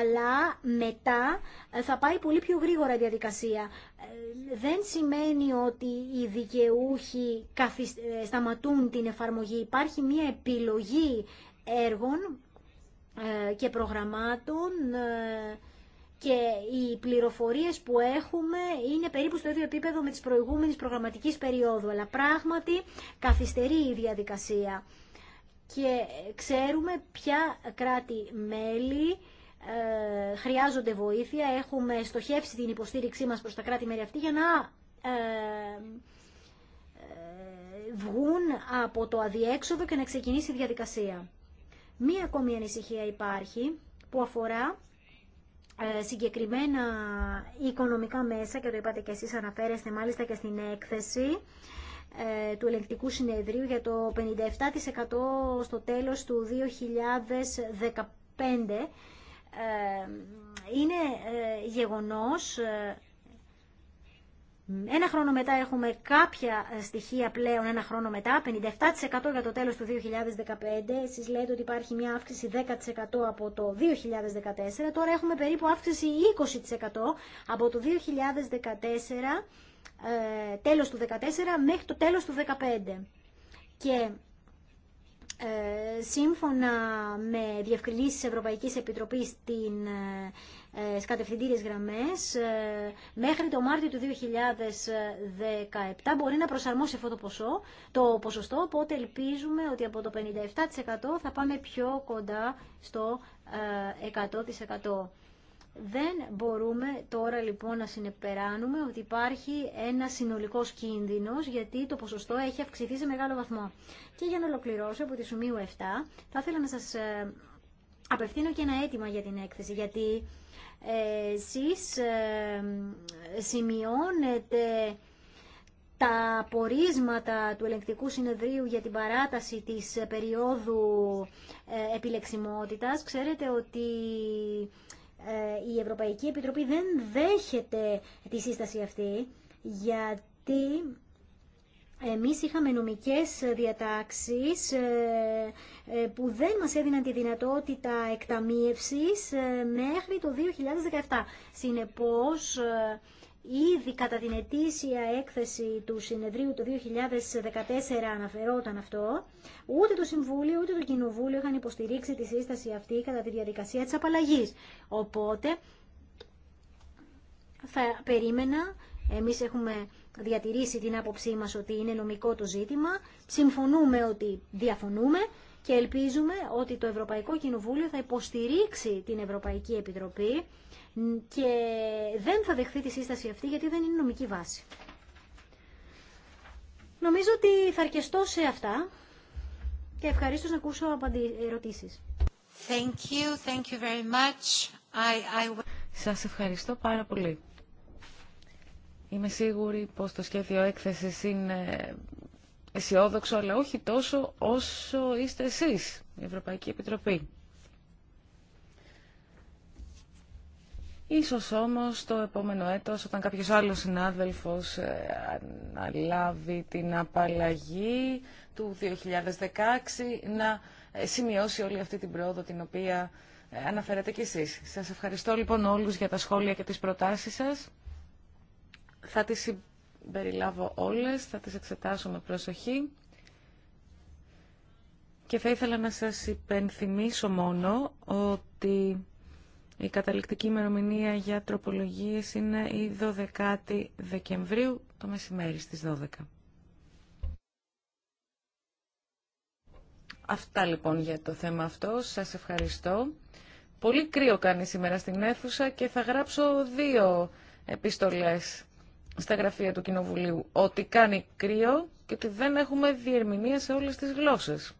αλλά μετά θα πάει πολύ πιο γρήγορα η διαδικασία. Δεν σημαίνει ότι οι δικαιούχοι σταματούν την εφαρμογή. Υπάρχει μια επιλογή έργων ε, και προγραμμάτων ε, και οι πληροφορίες που έχουμε είναι περίπου στο ίδιο επίπεδο με τις προηγούμενες προγραμματικής περίοδου, αλλά πράγματι καθυστερεί η διαδικασία. Και ξέρουμε ποια κράτη-μέλη ε, χρειάζονται βοήθεια. Έχουμε στοχεύσει την υποστήριξή μας προς τα κράτη-μέλη αυτή για να βγουν από το αδιέξοδο και να ξεκινήσει η διαδικασία. Μία ακόμη ανησυχία υπάρχει που αφορά ε, συγκεκριμένα οικονομικά μέσα και το είπατε και εσείς αναφέρεστε μάλιστα και στην έκθεση ε, του ελεγκτικού συνεδρίου για το 57% στο τέλος του 2015 ε, είναι γεγονός ένα χρόνο μετά έχουμε κάποια ε, στοιχεία πλέον, ένα χρόνο μετά, 57% για το τέλος του 2015. Εσείς λέτε ότι υπάρχει μια αύξηση 10% από το 2014. Τώρα έχουμε περίπου αύξηση 20% από το 2014, ε, τέλος του 2014 μέχρι το τέλος του 2015. Και ε, σύμφωνα με διευκρινήσεις Ευρωπαϊκής Επιτροπής την ε, κατευθυντήριες γραμμές ε, μέχρι το Μάρτιο του 2017 μπορεί να προσαρμόσει αυτό το το ποσοστό, οπότε ελπίζουμε ότι από το 57% θα πάμε πιο κοντά στο 100%. Ε, Δεν μπορούμε τώρα λοιπόν να συνεπεράνουμε ότι υπάρχει ένα συνολικό κίνδυνος γιατί το ποσοστό έχει αυξηθεί σε μεγάλο βαθμό. Και για να ολοκληρώσω από τη Σουμίου 7 θα ήθελα να σα ε, απευθύνω και ένα αίτημα για την έκθεση γιατί εσείς ε, σημειώνετε τα πορίσματα του ελεγκτικού συνεδρίου για την παράταση της περίοδου ε, επιλεξιμότητας. Ξέρετε ότι ε, η Ευρωπαϊκή Επιτροπή δεν δέχεται τη σύσταση αυτή γιατί εμείς είχαμε νομικές διατάξεις ε, ε, που δεν μας έδιναν τη δυνατότητα εκταμίευσης ε, μέχρι το 2017. Συνεπώς, ήδη κατά την ετήσια έκθεση του συνεδρίου το 2014 αναφερόταν αυτό, ούτε το Συμβούλιο ούτε το Κοινοβούλιο είχαν υποστηρίξει τη σύσταση αυτή κατά τη διαδικασία της απαλλαγής. Οπότε, θα περίμενα εμείς έχουμε διατηρήσει την άποψή μας ότι είναι νομικό το ζήτημα. Συμφωνούμε ότι διαφωνούμε και ελπίζουμε ότι το Ευρωπαϊκό Κοινοβούλιο θα υποστηρίξει την Ευρωπαϊκή Επιτροπή και δεν θα δεχθεί τη σύσταση αυτή γιατί δεν είναι νομική βάση. Νομίζω ότι θα αρκεστώ σε αυτά και ευχαριστώ να ακούσω ερωτήσεις. Thank you, thank you very I, I... Σας ευχαριστώ πάρα πολύ. Είμαι σίγουρη πως το σχέδιο έκθεσης είναι αισιόδοξο, αλλά όχι τόσο όσο είστε εσείς, η Ευρωπαϊκή Επιτροπή. Ίσως όμως το επόμενο έτος, όταν κάποιος άλλος συνάδελφος ε, αναλάβει την απαλλαγή του 2016, να ε, σημειώσει όλη αυτή την πρόοδο την οποία ε, αναφέρατε κι εσείς. Σας ευχαριστώ λοιπόν όλους για τα σχόλια και τις προτάσεις σας. Θα τις συμπεριλάβω όλες, θα τις εξετάσω με προσοχή. Και θα ήθελα να σας υπενθυμίσω μόνο ότι η καταληκτική ημερομηνία για τροπολογίες είναι η 12η Δεκεμβρίου το μεσημέρι στις 12. Αυτά λοιπόν για το θέμα αυτό. Σας ευχαριστώ. Πολύ κρύο κάνει σήμερα στην αίθουσα και θα γράψω δύο επιστολές στα γραφεία του Κοινοβουλίου ότι κάνει κρύο και ότι δεν έχουμε διερμηνία σε όλες τις γλώσσες.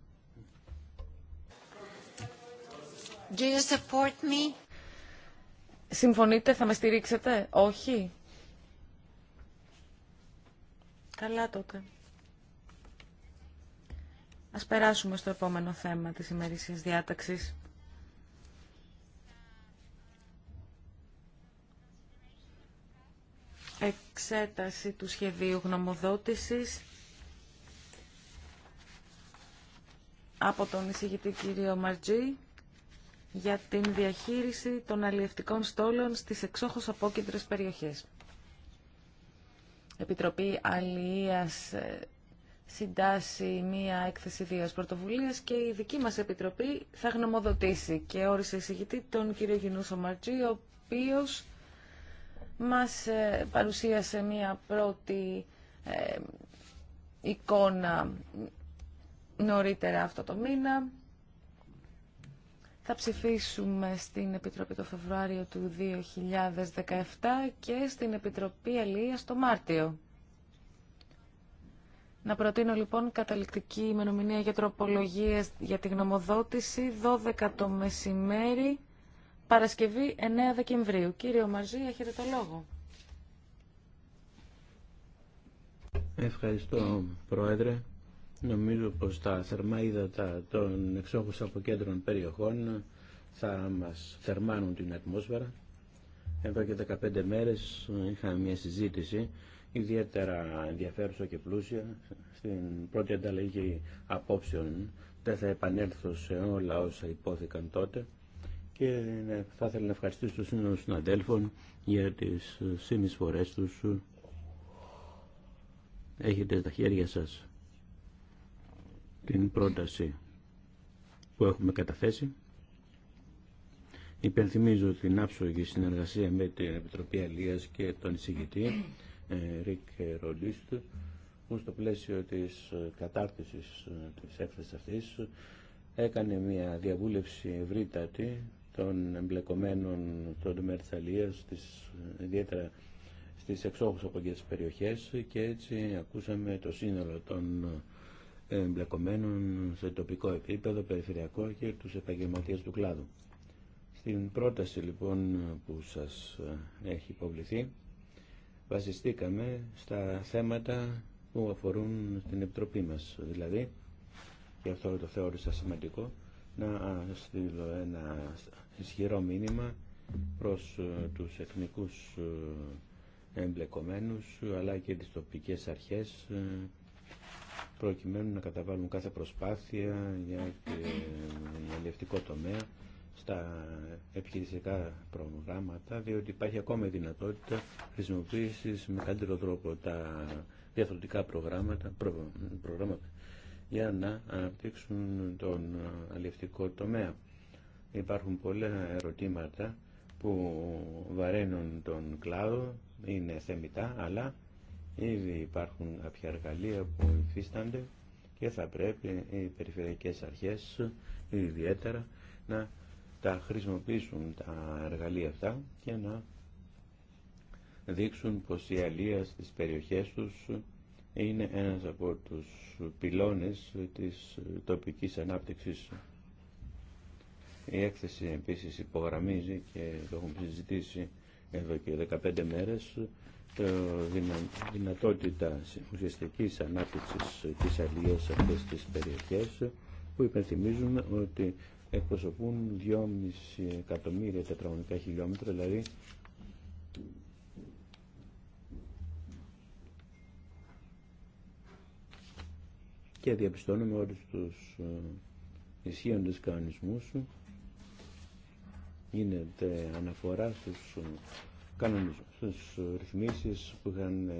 Συμφωνείτε, θα με στηρίξετε. Όχι. Καλά τότε. Ας περάσουμε στο επόμενο θέμα της ημερήσιας διάταξης. εξέταση του σχεδίου γνωμοδότησης από τον εισηγητή κύριο Μαρτζή για την διαχείριση των αλλιευτικών στόλων στις εξόχως απόκεντρες περιοχές. Επιτροπή Αλληλείας ε, συντάσσει μία έκθεση δύο πρωτοβουλίας και η δική μας Επιτροπή θα γνωμοδοτήσει και όρισε εισηγητή τον κύριο Γινούσο Μαρτζή, ο οποίος μας ε, παρουσίασε μία πρώτη ε, εικόνα νωρίτερα αυτό το μήνα. Θα ψηφίσουμε στην Επιτροπή το Φεβρουάριο του 2017 και στην Επιτροπή Αλία το Μάρτιο. Να προτείνω λοιπόν καταληκτική ημερομηνία για τροπολογίες για τη γνωμοδότηση 12 το μεσημέρι Παρασκευή 9 Δεκεμβρίου. Κύριο Μαζί, έχετε το λόγο. Ευχαριστώ, Πρόεδρε. Νομίζω πως τα θερμά ύδατα των εξόχους κέντρων περιοχών θα μας θερμάνουν την ατμόσφαιρα. Εδώ και 15 μέρες είχαμε μια συζήτηση ιδιαίτερα ενδιαφέρουσα και πλούσια στην πρώτη ανταλλαγή απόψεων. Δεν θα επανέλθω σε όλα όσα υπόθηκαν τότε και ναι, θα ήθελα να ευχαριστήσω τους για τις ε, συνεισφορές τους. Έχετε στα χέρια σας την πρόταση που έχουμε καταθέσει. Υπενθυμίζω την άψογη συνεργασία με την Επιτροπή Αλίας και τον εισηγητή ε, Ρίκ Ρολίστ που στο πλαίσιο της ε, κατάρτισης της έκθεσης αυτής έκανε μια διαβούλευση ευρύτατη των εμπλεκομένων των τομέα της Αλίας, στις, ιδιαίτερα στις εξόχους από τις περιοχές και έτσι ακούσαμε το σύνολο των εμπλεκομένων σε τοπικό επίπεδο, περιφερειακό και τους επαγγελματίες του κλάδου. Στην πρόταση λοιπόν που σας έχει υποβληθεί βασιστήκαμε στα θέματα που αφορούν στην Επιτροπή μας. Δηλαδή, και αυτό το θεώρησα σημαντικό, να στείλω ένα ισχυρό μήνυμα προς ε, τους εθνικούς ε, εμπλεκομένους αλλά και τις τοπικές αρχές ε, προκειμένου να καταβάλουν κάθε προσπάθεια για τον αλληλευτικό τομέα στα επιχειρησιακά προγράμματα διότι υπάρχει ακόμα δυνατότητα χρησιμοποίησης με καλύτερο τρόπο τα διαφορετικά προγράμματα, προ, προγράμματα για να αναπτύξουν τον αλληλευτικό τομέα. Υπάρχουν πολλά ερωτήματα που βαραίνουν τον κλάδο, είναι θεμητά, αλλά ήδη υπάρχουν κάποια εργαλεία που υφίστανται και θα πρέπει οι περιφερειακές αρχές ιδιαίτερα να τα χρησιμοποιήσουν τα εργαλεία αυτά και να δείξουν πως η αλία στις περιοχές τους είναι ένας από τους πυλώνες της τοπικής ανάπτυξης. Η έκθεση επίσης υπογραμμίζει και το έχουμε συζητήσει εδώ και 15 μέρες το δυνατότητα ουσιαστικής ανάπτυξης της αλληλείας σε αυτές τις περιοχές που υπενθυμίζουμε ότι εκπροσωπούν 2,5 εκατομμύρια τετραγωνικά χιλιόμετρα, δηλαδή και διαπιστώνουμε όλους τους ε, ισχύοντες κανονισμούς γίνεται αναφορά στους ε, κανονισμούς, στους ρυθμίσεις που είχαν ε,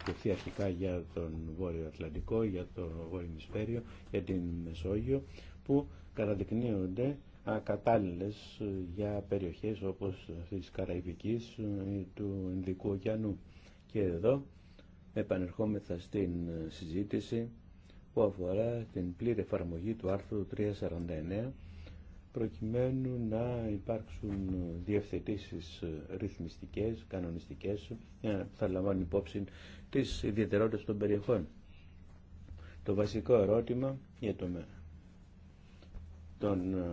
σκεφτεί αρχικά για τον Βόρειο Ατλαντικό, για το Βόρειο Μισφαίριο, για την Μεσόγειο, που καταδεικνύονται ακατάλληλες για περιοχές όπως της Καραϊβικής ή του Ινδικού ωκεανού. Και εδώ επανερχόμεθα στην συζήτηση που αφορά την πλήρη εφαρμογή του άρθρου 349 προκειμένου να υπάρξουν διευθετήσεις ρυθμιστικές, κανονιστικές θα λαμβάνουν υπόψη τις ιδιαιτερότητες των περιοχών. Το βασικό ερώτημα για το των ε,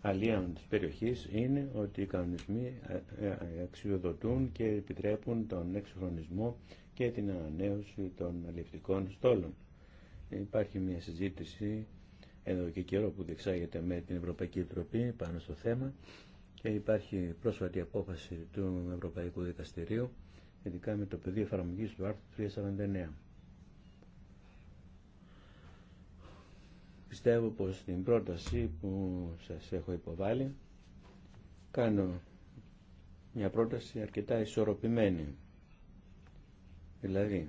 αλλίων της περιοχής είναι ότι οι κανονισμοί ε, ε, αξιοδοτούν και επιτρέπουν τον εξοχρονισμό και την ανανέωση των αλληλευτικών στόλων. Υπάρχει μια συζήτηση εδώ και καιρό που διεξάγεται με την Ευρωπαϊκή Επιτροπή πάνω στο θέμα και υπάρχει πρόσφατη απόφαση του Ευρωπαϊκού Δικαστηρίου ειδικά με το πεδίο εφαρμογή του άρθρου 349. Πιστεύω πως την πρόταση που σας έχω υποβάλει κάνω μια πρόταση αρκετά ισορροπημένη. Δηλαδή,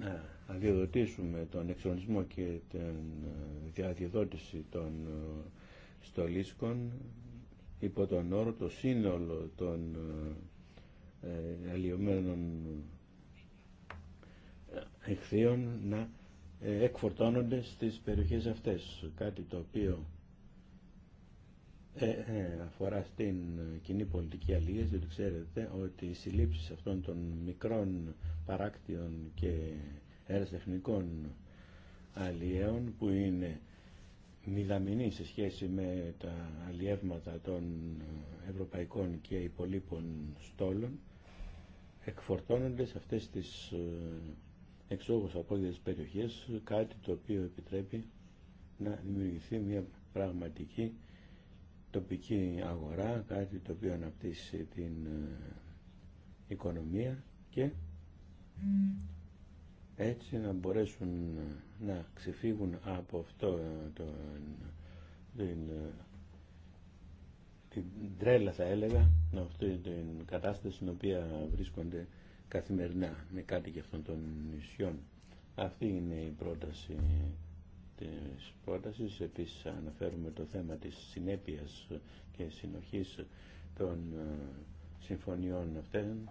να αδειοδοτήσουμε τον εξορισμό και την ε, διαδιδότηση των ε, στολίσκων υπό τον όρο το σύνολο των ε, αλλοιωμένων εχθείων να εκφορτώνονται στις περιοχές αυτές. Κάτι το οποίο αφορά στην κοινή πολιτική αλληλεία, διότι ξέρετε ότι οι συλλήψεις αυτών των μικρών παράκτιων και αεροτεχνικών αλλιέων που είναι μηδαμινή σε σχέση με τα αλλιεύματα των ευρωπαϊκών και υπολείπων στόλων εκφορτώνονται σε αυτές τις από ε, απόγειες περιοχές κάτι το οποίο επιτρέπει να δημιουργηθεί μια πραγματική τοπική αγορά, κάτι το οποίο αναπτύσσει την ε, οικονομία και έτσι να μπορέσουν να ξεφύγουν από αυτό ε, το, την, ε, την τρέλα θα έλεγα, αυτή την κατάσταση στην οποία βρίσκονται καθημερινά με κάτι και αυτών των νησιών. Αυτή είναι η πρόταση της πρότασης. Επίσης αναφέρουμε το θέμα της συνέπειας και συνοχής των ε, συμφωνιών αυτών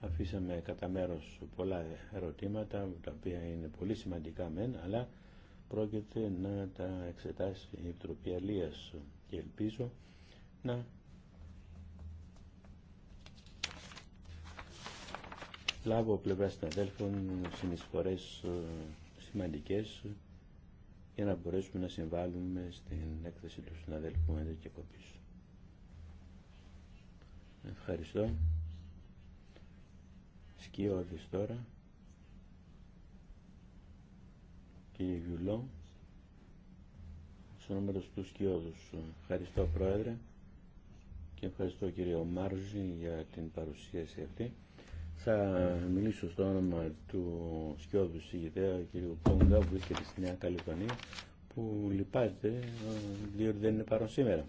Αφήσαμε κατά μέρο πολλά ερωτήματα, τα οποία είναι πολύ σημαντικά μεν, αλλά πρόκειται να τα εξετάσει η Επιτροπή Αλίας και ελπίζω να λάβω πλευρά συναδέλφων συνεισφορές ε, σημαντικές για να μπορέσουμε να συμβάλλουμε στην έκθεση του συναδέλφου Μέντε και Κοπής. Ευχαριστώ σκιώδης τώρα κύριε Γιουλό ονόματος του σκιώδους. Ευχαριστώ Πρόεδρε και ευχαριστώ κύριε Μάρζη για την παρουσίαση αυτή. Θα μιλήσω στο όνομα του σκιώδου συγγητέα κύριου Πόγκα που βρίσκεται στη Νέα Καλυφωνία που λυπάται διότι δεν είναι παρόν σήμερα.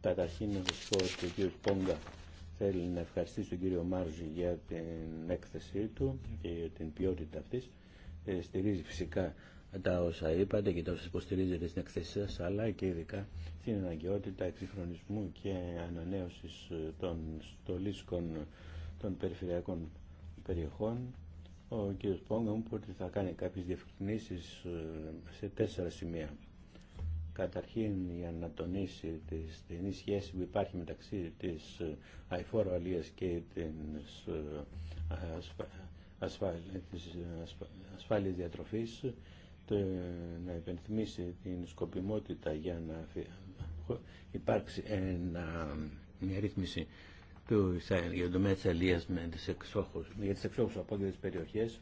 Καταρχήν να σας πω ότι ο κύριος Πόγκα θέλει να ευχαριστήσει τον κύριο Μάρζη για την έκθεσή του και την ποιότητα αυτής. Ε, στηρίζει φυσικά τα όσα είπατε και τα όσα υποστηρίζετε στην εκθέση σας, αλλά και ειδικά στην αναγκαιότητα εξυγχρονισμού και ανανέωσης ε, των στολίσκων των περιφερειακών περιοχών. Ο κύριος Πόγκα μου είπε ότι θα κάνει κάποιες διευκρινήσεις ε, σε τέσσερα σημεία καταρχήν για να τονίσει τη στενή σχέση που υπάρχει μεταξύ της ε, αηφόρου αλίας και ε, της, ε, ασφάλειας διατροφής να υπενθυμίσει την σκοπιμότητα για να υπάρξει μια ρύθμιση του, για το αλίας με τις εξόχους, για τις εξόχους από τις περιοχές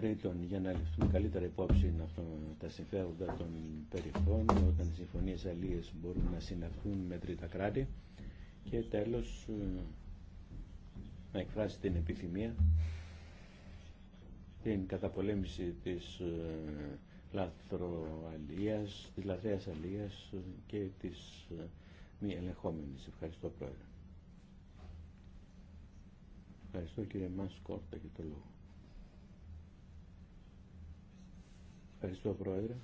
Τρίτον, για να ληφθούν καλύτερα υπόψη αυτό, τα συμφέροντα των περιφών όταν οι συμφωνίες αλίες μπορούν να συνεχθούν με τρίτα κράτη και τέλος ε, να εκφράσει την επιθυμία την καταπολέμηση της ε, λαθροαλίας, της λαθρέας αλίας και της ε, μη ελεγχόμενης. Ευχαριστώ Πρόεδρε. Ευχαριστώ κύριε Μάσκο για το λόγο. Ευχαριστώ Πρόεδρε.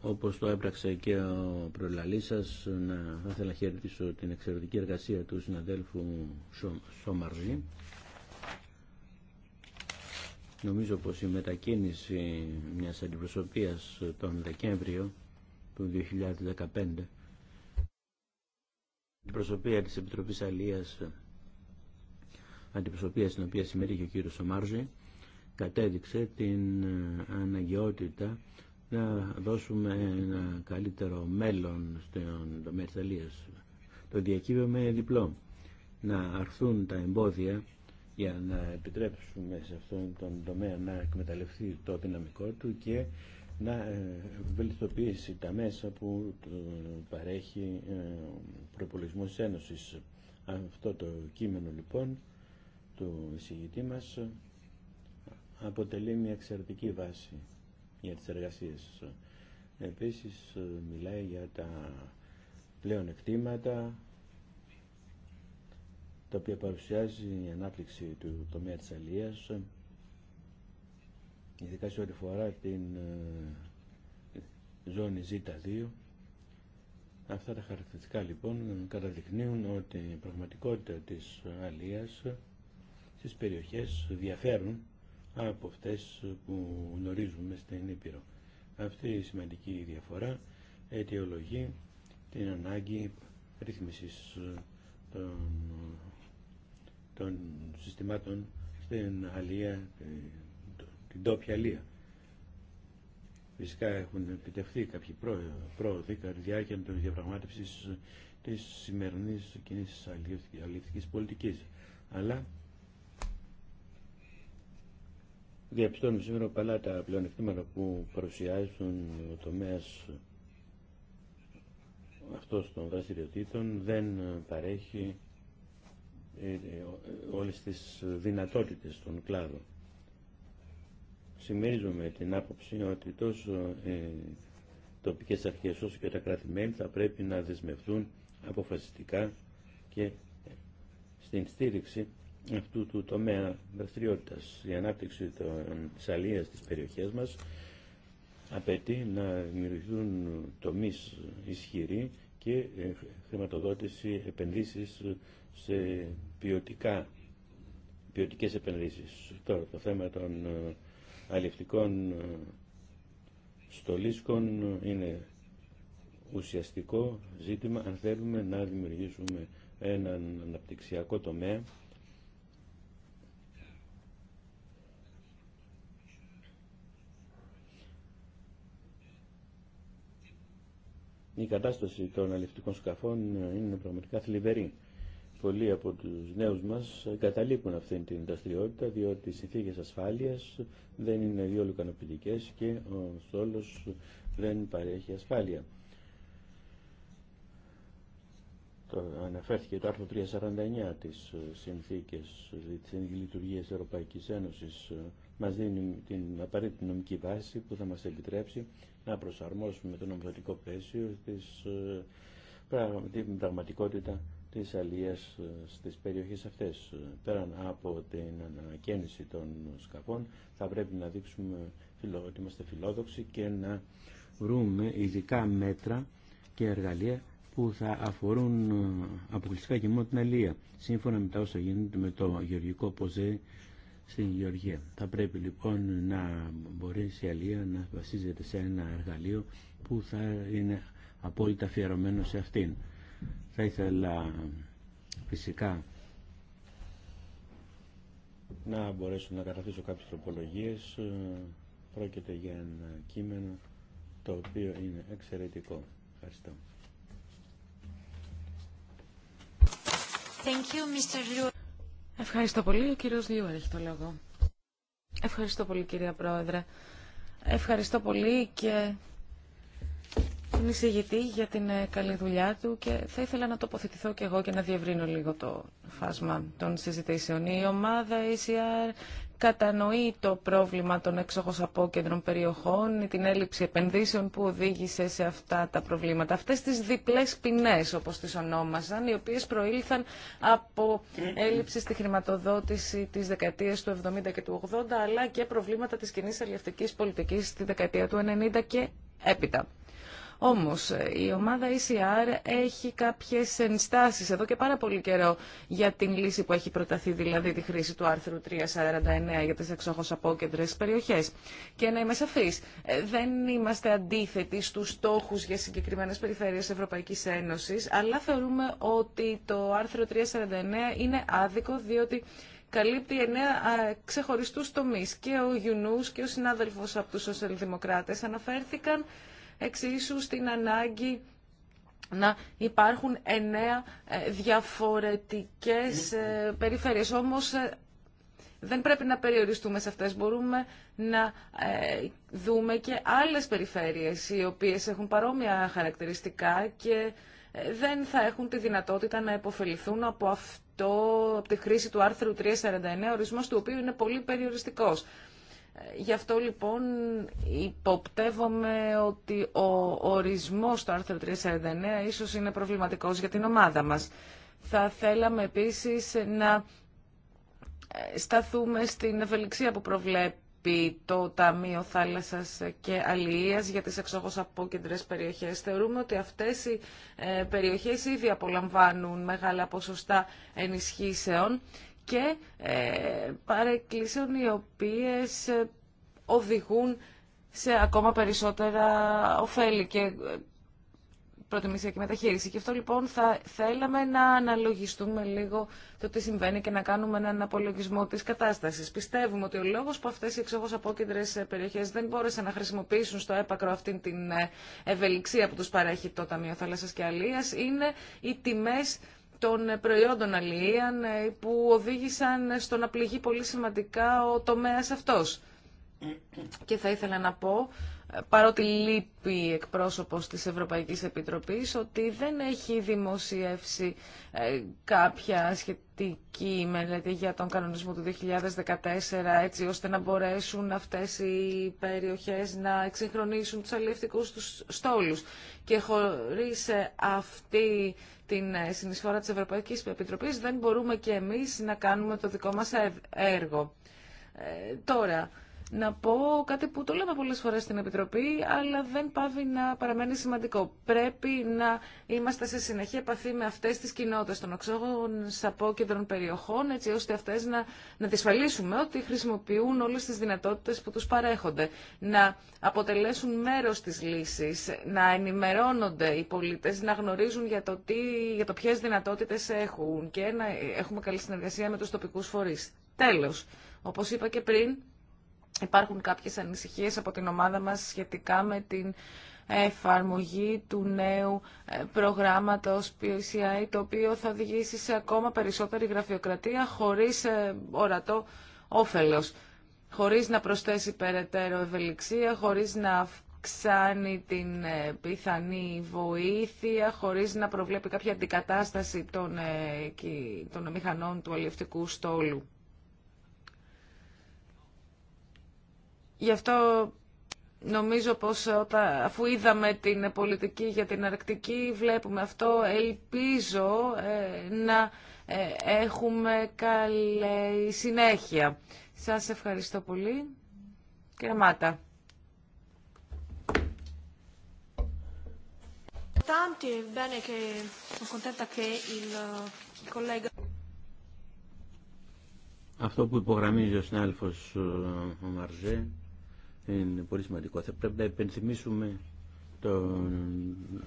Όπως το έπραξε και ο προλαλής σας, να θα ήθελα να χαιρετήσω την εξαιρετική εργασία του συναδέλφου Σομαρζή. Νομίζω πως η μετακίνηση μιας αντιπροσωπείας τον Δεκέμβριο του 2015 η αντιπροσωπεία της Επιτροπής Αλίας αντιπροσωπεία στην οποία συμμετείχε ο κύριος Σομάρζη κατέδειξε την ε, αναγκαιότητα να δώσουμε ένα καλύτερο μέλλον στον τομέα της Αλίας. Το διακύβευμα με διπλό. Να αρθούν τα εμπόδια για να επιτρέψουμε σε αυτόν τον τομέα να εκμεταλλευτεί το δυναμικό του και να ε, βελτιστοποιήσει τα μέσα που παρέχει ε, προπολογισμό της Ένωσης. Αυτό το κείμενο λοιπόν του εισηγητή μας αποτελεί μια εξαιρετική βάση για τις εργασίες. Επίσης ε, μιλάει για τα πλέον εκτήματα τα οποία παρουσιάζει η ανάπτυξη του τομέα της αλίας ειδικά σε ό,τι φορά την ε, ζώνη Z2 αυτά τα χαρακτηριστικά λοιπόν καταδεικνύουν ότι η πραγματικότητα της αλίας στις περιοχές διαφέρουν από αυτές που γνωρίζουμε στην Ήπειρο. Αυτή η σημαντική διαφορά αιτιολογεί την ανάγκη ρύθμισης των, των συστημάτων στην αλία, την τόπια αλία. Φυσικά έχουν επιτευχθεί κάποιοι πρόοδοι κατά τη διάρκεια των διαπραγμάτευσης της σημερινής κοινής αλληλευτικής πολιτικής. Αλλά Διαπιστώνουμε σήμερα παλά τα πλεονεκτήματα που παρουσιάζουν ο τομέα αυτό των δραστηριοτήτων δεν παρέχει ε, ε, όλες τις δυνατότητες των κλάδων. Συμμερίζομαι την άποψη ότι τόσο οι ε, τοπικές αρχές όσο και τα κρατημένη θα πρέπει να δεσμευτούν αποφασιστικά και στην στήριξη αυτού του τομέα δραστηριότητα. Η ανάπτυξη τη αλληλεία τη περιοχές μας απαιτεί να δημιουργηθούν τομεί ισχυροί και ε, χρηματοδότηση επενδύσει σε ποιοτικά, ποιοτικές επενδύσεις. Τώρα το θέμα των ε, αλληλευτικών ε, στολίσκων είναι ουσιαστικό ζήτημα αν θέλουμε να δημιουργήσουμε έναν αναπτυξιακό τομέα η κατάσταση των αλληλευτικών σκαφών ε, είναι πραγματικά θλιβερή. Πολλοί από τους νέους μας καταλήγουν αυτήν την δραστηριότητα διότι οι συνθήκες ασφάλειας δεν είναι διόλου ικανοποιητικέ και ο στόλο δεν παρέχει ασφάλεια. Το αναφέρθηκε το άρθρο 349 της ε, συνθήκες της Λειτουργίας Ευρωπαϊκής Ένωσης ε, μας δίνει την απαραίτητη νομική βάση που θα μας επιτρέψει να προσαρμόσουμε το νομοθετικό πλαίσιο ε, την πραγματικότητα της αλίας ε, στις περιοχές αυτές. Ε, πέραν από την ανακαίνιση των σκαφών θα πρέπει να δείξουμε ότι είμαστε φιλόδοξοι και να βρούμε ειδικά μέτρα και εργαλεία που θα αφορούν αποκλειστικά και μόνο την αλία. Σύμφωνα με τα όσα γίνονται με το γεωργικό ποζέ στην Γεωργία. Θα πρέπει λοιπόν να μπορέσει η Αλία να βασίζεται σε ένα εργαλείο που θα είναι απόλυτα αφιερωμένο σε αυτήν. Θα ήθελα φυσικά να μπορέσω να καταθέσω κάποιες τροπολογίες. Πρόκειται για ένα κείμενο το οποίο είναι εξαιρετικό. Ευχαριστώ. Thank you, Mr. Ευχαριστώ πολύ. Ο κύριος Λίου έχει το λόγο. Ευχαριστώ πολύ κυρία Πρόεδρε. Ευχαριστώ πολύ και την εισηγητή για την ε, καλή δουλειά του και θα ήθελα να τοποθετηθώ και εγώ και να διευρύνω λίγο το φάσμα των συζητήσεων. Η ομάδα ECR κατανοεί το πρόβλημα των εξόχως απόκεντρων περιοχών, ή την έλλειψη επενδύσεων που οδήγησε σε αυτά τα προβλήματα. Αυτές τις διπλές ποινές, όπως τις ονόμαζαν, οι οποίες προήλθαν από έλλειψη στη χρηματοδότηση της δεκαετίας του 70 και του 80, αλλά και προβλήματα της κοινή αλληλευτικής πολιτικής στη δεκαετία του 90 και έπειτα. Όμω, η ομάδα ECR έχει κάποιες ενστάσει εδώ και πάρα πολύ καιρό για την λύση που έχει προταθεί, δηλαδή τη χρήση του άρθρου 349 για τις εξόχως απόκεντρε περιοχές. Και να είμαι σαφή. Ε, δεν είμαστε αντίθετοι στους στόχου για συγκεκριμένες περιφέρειες Ευρωπαϊκής Ένωσης, αλλά θεωρούμε ότι το άρθρο 349 είναι άδικο διότι καλύπτει εννέα ξεχωριστού τομεί Και ο Γιουνούς και ο συνάδελφος από του Σοσιαλδημοκράτε αναφέρθηκαν εξίσου στην ανάγκη να υπάρχουν εννέα ε, διαφορετικές ε, περιφέρειες. Όμως ε, δεν πρέπει να περιοριστούμε σε αυτές. Μπορούμε να δούμε και άλλες περιφέρειες οι οποίες έχουν παρόμοια χαρακτηριστικά και δεν θα έχουν τη δυνατότητα να επωφεληθούν από αυτό, από τη χρήση του άρθρου 349, ορισμός του οποίου είναι πολύ περιοριστικός. Γι' αυτό λοιπόν υποπτεύομαι ότι ο ορισμός του άρθρου 349 ίσως είναι προβληματικός για την ομάδα μας. Θα θέλαμε επίσης να ε, σταθούμε στην ευελιξία που προβλέπει το Ταμείο Θάλασσας και Αλληλείας για τις εξόχως απόκεντρες περιοχές. Θεωρούμε ότι αυτές οι ε, περιοχές ήδη απολαμβάνουν μεγάλα ποσοστά ενισχύσεων και ε, παρεκκλήσεων οι οποίες ε, οδηγούν σε ακόμα περισσότερα ωφέλη και ε, και μεταχείριση. Και αυτό λοιπόν θα θέλαμε να αναλογιστούμε λίγο το τι συμβαίνει και να κάνουμε έναν απολογισμό της κατάστασης. Πιστεύουμε ότι ο λόγος που αυτές οι εξόχως απόκεντρες ε, περιοχές δεν μπόρεσαν να χρησιμοποιήσουν στο έπακρο αυτήν την ευελιξία που τους παρέχει το Ταμείο Θάλασσας και Αλίας είναι οι τιμές των προϊόντων αλληλείαν ε, που οδήγησαν στο να πληγεί πολύ σημαντικά ο τομέας αυτός. Και θα ήθελα να πω παρότι λείπει εκπρόσωπος της Ευρωπαϊκής Επιτροπής, ότι δεν έχει δημοσιεύσει ε, κάποια σχετική μελέτη για τον κανονισμό του 2014, έτσι ώστε να μπορέσουν αυτές οι περιοχές να εξυγχρονίσουν τους αλληλευτικούς τους στόλους. Και χωρίς ε, αυτή την ε, συνεισφορά της Ευρωπαϊκής Επιτροπής δεν μπορούμε και εμείς να κάνουμε το δικό μας έργο. τώρα, να πω κάτι που το λέμε πολλές φορές στην Επιτροπή, αλλά δεν πάβει να παραμένει σημαντικό. Πρέπει να είμαστε σε συνεχή επαφή με αυτές τις κοινότητες των οξόγων σαπόκεντρων περιοχών, έτσι ώστε αυτές να, να δυσφαλίσουμε ότι χρησιμοποιούν όλες τις δυνατότητες που τους παρέχονται. Να αποτελέσουν μέρος της λύσης, να ενημερώνονται οι πολίτες, να γνωρίζουν για το, τι, για το ποιες δυνατότητες έχουν και να έχουμε καλή συνεργασία με τους τοπικού φορείς. Τέλος, όπως είπα και πριν, Υπάρχουν κάποιες ανησυχίες από την ομάδα μας σχετικά με την εφαρμογή του νέου ε, προγράμματος PCI, το οποίο θα οδηγήσει σε ακόμα περισσότερη γραφειοκρατία χωρίς ε, ορατό όφελος, χωρίς να προσθέσει περαιτέρω ευελιξία, χωρίς να αυξάνει την ε, πιθανή βοήθεια χωρίς να προβλέπει κάποια αντικατάσταση των, των μηχανών του αλληλευτικού στόλου. Γι' αυτό νομίζω πως όταν, αφού είδαμε την πολιτική για την Αρκτική βλέπουμε αυτό. Ελπίζω ε, να ε, έχουμε καλή συνέχεια. Σας ευχαριστώ πολύ. Κύριε Μάτα. Αυτό που υπογραμμίζει ο συνάδελφος ε, ο Μαρζέ είναι πολύ σημαντικό. Θα πρέπει να υπενθυμίσουμε τον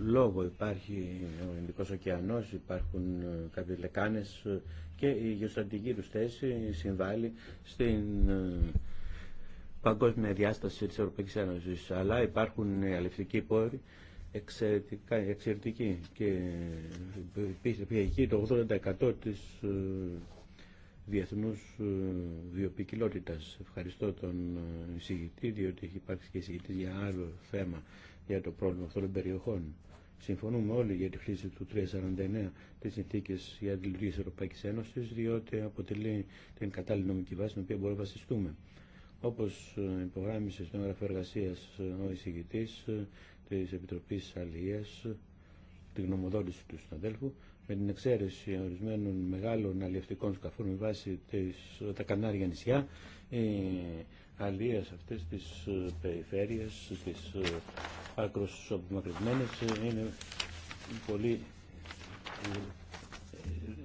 λόγο. Υπάρχει ο Ινδικός ωκεανό, υπάρχουν ε, κάποιοι λεκάνες ε, και η γεωστρατηγική του θέση συμβάλλει στην ε, παγκόσμια διάσταση τη Ευρωπαϊκή Ένωση. Αλλά υπάρχουν αληθικοί πόροι εξαιρετικά, εξαιρετικοί και εκεί το 80% της διεθνούς ε, βιοπικιλότητας. Ευχαριστώ τον ε, εισηγητή, διότι έχει υπάρξει και εισηγητή για άλλο θέμα για το πρόβλημα αυτών των περιοχών. Συμφωνούμε όλοι για τη χρήση του 349 της συνθήκε για τη λειτουργία της Ευρωπαϊκής Ένωσης, διότι αποτελεί την κατάλληλη νομική βάση την οποία μπορούμε να βασιστούμε. Όπως ε, υπογράμμισε στον έγγραφο εργασία ο εισηγητής της Επιτροπής Αλληλείας, τη γνωμοδότηση του συναδέλφου, με την εξαίρεση ορισμένων μεγάλων αλλιευτικών σκαφών με βάση τις, τα Κανάρια νησιά, η αλλίες αυτές τις ε, περιφέρειες, τις ε, άκρως απομακρυσμένες, ε, είναι πολύ...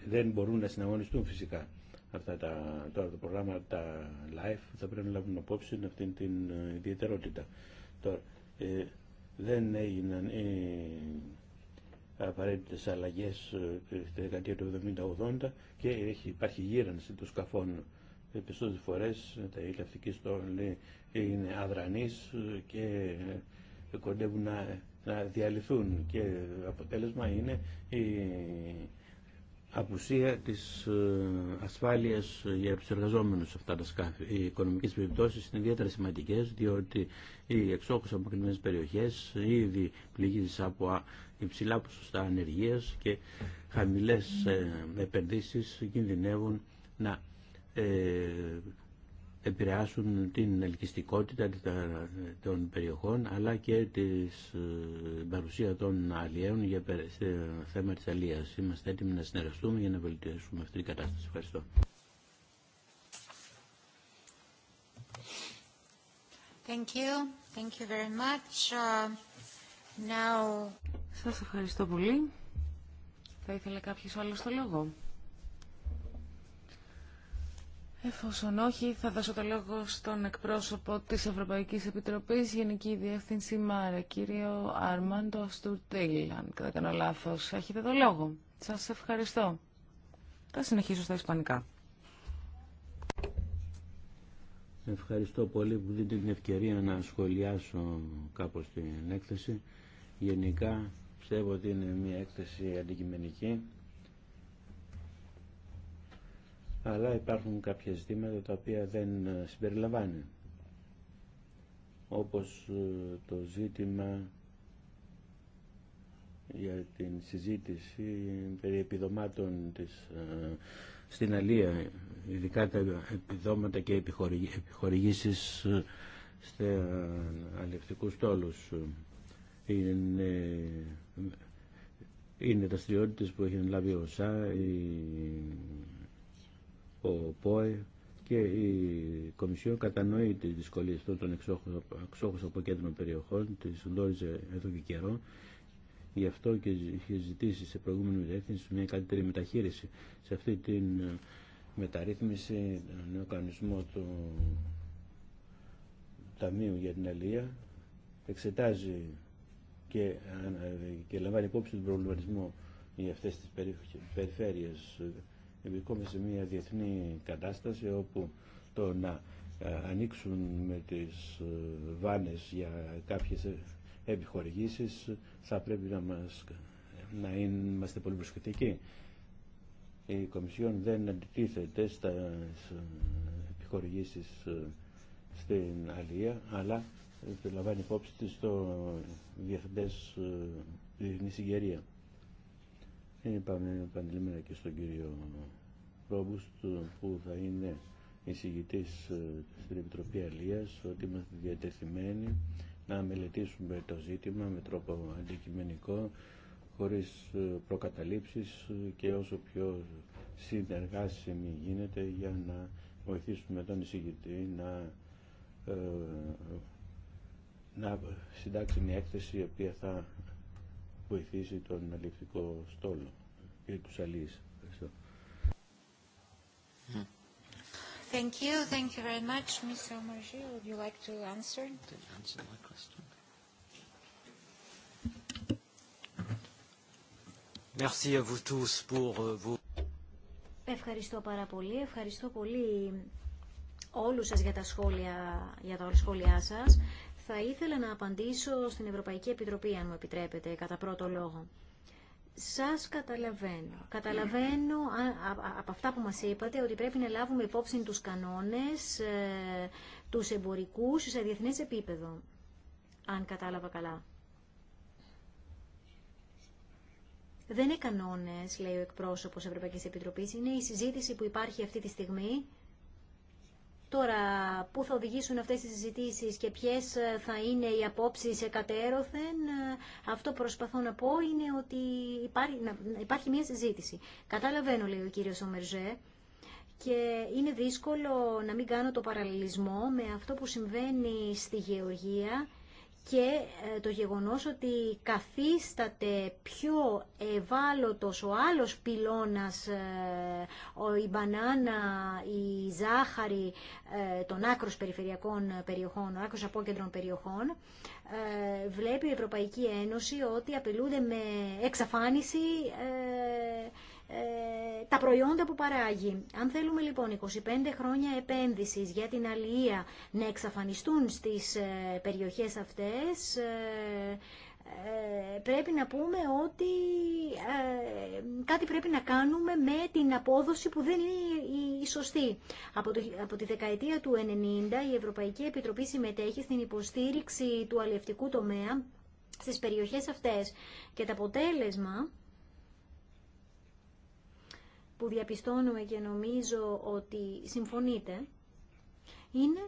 δεν μπορούν να συναγωνιστούν φυσικά. Αυτά τα, τώρα τα προγράμματα live θα πρέπει να λάβουν απόψη αυτήν την ιδιαιτερότητα. Τώρα, δεν έγιναν απαραίτητε αλλαγέ στη ε, δεκαετία του 70-80 και έχει, υπάρχει γύρανση των σκαφών. Ε, περισσότερες φορέ ε, τα ηλεκτρική στόλη είναι αδρανείς και κοντεύουν να, διαλυθούν και αποτέλεσμα είναι η απουσία της ασφάλειας για τους εργαζόμενους αυτά τα σκάφη. Οι οικονομικές επιπτώσεις είναι ιδιαίτερα σημαντικές διότι οι από κλειμένε περιοχές ήδη πληγήσεις από υψηλά ποσοστά ανεργίας και χαμηλές ε, επενδύσεις κινδυνεύουν να ε, επηρεάσουν την ελκυστικότητα ε, των περιοχών αλλά και την παρουσία των αλλιέων για θέμα της αλλίας. Είμαστε έτοιμοι να συνεργαστούμε για να βελτιώσουμε αυτή την κατάσταση. Ευχαριστώ. Thank you. Thank you very much. Uh, now... Σας ευχαριστώ πολύ. Θα ήθελα κάποιος άλλος το λόγο. Εφόσον όχι, θα δώσω το λόγο στον εκπρόσωπο της Ευρωπαϊκής Επιτροπής, Γενική Διεύθυνση ΜΑΡΑ, κύριο Αρμάντο Αστουρτήλ, αν δεν κάνω λάθος. Έχετε το λόγο. Σας ευχαριστώ. Θα συνεχίσω στα Ισπανικά. Ευχαριστώ πολύ που δίνετε την ευκαιρία να σχολιάσω κάπως την έκθεση. Γενικά Πιστεύω ότι είναι μια έκθεση αντικειμενική αλλά υπάρχουν κάποια ζητήματα τα οποία δεν ε, συμπεριλαμβάνει όπως ε, το ζήτημα για την συζήτηση περί επιδομάτων της, ε, στην Αλία, ειδικά τα επιδόματα και επιχορηγήσεις στα αλληλευτικούς τόλους είναι, είναι δραστηριότητε που έχει λάβει ο ΣΑ, ο ΠΟΕ και η Κομισιόν κατανοεί τις δυσκολίες αυτών των εξόχους αποκέντρων περιοχών, τι γνώριζε εδώ και καιρό, γι' αυτό και είχε ζητήσει σε προηγούμενη μεταρρύθμιση μια καλύτερη μεταχείριση. Σε αυτή την ε, μεταρρύθμιση, νέο κανονισμό του Ταμείου για την Αλία εξετάζει και, ε, και λαμβάνει υπόψη τον προβληματισμό για αυτέ τι περιφέρειε. Βρισκόμαστε σε μια διεθνή κατάσταση όπου το να ε, ανοίξουν με τι ε, βάνες για κάποιε επιχορηγήσει θα πρέπει να, μας, να είμαστε πολύ προσεκτικοί. Η Κομισιόν δεν αντιτίθεται στα επιχορηγήσεις στην Αλία, αλλά το λαμβάνει υπόψη της στο διεθνές ε, διεθνή Συγγερία. Είναι πάμε επανειλημμένα και στον κύριο Ρόμπουστ που θα είναι εισηγητής ε, στην Επιτροπή Αλίας ότι είμαστε διατεθειμένοι να μελετήσουμε το ζήτημα με τρόπο αντικειμενικό χωρίς ε, προκαταλήψεις και όσο πιο συνεργάσιμη γίνεται για να βοηθήσουμε τον εισηγητή να να συντάξει μια έκθεση η οποία θα βοηθήσει τον αλληλευτικό στόλο. Κύριε Κουσαλής, ευχαριστώ. Mm. Thank you. Thank you very much. Mr. Omarjee, would you like to answer? To answer my question. Merci à vous tous pour euh, vos... Ευχαριστώ πάρα πολύ. Ευχαριστώ πολύ όλους σας για τα σχόλια, για τα σχόλιά σας. Θα ήθελα να απαντήσω στην Ευρωπαϊκή Επιτροπή, αν μου επιτρέπετε, κατά πρώτο λόγο. Σας καταλαβαίνω. Καταλαβαίνω από αυτά που μας είπατε ότι πρέπει να λάβουμε υπόψη τους κανόνες, ε, τους εμπορικούς σε διεθνές επίπεδο, αν κατάλαβα καλά. Δεν είναι κανόνες, λέει ο εκπρόσωπος Ευρωπαϊκής Επιτροπής, είναι η συζήτηση που υπάρχει αυτή τη στιγμή Τώρα, πού θα οδηγήσουν αυτές τις συζητήσεις και ποιες ε, θα είναι οι απόψεις εκατέρωθεν, ε, αυτό προσπαθώ να πω είναι ότι υπάρχει, υπάρχει μια συζήτηση. Καταλαβαίνω, λέει ο κύριος Ομερζέ, και είναι δύσκολο να μην κάνω το παραλληλισμό με αυτό που συμβαίνει στη γεωργία και ε, το γεγονός ότι καθίσταται πιο ευάλωτος ο άλλος πυλώνας, ε, η μπανάνα, η ζάχαρη ε, των άκρος περιφερειακών περιοχών, άκρος απόκεντρων περιοχών, βλέπει η Ευρωπαϊκή Ένωση ότι απειλούνται με εξαφάνιση ε, τα προϊόντα που παράγει. Αν θέλουμε λοιπόν 25 χρόνια επένδυσης για την αλληλεία να εξαφανιστούν στις ε, περιοχές αυτές, ε, πρέπει να πούμε ότι κάτι πρέπει να κάνουμε με την απόδοση που δεν είναι η σωστή. Από, από τη δεκαετία του 90 η Ευρωπαϊκή Επιτροπή συμμετέχει στην υποστήριξη του αλληλευτικού τομέα στις περιοχές αυτές και το αποτέλεσμα που διαπιστώνουμε και νομίζω ότι συμφωνείτε είναι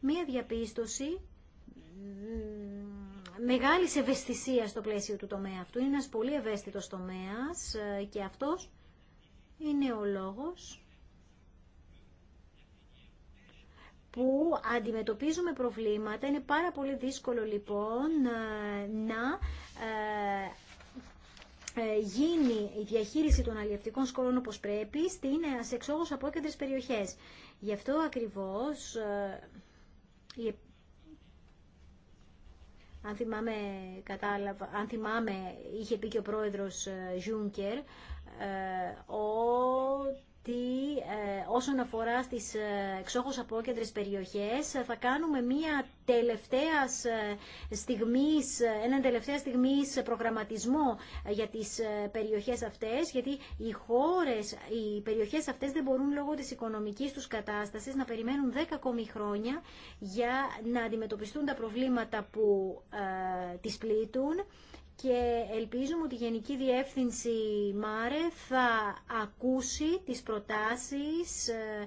μία διαπίστωση μεγάλης ευαισθησίας στο πλαίσιο του τομέα αυτού. Είναι ένας πολύ ευαίσθητος τομέας ε, και αυτός είναι ο λόγος που αντιμετωπίζουμε προβλήματα. Είναι πάρα πολύ δύσκολο λοιπόν ε, να ε, ε, γίνει η διαχείριση των αλλιευτικών σκόρων όπως πρέπει στην ε, από απόκεντρες περιοχές. Γι' αυτό ακριβώς, ε, η... αν, θυμάμαι, είχε πει και ο πρόεδρος Ζούγκερ ό. Ε, όσον αφορά στις ε, εξόχως απόκεντρες περιοχές ε, θα κάνουμε μία τελευταίας στιγμής, έναν τελευταία στιγμής προγραμματισμό για τις περιοχές αυτές, γιατί οι χώρες, οι περιοχές αυτές δεν μπορούν λόγω της οικονομικής τους κατάστασης να περιμένουν 10 ακόμη χρόνια για να αντιμετωπιστούν τα προβλήματα που ε, τις πλήττουν και ελπίζουμε ότι η Γενική Διεύθυνση ΜΑΡΕ θα ακούσει τις προτάσεις ε,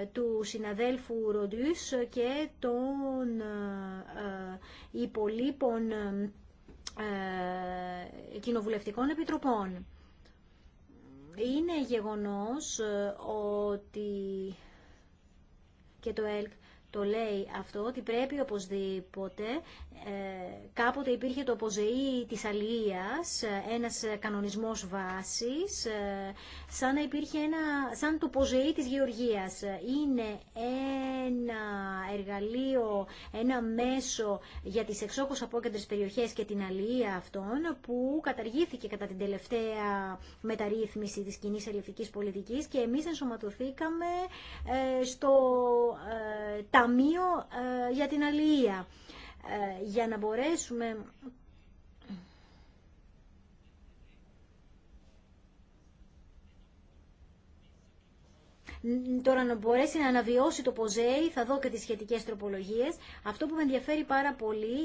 ε, του συναδέλφου Ροντιούς και των ε, υπολείπων κοινοβουλευτικών επιτροπών. Είναι γεγονός ότι και το ΕΛΚ το λέει αυτό, ότι πρέπει οπωσδήποτε, ε, κάποτε υπήρχε το ποζεΐ της αλίας, ε, ένας ε, κανονισμός βάσης, σαν να υπήρχε ένα, σαν το ποζεή της γεωργίας. Είναι ένα εργαλείο, ένα μέσο για τις εξόχως απόκεντρες περιοχές και την αλία αυτών, που καταργήθηκε κατά την τελευταία μεταρρύθμιση της κοινή ελευθερικής πολιτικής και εμείς ενσωματωθήκαμε στο ε, ταμείο ε, για την αλληλεία. Ε, για να μπορέσουμε Τώρα να μπορέσει να αναβιώσει το ποζέι, θα δω και τις σχετικές τροπολογίες. Αυτό που με ενδιαφέρει πάρα πολύ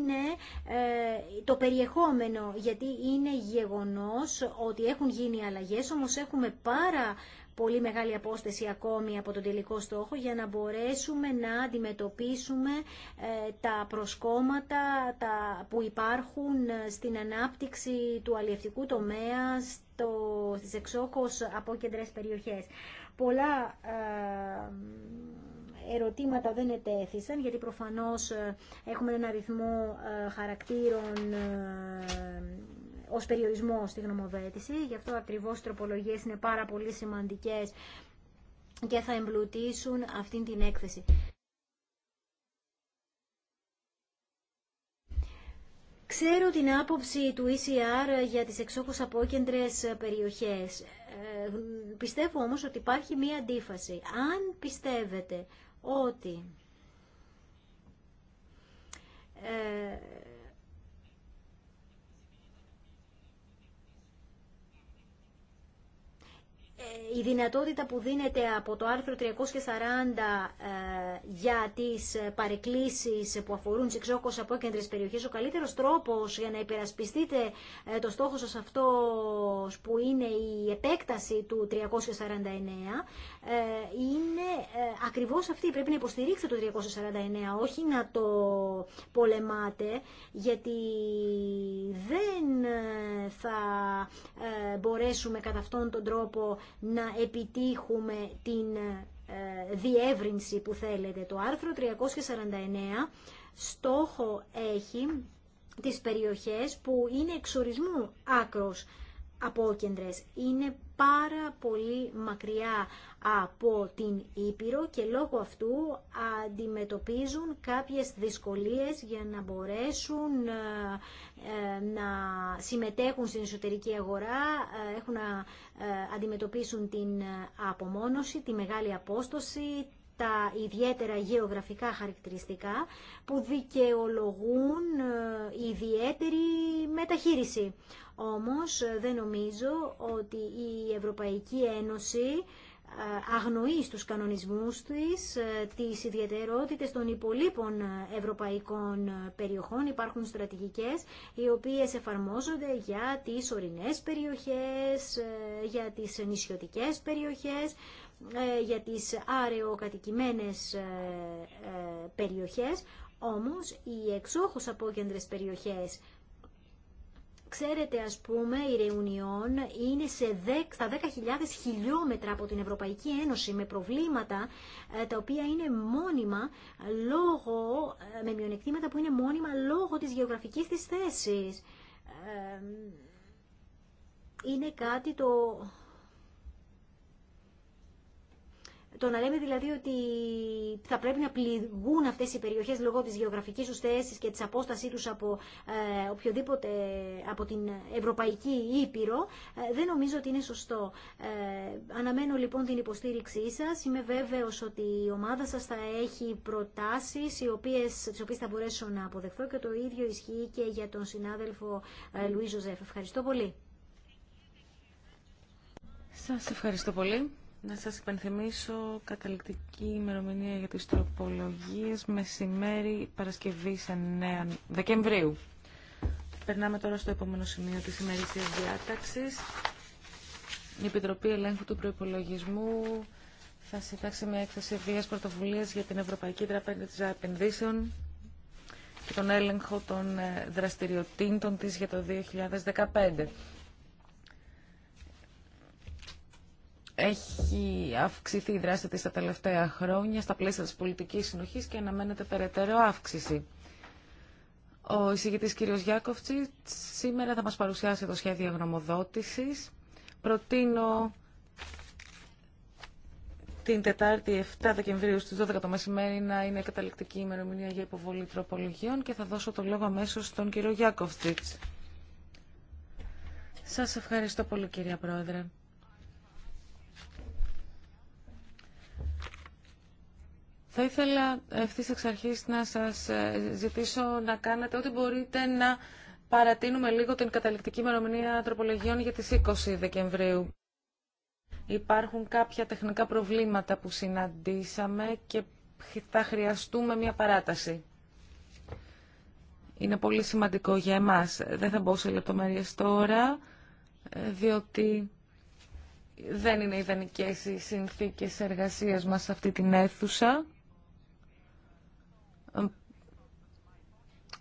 είναι ε, το περιεχόμενο, γιατί είναι γεγονός ότι έχουν γίνει αλλαγές, όμως έχουμε πάρα πολύ μεγάλη απόσταση ακόμη από τον τελικό στόχο για να μπορέσουμε να αντιμετωπίσουμε ε, τα προσκόμματα τα που υπάρχουν ε, στην ανάπτυξη του αλλιευτικού τομέα στο, στις εξόχως απόκεντρες περιοχές. Πολλά ε, ερωτήματα δεν ετέθησαν, γιατί προφανώς έχουμε έναν αριθμό χαρακτήρων Ω περιορισμό στη γνωμοδέτηση. Γι' αυτό ακριβώ οι τροπολογίες είναι πάρα πολύ σημαντικές και θα εμπλουτίσουν αυτήν την έκθεση. Ξέρω την άποψη του ECR για τις εξόχως απόκεντρες περιοχές. Ε, πιστεύω όμως ότι υπάρχει μία αντίφαση. Αν πιστεύετε ότι ε, Ε, η δυνατότητα που δίνεται από το άρθρο 340 ε, για τις ε, παρεκκλήσεις που αφορούν τις εξώκωσες από έκεντρες περιοχές, ο καλύτερος τρόπος για να υπερασπιστείτε το στόχο σας αυτό που είναι η επέκταση του 349 είναι ακριβώς αυτή. Πρέπει να υποστηρίξετε το 349, όχι να το πολεμάτε, γιατί δεν θα μπορέσουμε κατά αυτόν τον τρόπο να επιτύχουμε την ε, διεύρυνση που θέλετε. Το άρθρο 349 στόχο έχει τις περιοχές που είναι εξορισμού άκρος απόκεντρες. Είναι πάρα πολύ μακριά από την Ήπειρο και λόγω αυτού αντιμετωπίζουν κάποιες δυσκολίες για να μπορέσουν ε, ε, να συμμετέχουν στην εσωτερική αγορά, ε, έχουν να αντιμετωπίσουν την απομόνωση, τη μεγάλη απόστοση, τα ιδιαίτερα γεωγραφικά χαρακτηριστικά που δικαιολογούν ιδιαίτερη μεταχείριση. Όμως ε, δεν νομίζω ότι η Ευρωπαϊκή Ένωση ε, αγνοεί στους κανονισμούς της ε, τις ιδιαιτερότητες των υπολείπων ευρωπαϊκών περιοχών. Υπάρχουν στρατηγικές οι οποίες εφαρμόζονται για τις ορεινές περιοχές, για τις νησιωτικές περιοχές, για τις άρεοκατοικημένες περιοχές. Όμως οι εξόχως απόκεντρες περιοχές Ξέρετε, ας πούμε, η Ρεουνιόν είναι σε 10, στα 10.000 χιλιόμετρα από την Ευρωπαϊκή Ένωση με προβλήματα ε, τα οποία είναι μόνιμα λόγω, ε, με μειονεκτήματα που είναι μόνιμα λόγω της γεωγραφικής της θέσης. Ε, είναι κάτι το το να λέμε δηλαδή ότι θα πρέπει να πληγούν αυτές οι περιοχές λόγω της γεωγραφικής τους θέσης και της απόστασή τους από ε, οποιοδήποτε από την Ευρωπαϊκή Ήπειρο ε, δεν νομίζω ότι είναι σωστό. Ε, αναμένω λοιπόν την υποστήριξή σας. Είμαι βέβαιος ότι η ομάδα σας θα έχει προτάσεις οι οποίες, τις οποίες θα μπορέσω να αποδεχθώ και το ίδιο ισχύει και για τον συνάδελφο ε, Λουί Ευχαριστώ πολύ. Σας ευχαριστώ πολύ. Να σας υπενθυμίσω καταληκτική ημερομηνία για τις τροπολογίες μεσημέρι Παρασκευής 9 Δεκεμβρίου. Περνάμε τώρα στο επόμενο σημείο της ημερήσιας διάταξης. Η Επιτροπή Ελέγχου του Προϋπολογισμού θα συντάξει μια έκθεση βίας πρωτοβουλίας για την Ευρωπαϊκή της Επενδύσεων και τον έλεγχο των ε, δραστηριοτήτων της για το 2015. έχει αυξηθεί η δράση της τα τελευταία χρόνια στα πλαίσια της πολιτικής συνοχής και αναμένεται περαιτέρω αύξηση. Ο εισηγητής κ. Γιάκοφτσι σήμερα θα μας παρουσιάσει το σχέδιο γνωμοδότησης. Προτείνω την Τετάρτη 7 Δεκεμβρίου στις 12 το μεσημέρι να είναι καταληκτική ημερομηνία για υποβολή τροπολογιών και θα δώσω το λόγο αμέσω στον κύριο Γιάκοφτσιτς. Σας ευχαριστώ πολύ κυρία Πρόεδρε. Θα ήθελα ευθύ εξ αρχής να σα ε, ζητήσω να κάνετε ό,τι μπορείτε να παρατείνουμε λίγο την καταληκτική ημερομηνία τροπολογιών για τις 20 Δεκεμβρίου. Υπάρχουν κάποια τεχνικά προβλήματα που συναντήσαμε και θα χρειαστούμε μια παράταση. Είναι πολύ σημαντικό για εμάς. Δεν θα μπω σε λεπτομέρειες τώρα, ε, διότι δεν είναι ιδανικές οι συνθήκες εργασίας μας σε αυτή την αίθουσα.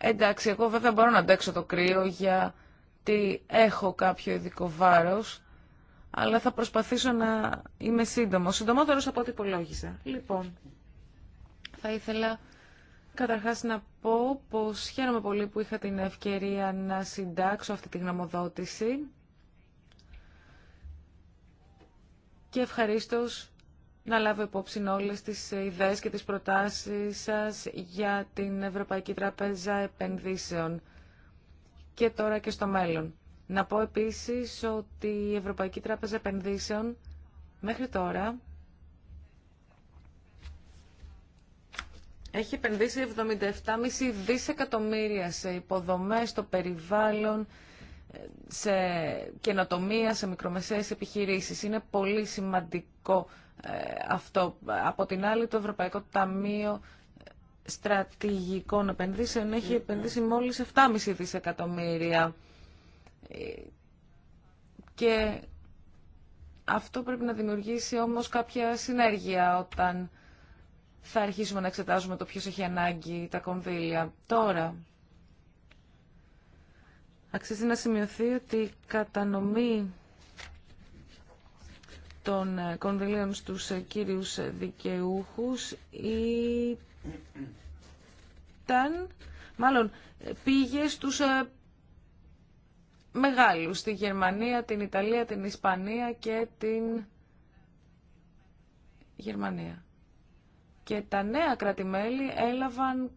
Εντάξει, εγώ βέβαια μπορώ να αντέξω το κρύο γιατί έχω κάποιο ειδικό βάρος, αλλά θα προσπαθήσω να είμαι σύντομο. Συντομότερος από ό,τι υπολόγισα. Λοιπόν, θα ήθελα καταρχάς να πω πως χαίρομαι πολύ που είχα την ευκαιρία να συντάξω αυτή τη γνωμοδότηση και ευχαρίστως να λάβω υπόψη όλες τις ιδέες και τις προτάσεις σας για την Ευρωπαϊκή Τράπεζα Επενδύσεων και τώρα και στο μέλλον. Να πω επίσης ότι η Ευρωπαϊκή Τράπεζα Επενδύσεων μέχρι τώρα έχει επενδύσει 77,5 δισεκατομμύρια σε υποδομές, στο περιβάλλον, σε καινοτομία, σε μικρομεσαίες επιχειρήσεις. Είναι πολύ σημαντικό ε, αυτό. Από την άλλη, το Ευρωπαϊκό Ταμείο Στρατηγικών Επενδύσεων έχει επενδύσει μόλις 7,5 δισεκατομμύρια. Ε, και αυτό πρέπει να δημιουργήσει όμως κάποια συνέργεια όταν θα αρχίσουμε να εξετάζουμε το ποιος έχει ανάγκη τα κονδύλια. Τώρα, αξίζει να σημειωθεί ότι η κατανομή των ε, κονδυλίων στους ε, κύριους ε, δικαιούχους ήταν, μάλλον πήγε στους μεγάλους, στη Γερμανία, την Ιταλία, την Ισπανία και την Γερμανία. Και τα νέα κρατημέλη έλαβαν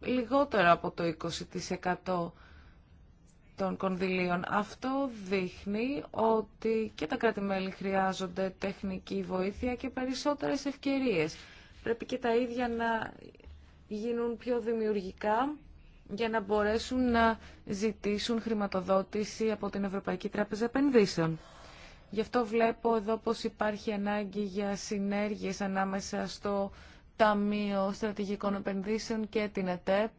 λιγότερο από το 20% των κονδυλίων. Αυτό δείχνει ότι και τα κράτη-μέλη χρειάζονται τεχνική βοήθεια και περισσότερες ευκαιρίες. Πρέπει και τα ίδια να γίνουν πιο δημιουργικά για να μπορέσουν να ζητήσουν χρηματοδότηση από την Ευρωπαϊκή Τράπεζα Επενδύσεων. Γι' αυτό βλέπω εδώ πως υπάρχει ανάγκη για συνέργειες ανάμεσα στο Ταμείο Στρατηγικών Επενδύσεων και την ΕΤΕΠ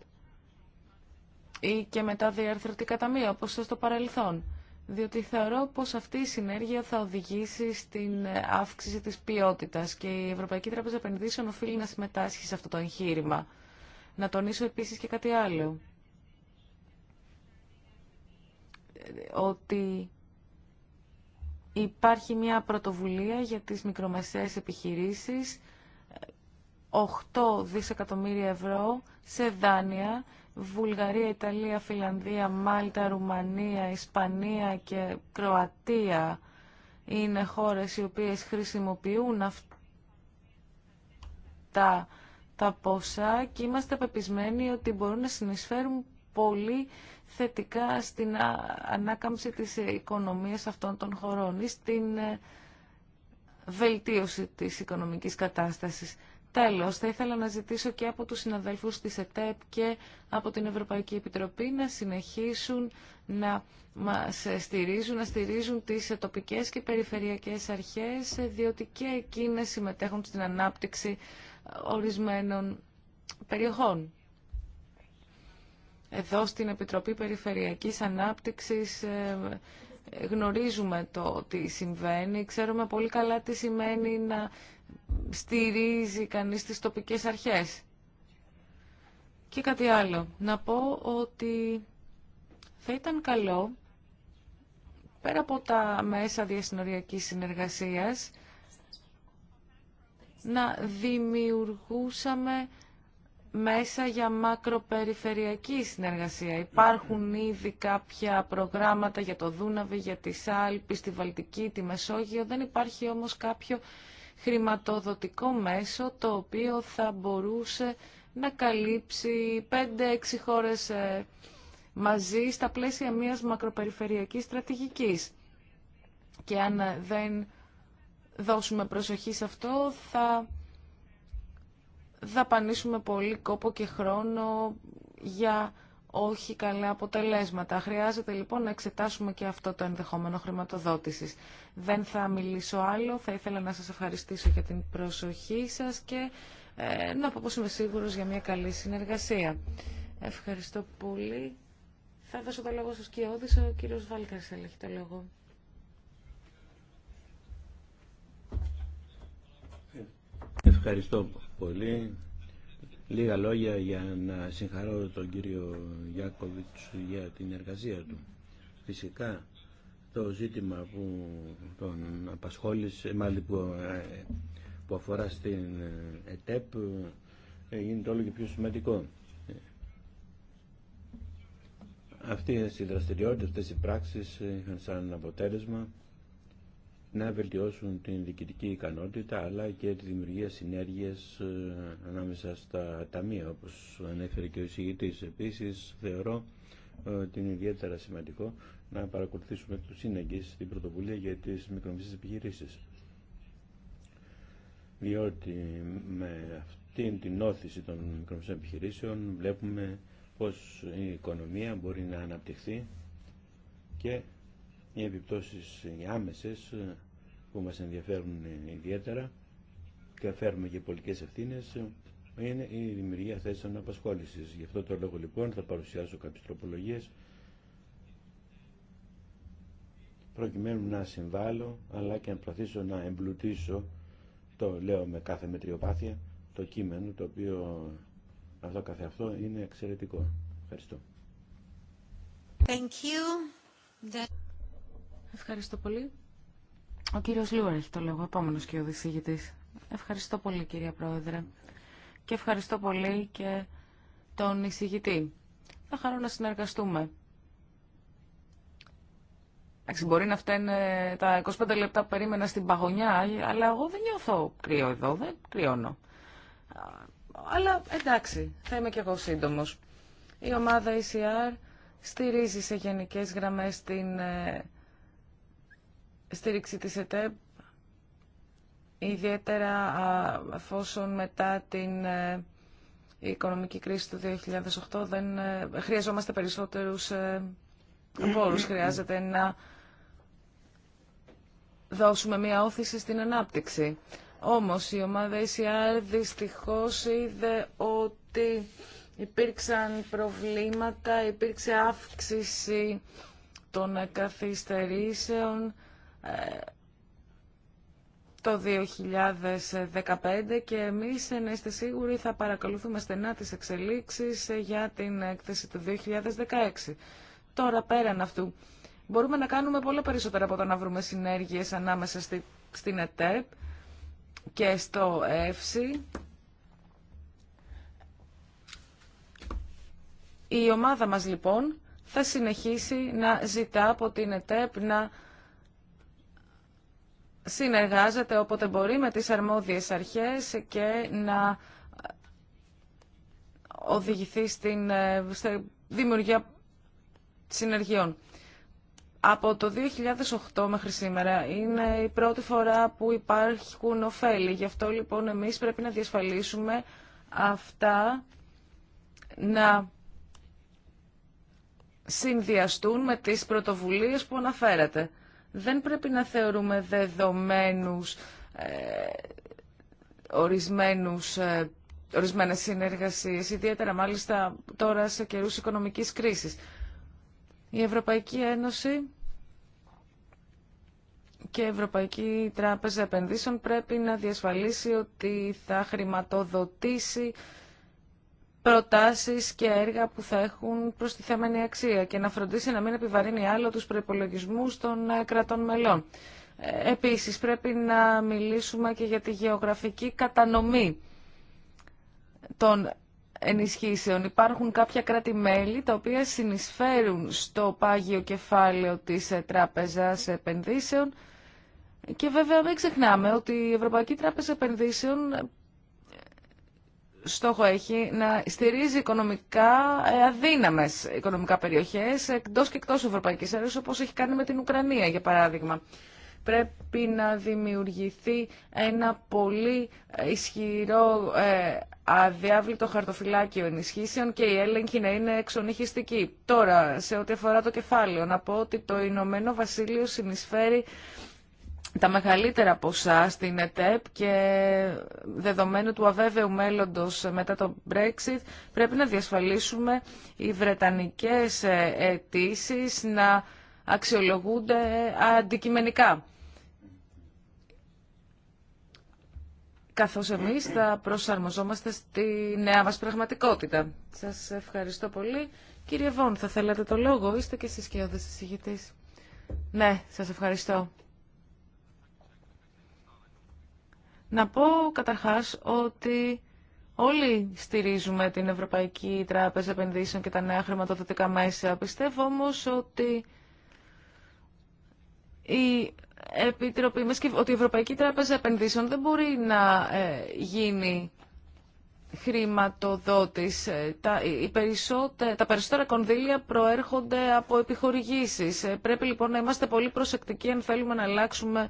ή και μετά διαρθρωτικά ταμεία, όπως στο παρελθόν. Διότι θεωρώ πως αυτή η συνέργεια θα οδηγήσει στην αύξηση της ποιότητας και η Ευρωπαϊκή Τράπεζα Επενδύσεων οφείλει να συμμετάσχει σε αυτό το εγχείρημα. Να τονίσω επίσης και κάτι άλλο. Ότι υπάρχει μια πρωτοβουλία για τις μικρομεσαίες επιχειρήσεις 8 δισεκατομμύρια ευρώ σε δάνεια Βουλγαρία, Ιταλία, Φιλανδία, Μάλτα, Ρουμανία, Ισπανία και Κροατία είναι χώρες οι οποίες χρησιμοποιούν αυτά τα ποσά και είμαστε πεπισμένοι ότι μπορούν να συνεισφέρουν πολύ θετικά στην ανάκαμψη της οικονομίας αυτών των χωρών ή στην ε, βελτίωση της οικονομικής κατάστασης. Τέλος, θα ήθελα να ζητήσω και από τους συναδέλφους της ΕΤΕΠ και από την Ευρωπαϊκή Επιτροπή να συνεχίσουν να μας στηρίζουν, να στηρίζουν τις τοπικές και περιφερειακές αρχές, διότι και εκείνες συμμετέχουν στην ανάπτυξη ορισμένων περιοχών. Εδώ στην Επιτροπή Περιφερειακής Ανάπτυξης ε, γνωρίζουμε το τι συμβαίνει, ξέρουμε πολύ καλά τι σημαίνει να στηρίζει κανείς τις τοπικές αρχές. Και κάτι άλλο. Να πω ότι θα ήταν καλό, πέρα από τα μέσα διασυνοριακής συνεργασίας, να δημιουργούσαμε μέσα για μακροπεριφερειακή συνεργασία. Υπάρχουν ήδη κάποια προγράμματα για το δούναβη, για τη Σάλπη, τη Βαλτική, τη Μεσόγειο. Δεν υπάρχει όμως κάποιο χρηματοδοτικό μέσο το οποίο θα μπορούσε να καλύψει 5-6 χώρες ε, μαζί στα πλαίσια μιας μακροπεριφερειακής στρατηγικής. Και αν δεν δώσουμε προσοχή σε αυτό θα δαπανίσουμε πολύ κόπο και χρόνο για όχι καλά αποτελέσματα. Χρειάζεται λοιπόν να εξετάσουμε και αυτό το ενδεχόμενο χρηματοδότησης. Δεν θα μιλήσω άλλο, θα ήθελα να σας ευχαριστήσω για την προσοχή σας και ε, να πω πως είμαι σίγουρος για μια καλή συνεργασία. Ευχαριστώ πολύ. Θα δώσω το λόγο στο ο κύριος Βάλκαρσελ έχει το λόγο. Ευχαριστώ πολύ. Λίγα λόγια για να συγχαρώ τον κύριο Γιάκοβιτς για την εργασία του. Φυσικά το ζήτημα που τον απασχόλησε, μάλλον που, ε, αφορά στην ε, ΕΤΕΠ, ε, γίνεται όλο και πιο σημαντικό. Αυτές οι δραστηριότητες, αυτές οι πράξεις είχαν σαν αποτέλεσμα να βελτιώσουν την διοικητική ικανότητα αλλά και τη δημιουργία συνέργειας ε, ανάμεσα στα ταμεία όπως ανέφερε και ο εισηγητής. Επίσης θεωρώ ε, ότι είναι ιδιαίτερα σημαντικό να παρακολουθήσουμε τους σύναγκες στην πρωτοβουλία για τις μικρομεσαίες επιχειρήσεις. Διότι με αυτήν την όθηση των μικρομεσαίων επιχειρήσεων βλέπουμε πως η οικονομία μπορεί να αναπτυχθεί και οι επιπτώσεις οι άμεσες ε, που μας ενδιαφέρουν ιδιαίτερα και φέρουμε και πολιτικές ευθύνες ε, είναι η δημιουργία θέσεων απασχόλησης. Γι' αυτό το λόγο λοιπόν θα παρουσιάσω κάποιες τροπολογίες προκειμένου να συμβάλλω αλλά και να προσπαθήσω να εμπλουτίσω το λέω με κάθε μετριοπάθεια το κείμενο το οποίο αυτό καθε αυτό είναι εξαιρετικό. Ευχαριστώ. Thank you. Ευχαριστώ πολύ. Ο κύριος Λούρα έχει το λόγο, επόμενος και ο δυσήγητης. Ευχαριστώ πολύ κυρία Πρόεδρε και ευχαριστώ πολύ και τον εισηγητή. Θα χαρώ να συνεργαστούμε. Εντάξει, μπορεί να φταίνε τα 25 λεπτά που περίμενα στην παγωνιά, αλλά εγώ δεν νιώθω κρύο εδώ, δεν κρυώνω. Αλλά εντάξει, θα είμαι κι εγώ σύντομο. Η ομάδα ECR στηρίζει σε γενικές γραμμέ την ε, στήριξη της ΕΤΕΠ, ιδιαίτερα αφόσον μετά την ε, οικονομική κρίση του 2008 δεν ε, χρειαζόμαστε περισσότερους ε, πόρους. Χρειάζεται να δώσουμε μία όθηση στην ανάπτυξη. Όμως η ομάδα ECR δυστυχώς είδε ότι υπήρξαν προβλήματα, υπήρξε αύξηση των καθυστερήσεων το 2015 και εμείς, να είστε σίγουροι, θα παρακολουθούμε στενά τις εξελίξεις για την έκθεση του 2016. Τώρα, πέραν αυτού, μπορούμε να κάνουμε πολλά περισσότερα από το να βρούμε συνέργειες ανάμεσα στη, στην ΕΤΕΠ και στο ΕΦΣΥ. Η ομάδα μας, λοιπόν, θα συνεχίσει να ζητά από την ΕΤΕΠ να συνεργάζεται όποτε μπορεί με τις αρμόδιες αρχές και να οδηγηθεί στην, ε, στη δημιουργία συνεργειών. Από το 2008 μέχρι σήμερα είναι η πρώτη φορά που υπάρχουν ωφέλη. Γι' αυτό λοιπόν εμείς πρέπει να διασφαλίσουμε αυτά να συνδυαστούν με τις πρωτοβουλίες που αναφέρατε δεν πρέπει να θεωρούμε δεδομένους ε, ορισμένους, ε, ορισμένες συνεργασίες, ιδιαίτερα μάλιστα τώρα σε καιρούς οικονομικής κρίσης. Η Ευρωπαϊκή Ένωση και η Ευρωπαϊκή Τράπεζα Επενδύσεων πρέπει να διασφαλίσει ότι θα χρηματοδοτήσει προτάσεις και έργα που θα έχουν προστιθέμενη αξία και να φροντίσει να μην επιβαρύνει άλλο τους προπολογισμού των ε, κρατών μελών. Ε, επίσης πρέπει να μιλήσουμε και για τη γεωγραφική κατανομή των ενισχύσεων. Υπάρχουν κάποια κράτη-μέλη τα οποία συνεισφέρουν στο πάγιο κεφάλαιο της ε, Τράπεζας Επενδύσεων και βέβαια μην ξεχνάμε ότι η Ευρωπαϊκή Τράπεζα Επενδύσεων στόχο έχει να στηρίζει οικονομικά ε, αδύναμες οικονομικά περιοχές εκτός και εκτός Ευρωπαϊκής Ένωσης όπως έχει κάνει με την Ουκρανία για παράδειγμα. Πρέπει να δημιουργηθεί ένα πολύ ισχυρό ε, αδιάβλητο χαρτοφυλάκιο ενισχύσεων και η έλεγχη να είναι εξονυχιστική. Τώρα, σε ό,τι αφορά το κεφάλαιο, να πω ότι το Ηνωμένο Βασίλειο συνεισφέρει τα μεγαλύτερα ποσά στην ΕΤΕΠ και δεδομένου του αβέβαιου μέλλοντος μετά το Brexit πρέπει να διασφαλίσουμε οι βρετανικές αιτήσει να αξιολογούνται αντικειμενικά. καθώς εμείς θα προσαρμοζόμαστε στη νέα μας πραγματικότητα. Σας ευχαριστώ πολύ. Κύριε Βόν, θα θέλατε το λόγο, είστε και εσείς και ο Ναι, σας ευχαριστώ. Να πω καταρχάς ότι όλοι στηρίζουμε την Ευρωπαϊκή Τράπεζα Επενδύσεων και τα νέα χρηματοδοτικά μέσα. Πιστεύω όμως ότι η Επιτροπή ότι η Ευρωπαϊκή Τράπεζα Επενδύσεων δεν μπορεί να ε, γίνει χρηματοδότης. Ε, τα, περισσότε, τα περισσότερα κονδύλια προέρχονται από επιχορηγήσεις. Ε, πρέπει λοιπόν να είμαστε πολύ προσεκτικοί αν θέλουμε να αλλάξουμε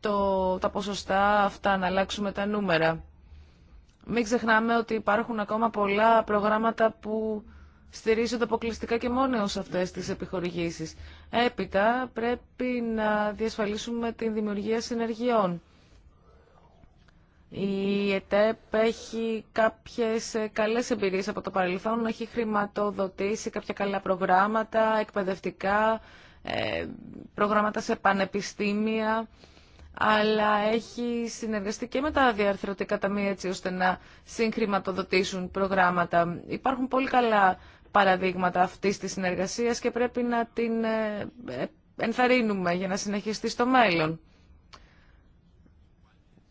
το, τα ποσοστά αυτά, να αλλάξουμε τα νούμερα. Μην ξεχνάμε ότι υπάρχουν ακόμα πολλά προγράμματα που στηρίζονται αποκλειστικά και μόνο σε αυτές τις επιχορηγήσεις. Έπειτα πρέπει να διασφαλίσουμε την δημιουργία συνεργειών. Η ΕΤΕΠ έχει κάποιες ε, καλές εμπειρίες από το παρελθόν, έχει χρηματοδοτήσει κάποια καλά προγράμματα, εκπαιδευτικά, ε, προγράμματα σε πανεπιστήμια αλλά έχει συνεργαστεί και με τα διαρθρωτικά ταμεία έτσι ώστε να συγχρηματοδοτήσουν προγράμματα. Υπάρχουν πολύ καλά παραδείγματα αυτής της συνεργασίας και πρέπει να την ε, ε, ενθαρρύνουμε για να συνεχιστεί στο μέλλον.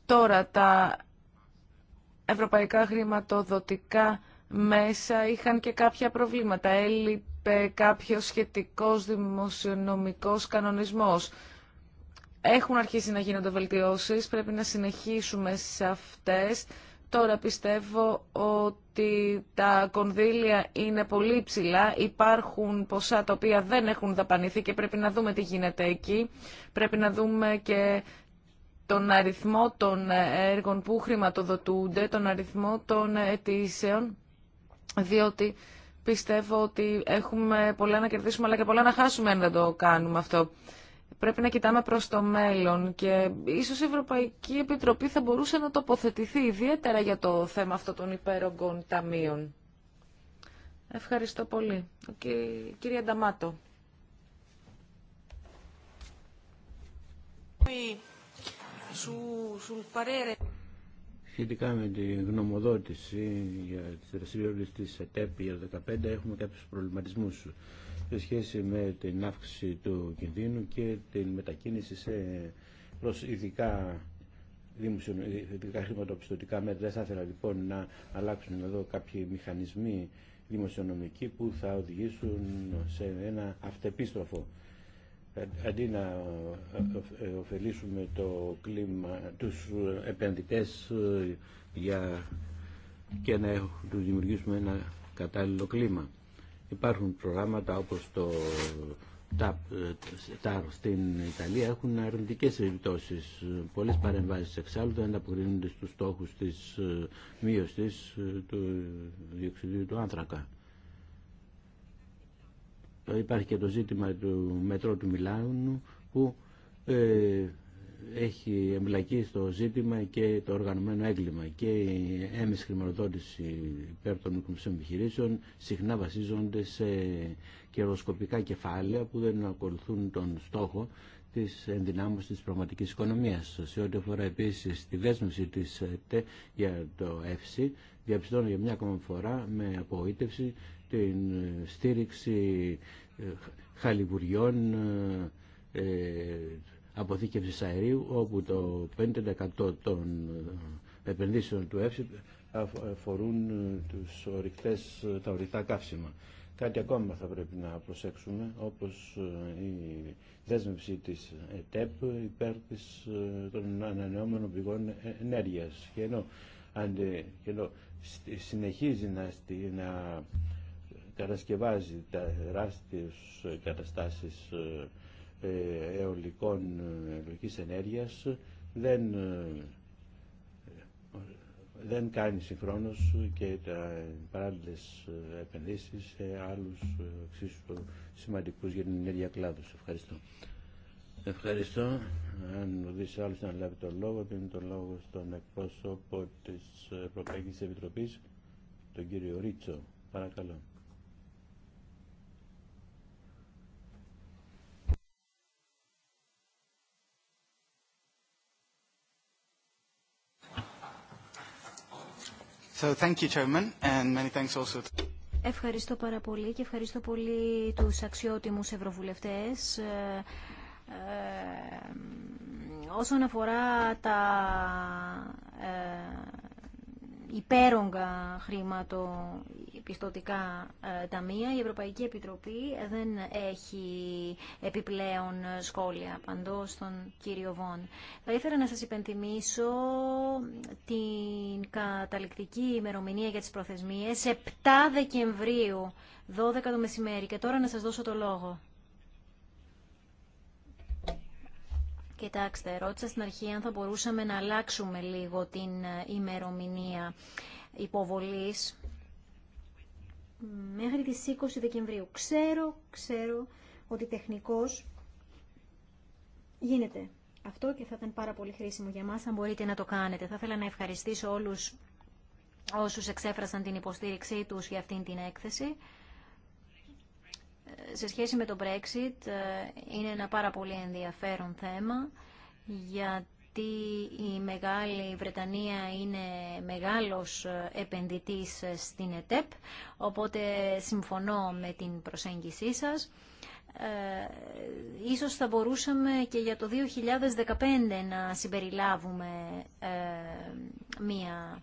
Τώρα τα ευρωπαϊκά χρηματοδοτικά μέσα είχαν και κάποια προβλήματα. Έλειπε κάποιος σχετικός δημοσιονομικός κανονισμός. Έχουν αρχίσει να γίνονται βελτιώσεις, πρέπει να συνεχίσουμε σε αυτές. Τώρα πιστεύω ότι τα κονδύλια είναι πολύ ψηλά, υπάρχουν ποσά τα οποία δεν έχουν δαπανηθεί και πρέπει να δούμε τι γίνεται εκεί. Πρέπει να δούμε και τον αριθμό των έργων που χρηματοδοτούνται, τον αριθμό των αιτήσεων, διότι πιστεύω ότι έχουμε πολλά να κερδίσουμε αλλά και πολλά να χάσουμε αν δεν το κάνουμε αυτό πρέπει να κοιτάμε προς το μέλλον και ίσως η Ευρωπαϊκή Επιτροπή θα μπορούσε να τοποθετηθεί ιδιαίτερα για το θέμα αυτό των υπέρογκων ταμείων. Ευχαριστώ πολύ. Κύριε Νταμάτο. Σχετικά με τη γνωμοδότηση για τις δραστηριότητες της ΕΤΕΠ για το 2015 έχουμε κάποιους προβληματισμούς σε σχέση με την αύξηση του κινδύνου και την μετακίνηση σε προς ειδικά ειδικά χρηματοπιστωτικά μέτρα. Δεν θα ήθελα λοιπόν να αλλάξουν εδώ κάποιοι μηχανισμοί δημοσιονομικοί που θα οδηγήσουν σε ένα αυτεπίστροφο. Αντί να ε, ε, ωφελήσουμε το κλίμα, τους επενδυτές ε, για... και να τους δημιουργήσουμε ένα κατάλληλο κλίμα. Υπάρχουν προγράμματα όπως το ΤΑΡ στην Ιταλία έχουν αρνητικές επιπτώσεις. Πολλές παρεμβάσεις εξάλλου δεν αποκρίνονται στους στόχους της ε, μείωσης ε, του διοξιδίου του άνθρακα. Υπάρχει και το ζήτημα του μετρό του Μιλάνου που ε, έχει εμπλακεί στο ζήτημα και το οργανωμένο έγκλημα και η έμεση χρηματοδότηση υπέρ των οικονομικών επιχειρήσεων συχνά βασίζονται σε κεροσκοπικά κεφάλαια που δεν ακολουθούν τον στόχο της ενδυνάμωσης της πραγματική οικονομίας. Σε ό,τι αφορά επίσης τη δέσμευση της τέ για το ΕΦΣΥ, διαπιστώνω για μια ακόμα φορά με απογοήτευση την στήριξη ε, χαλιβουριών, ε, Αποθήκευση αερίου όπου το 5% των ε, επενδύσεων του ΕΦΣΙ αφορούν ε, ε, τους ορυκτές, τα ορυκτά καύσιμα. Κάτι ακόμα θα πρέπει να προσέξουμε, όπως η δέσμευση της ΕΤΕΠ υπέρ της, των ανανεώμενων πηγών ενέργειας. Και ενώ, συνεχίζει να, κατασκευάζει τα τεράστιες καταστάσεις ε, αιωλικών, ε, αιωλικής ενέργειας δεν, ε, δεν κάνει συγχρόνως και τα παράλληλες επενδύσεις σε άλλους εξίσου σημαντικούς για την ενέργεια κλάδου Ευχαριστώ. Ευχαριστώ. Αν δεις άλλους να λάβει τον λόγο, δίνει τον λόγο στον εκπρόσωπο της Ευρωπαϊκής Επιτροπής, τον κύριο Ρίτσο. Παρακαλώ. Ευχαριστώ πάρα πολύ και ευχαριστώ πολύ τους αξιότιμους ευρωβουλευτές. Ε, ε, όσον αφορά τα ε, υπέρογγα χρήματα πιστοτικά ε, ταμεία. Η Ευρωπαϊκή Επιτροπή δεν έχει επιπλέον σχόλια παντό στον κύριο Βον. Θα ήθελα να σας υπενθυμίσω την καταληκτική ημερομηνία για τις προθεσμίες 7 Δεκεμβρίου 12 το μεσημέρι και τώρα να σας δώσω το λόγο. Κοιτάξτε, ρώτησα στην αρχή αν θα μπορούσαμε να αλλάξουμε λίγο την ε, ημερομηνία υποβολής μέχρι τις 20 Δεκεμβρίου. Ξέρω, ξέρω ότι τεχνικός γίνεται αυτό και θα ήταν πάρα πολύ χρήσιμο για μας αν μπορείτε να το κάνετε. Θα ήθελα να ευχαριστήσω όλους όσους εξέφρασαν την υποστήριξή τους για αυτήν την έκθεση. Σε σχέση με το Brexit ε, είναι ένα πάρα πολύ ενδιαφέρον θέμα για γιατί η Μεγάλη Βρετανία είναι μεγάλος επενδυτής στην ΕΤΕΠ, οπότε συμφωνώ με την προσέγγισή σας. Ε, ίσως θα μπορούσαμε και για το 2015 να συμπεριλάβουμε ε, μία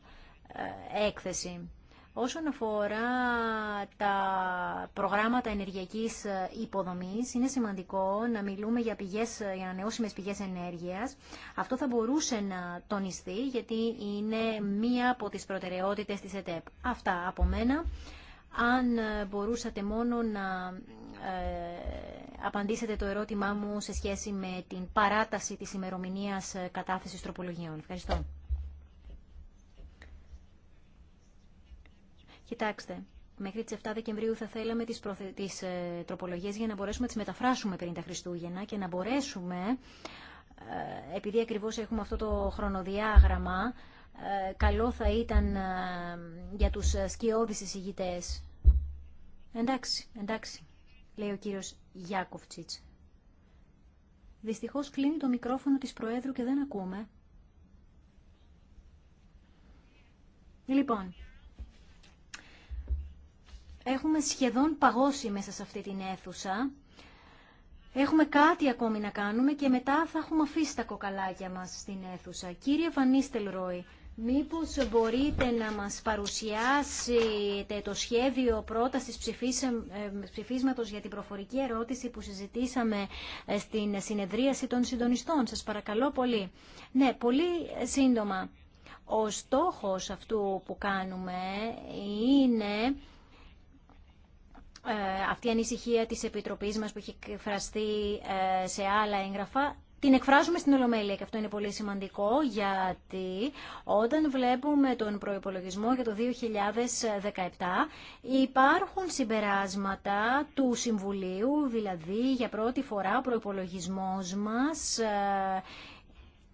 ε, έκθεση. Όσον αφορά τα προγράμματα ενεργειακής υποδομής, είναι σημαντικό να μιλούμε για, πηγές, για ανανεώσιμες πηγές ενέργειας. Αυτό θα μπορούσε να τονιστεί, γιατί είναι μία από τις προτεραιότητες της ΕΤΕΠ. Αυτά από μένα. Αν μπορούσατε μόνο να ε, απαντήσετε το ερώτημά μου σε σχέση με την παράταση της ημερομηνίας ε, κατάθεσης τροπολογιών. Ευχαριστώ. Κοιτάξτε, μέχρι τι 7 Δεκεμβρίου θα θέλαμε τις, προθε... Ε, τροπολογίες για να μπορέσουμε να τις μεταφράσουμε πριν τα Χριστούγεννα και να μπορέσουμε, ε, επειδή ακριβώ έχουμε αυτό το χρονοδιάγραμμα, ε, καλό θα ήταν ε, για τους ε, σκιώδει εισηγητές. Εντάξει, εντάξει, λέει ο κύριος Γιάκοφτσιτ. Δυστυχώς κλείνει το μικρόφωνο της Προέδρου και δεν ακούμε. Λοιπόν, έχουμε σχεδόν παγώσει μέσα σε αυτή την αίθουσα. Έχουμε κάτι ακόμη να κάνουμε και μετά θα έχουμε αφήσει τα κοκαλάκια μας στην αίθουσα. Κύριε Βανίστελ Ρόι, μήπως μπορείτε να μας παρουσιάσετε το σχέδιο πρότασης ψηφίσματος για την προφορική ερώτηση που συζητήσαμε ε, στην συνεδρίαση των συντονιστών. Σας παρακαλώ πολύ. Ναι, πολύ σύντομα. Ο στόχος αυτού που κάνουμε είναι ε, αυτή η ανησυχία της Επιτροπής μας που έχει εκφραστεί ε, σε άλλα έγγραφα την εκφράζουμε στην Ολομέλεια και αυτό είναι πολύ σημαντικό γιατί όταν βλέπουμε τον προϋπολογισμό για το 2017 υπάρχουν συμπεράσματα του Συμβουλίου, δηλαδή για πρώτη φορά ο προϋπολογισμός μας ε,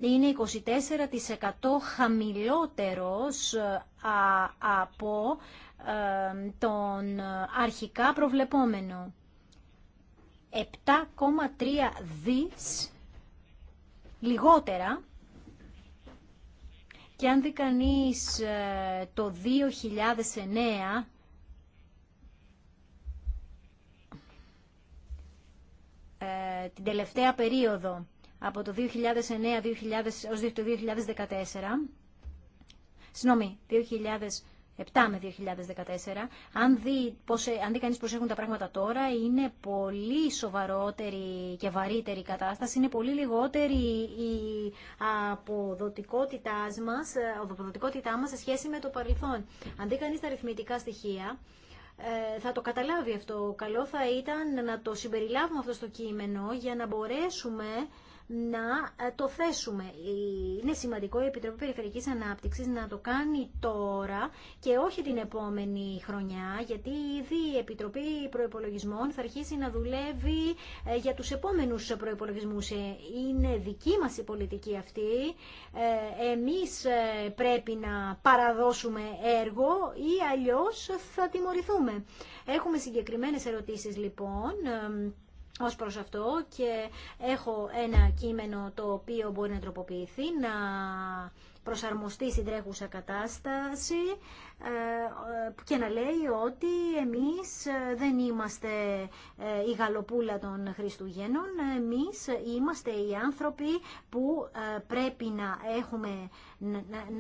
είναι 24% χαμηλότερος ε, από ε, τον αρχικά προβλεπόμενο. 7,3 δις λιγότερα και αν δει κανείς ε, το 2009 την τελευταία περίοδο από το 2009 το 2014, συγγνώμη, 2007 με 2014, αν δει, πώς, ε, αν δει κανείς πώς έχουν τα πράγματα τώρα, είναι πολύ σοβαρότερη και βαρύτερη η κατάσταση, είναι πολύ λιγότερη η αποδοτικότητά μας, ε, αποδοτικότητά μας σε σχέση με το παρελθόν. Αν δει κανείς τα αριθμητικά στοιχεία, ε, θα το καταλάβει αυτό. Καλό θα ήταν να το συμπεριλάβουμε αυτό στο κείμενο για να μπορέσουμε να ε, το θέσουμε. Είναι σημαντικό η Επιτροπή Περιφερειακής Ανάπτυξης να το κάνει τώρα και όχι την επόμενη χρονιά, γιατί ήδη η Επιτροπή Προϋπολογισμών θα αρχίσει να δουλεύει ε, για τους επόμενους προϋπολογισμούς. Ε, είναι δική μας η πολιτική αυτή. Εμείς πρέπει να παραδώσουμε έργο ή αλλιώς θα τιμωρηθούμε. Έχουμε συγκεκριμένες ερωτήσεις λοιπόν ως προς αυτό και έχω ένα κείμενο το οποίο μπορεί να τροποποιηθεί, να προσαρμοστεί στην τρέχουσα κατάσταση ε, και να λέει ότι εμείς ε, δεν είμαστε ε, η γαλοπούλα των Χριστουγέννων, εμείς είμαστε οι άνθρωποι που πρέπει να έχουμε,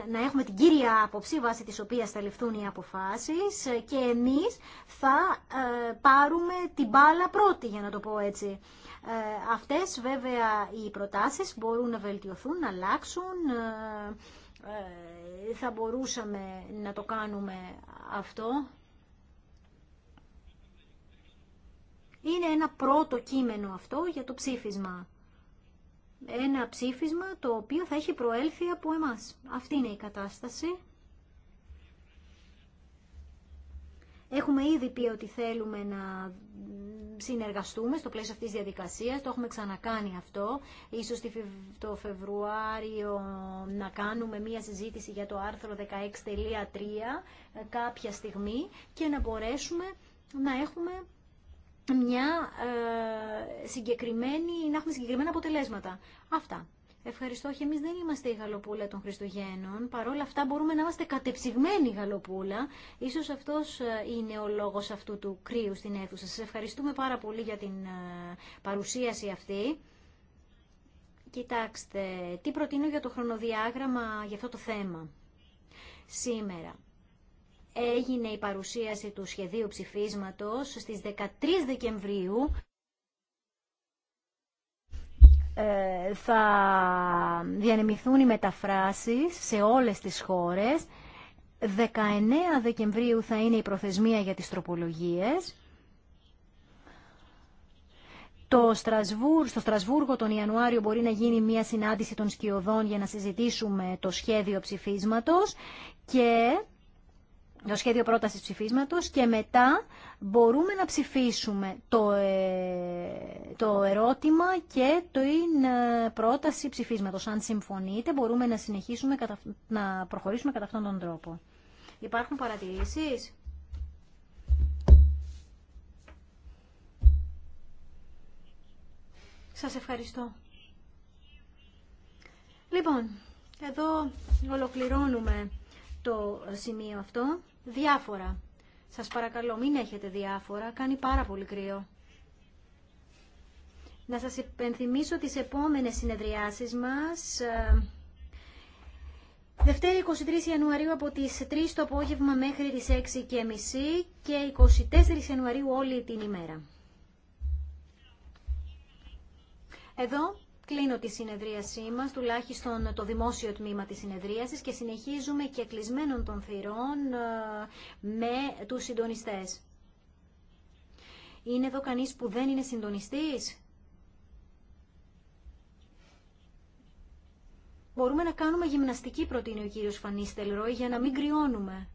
να, έχουμε την κύρια άποψη βάσει της οποίας θα ληφθούν οι αποφάσεις και εμείς θα πάρουμε την μπάλα πρώτη για να το πω έτσι. Ε, αυτές βέβαια οι προτάσεις μπορούν να βελτιωθούν, να αλλάξουν. Ε, ε, θα μπορούσαμε να το κάνουμε αυτό. Είναι ένα πρώτο κείμενο αυτό για το ψήφισμα. Ένα ψήφισμα το οποίο θα έχει προέλθει από εμάς. Αυτή είναι η κατάσταση. Έχουμε ήδη πει ότι θέλουμε να συνεργαστούμε στο πλαίσιο αυτής της διαδικασίας, το έχουμε ξανακάνει αυτό. Ίσως το Φεβρουάριο να κάνουμε μία συζήτηση για το άρθρο 16.3 ε, κάποια στιγμή και να μπορέσουμε να έχουμε μια ε, συγκεκριμένη, να έχουμε συγκεκριμένα αποτελέσματα. Αυτά. Ευχαριστώ, όχι εμείς δεν είμαστε η γαλοπούλα των Χριστουγέννων, παρόλα αυτά μπορούμε να είμαστε κατεψυγμένοι γαλοπούλα. Ίσως αυτός ε, είναι ο λόγο αυτού του κρύου στην αίθουσα. Σα ευχαριστούμε πάρα πολύ για την ε, παρουσίαση αυτή. Κοιτάξτε, τι προτείνω για το χρονοδιάγραμμα για αυτό το θέμα. Σήμερα έγινε η παρουσίαση του σχεδίου ψηφίσματος στις 13 Δεκεμβρίου. Ε, θα διανεμηθούν οι μεταφράσεις σε όλες τις χώρες. 19 Δεκεμβρίου θα είναι η προθεσμία για τις τροπολογίες. Το Στρασβούρ, στο Στρασβούργο τον Ιανουάριο μπορεί να γίνει μια συνάντηση των σκιωδών για να συζητήσουμε το σχέδιο ψηφίσματος και το σχέδιο πρότασης ψηφίσματος και μετά μπορούμε να ψηφίσουμε το, ε, το ερώτημα και την ε, πρόταση ψηφίσματος. Αν συμφωνείτε μπορούμε να συνεχίσουμε να προχωρήσουμε κατά αυτόν τον τρόπο. Υπάρχουν παρατηρήσεις? Σας ευχαριστώ. Λοιπόν, εδώ ολοκληρώνουμε το σημείο αυτό διάφορα. Σας παρακαλώ, μην έχετε διάφορα, κάνει πάρα πολύ κρύο. Να σας υπενθυμίσω τις επόμενες συνεδριάσεις μας. Ε, Δευτέρα 23 Ιανουαρίου από τις 3 το απόγευμα μέχρι τις 6 και μισή και 24 Ιανουαρίου όλη την ημέρα. Εδώ Κλείνω τη συνεδρίασή μας, τουλάχιστον το δημόσιο τμήμα της συνεδρίασης και συνεχίζουμε και κλεισμένων των θυρών ε, με τους συντονιστές. Είναι εδώ κανείς που δεν είναι συντονιστής? Μπορούμε να κάνουμε γυμναστική, προτείνει ο κύριος Φανίστελ Ρόι, για να μην κρυώνουμε.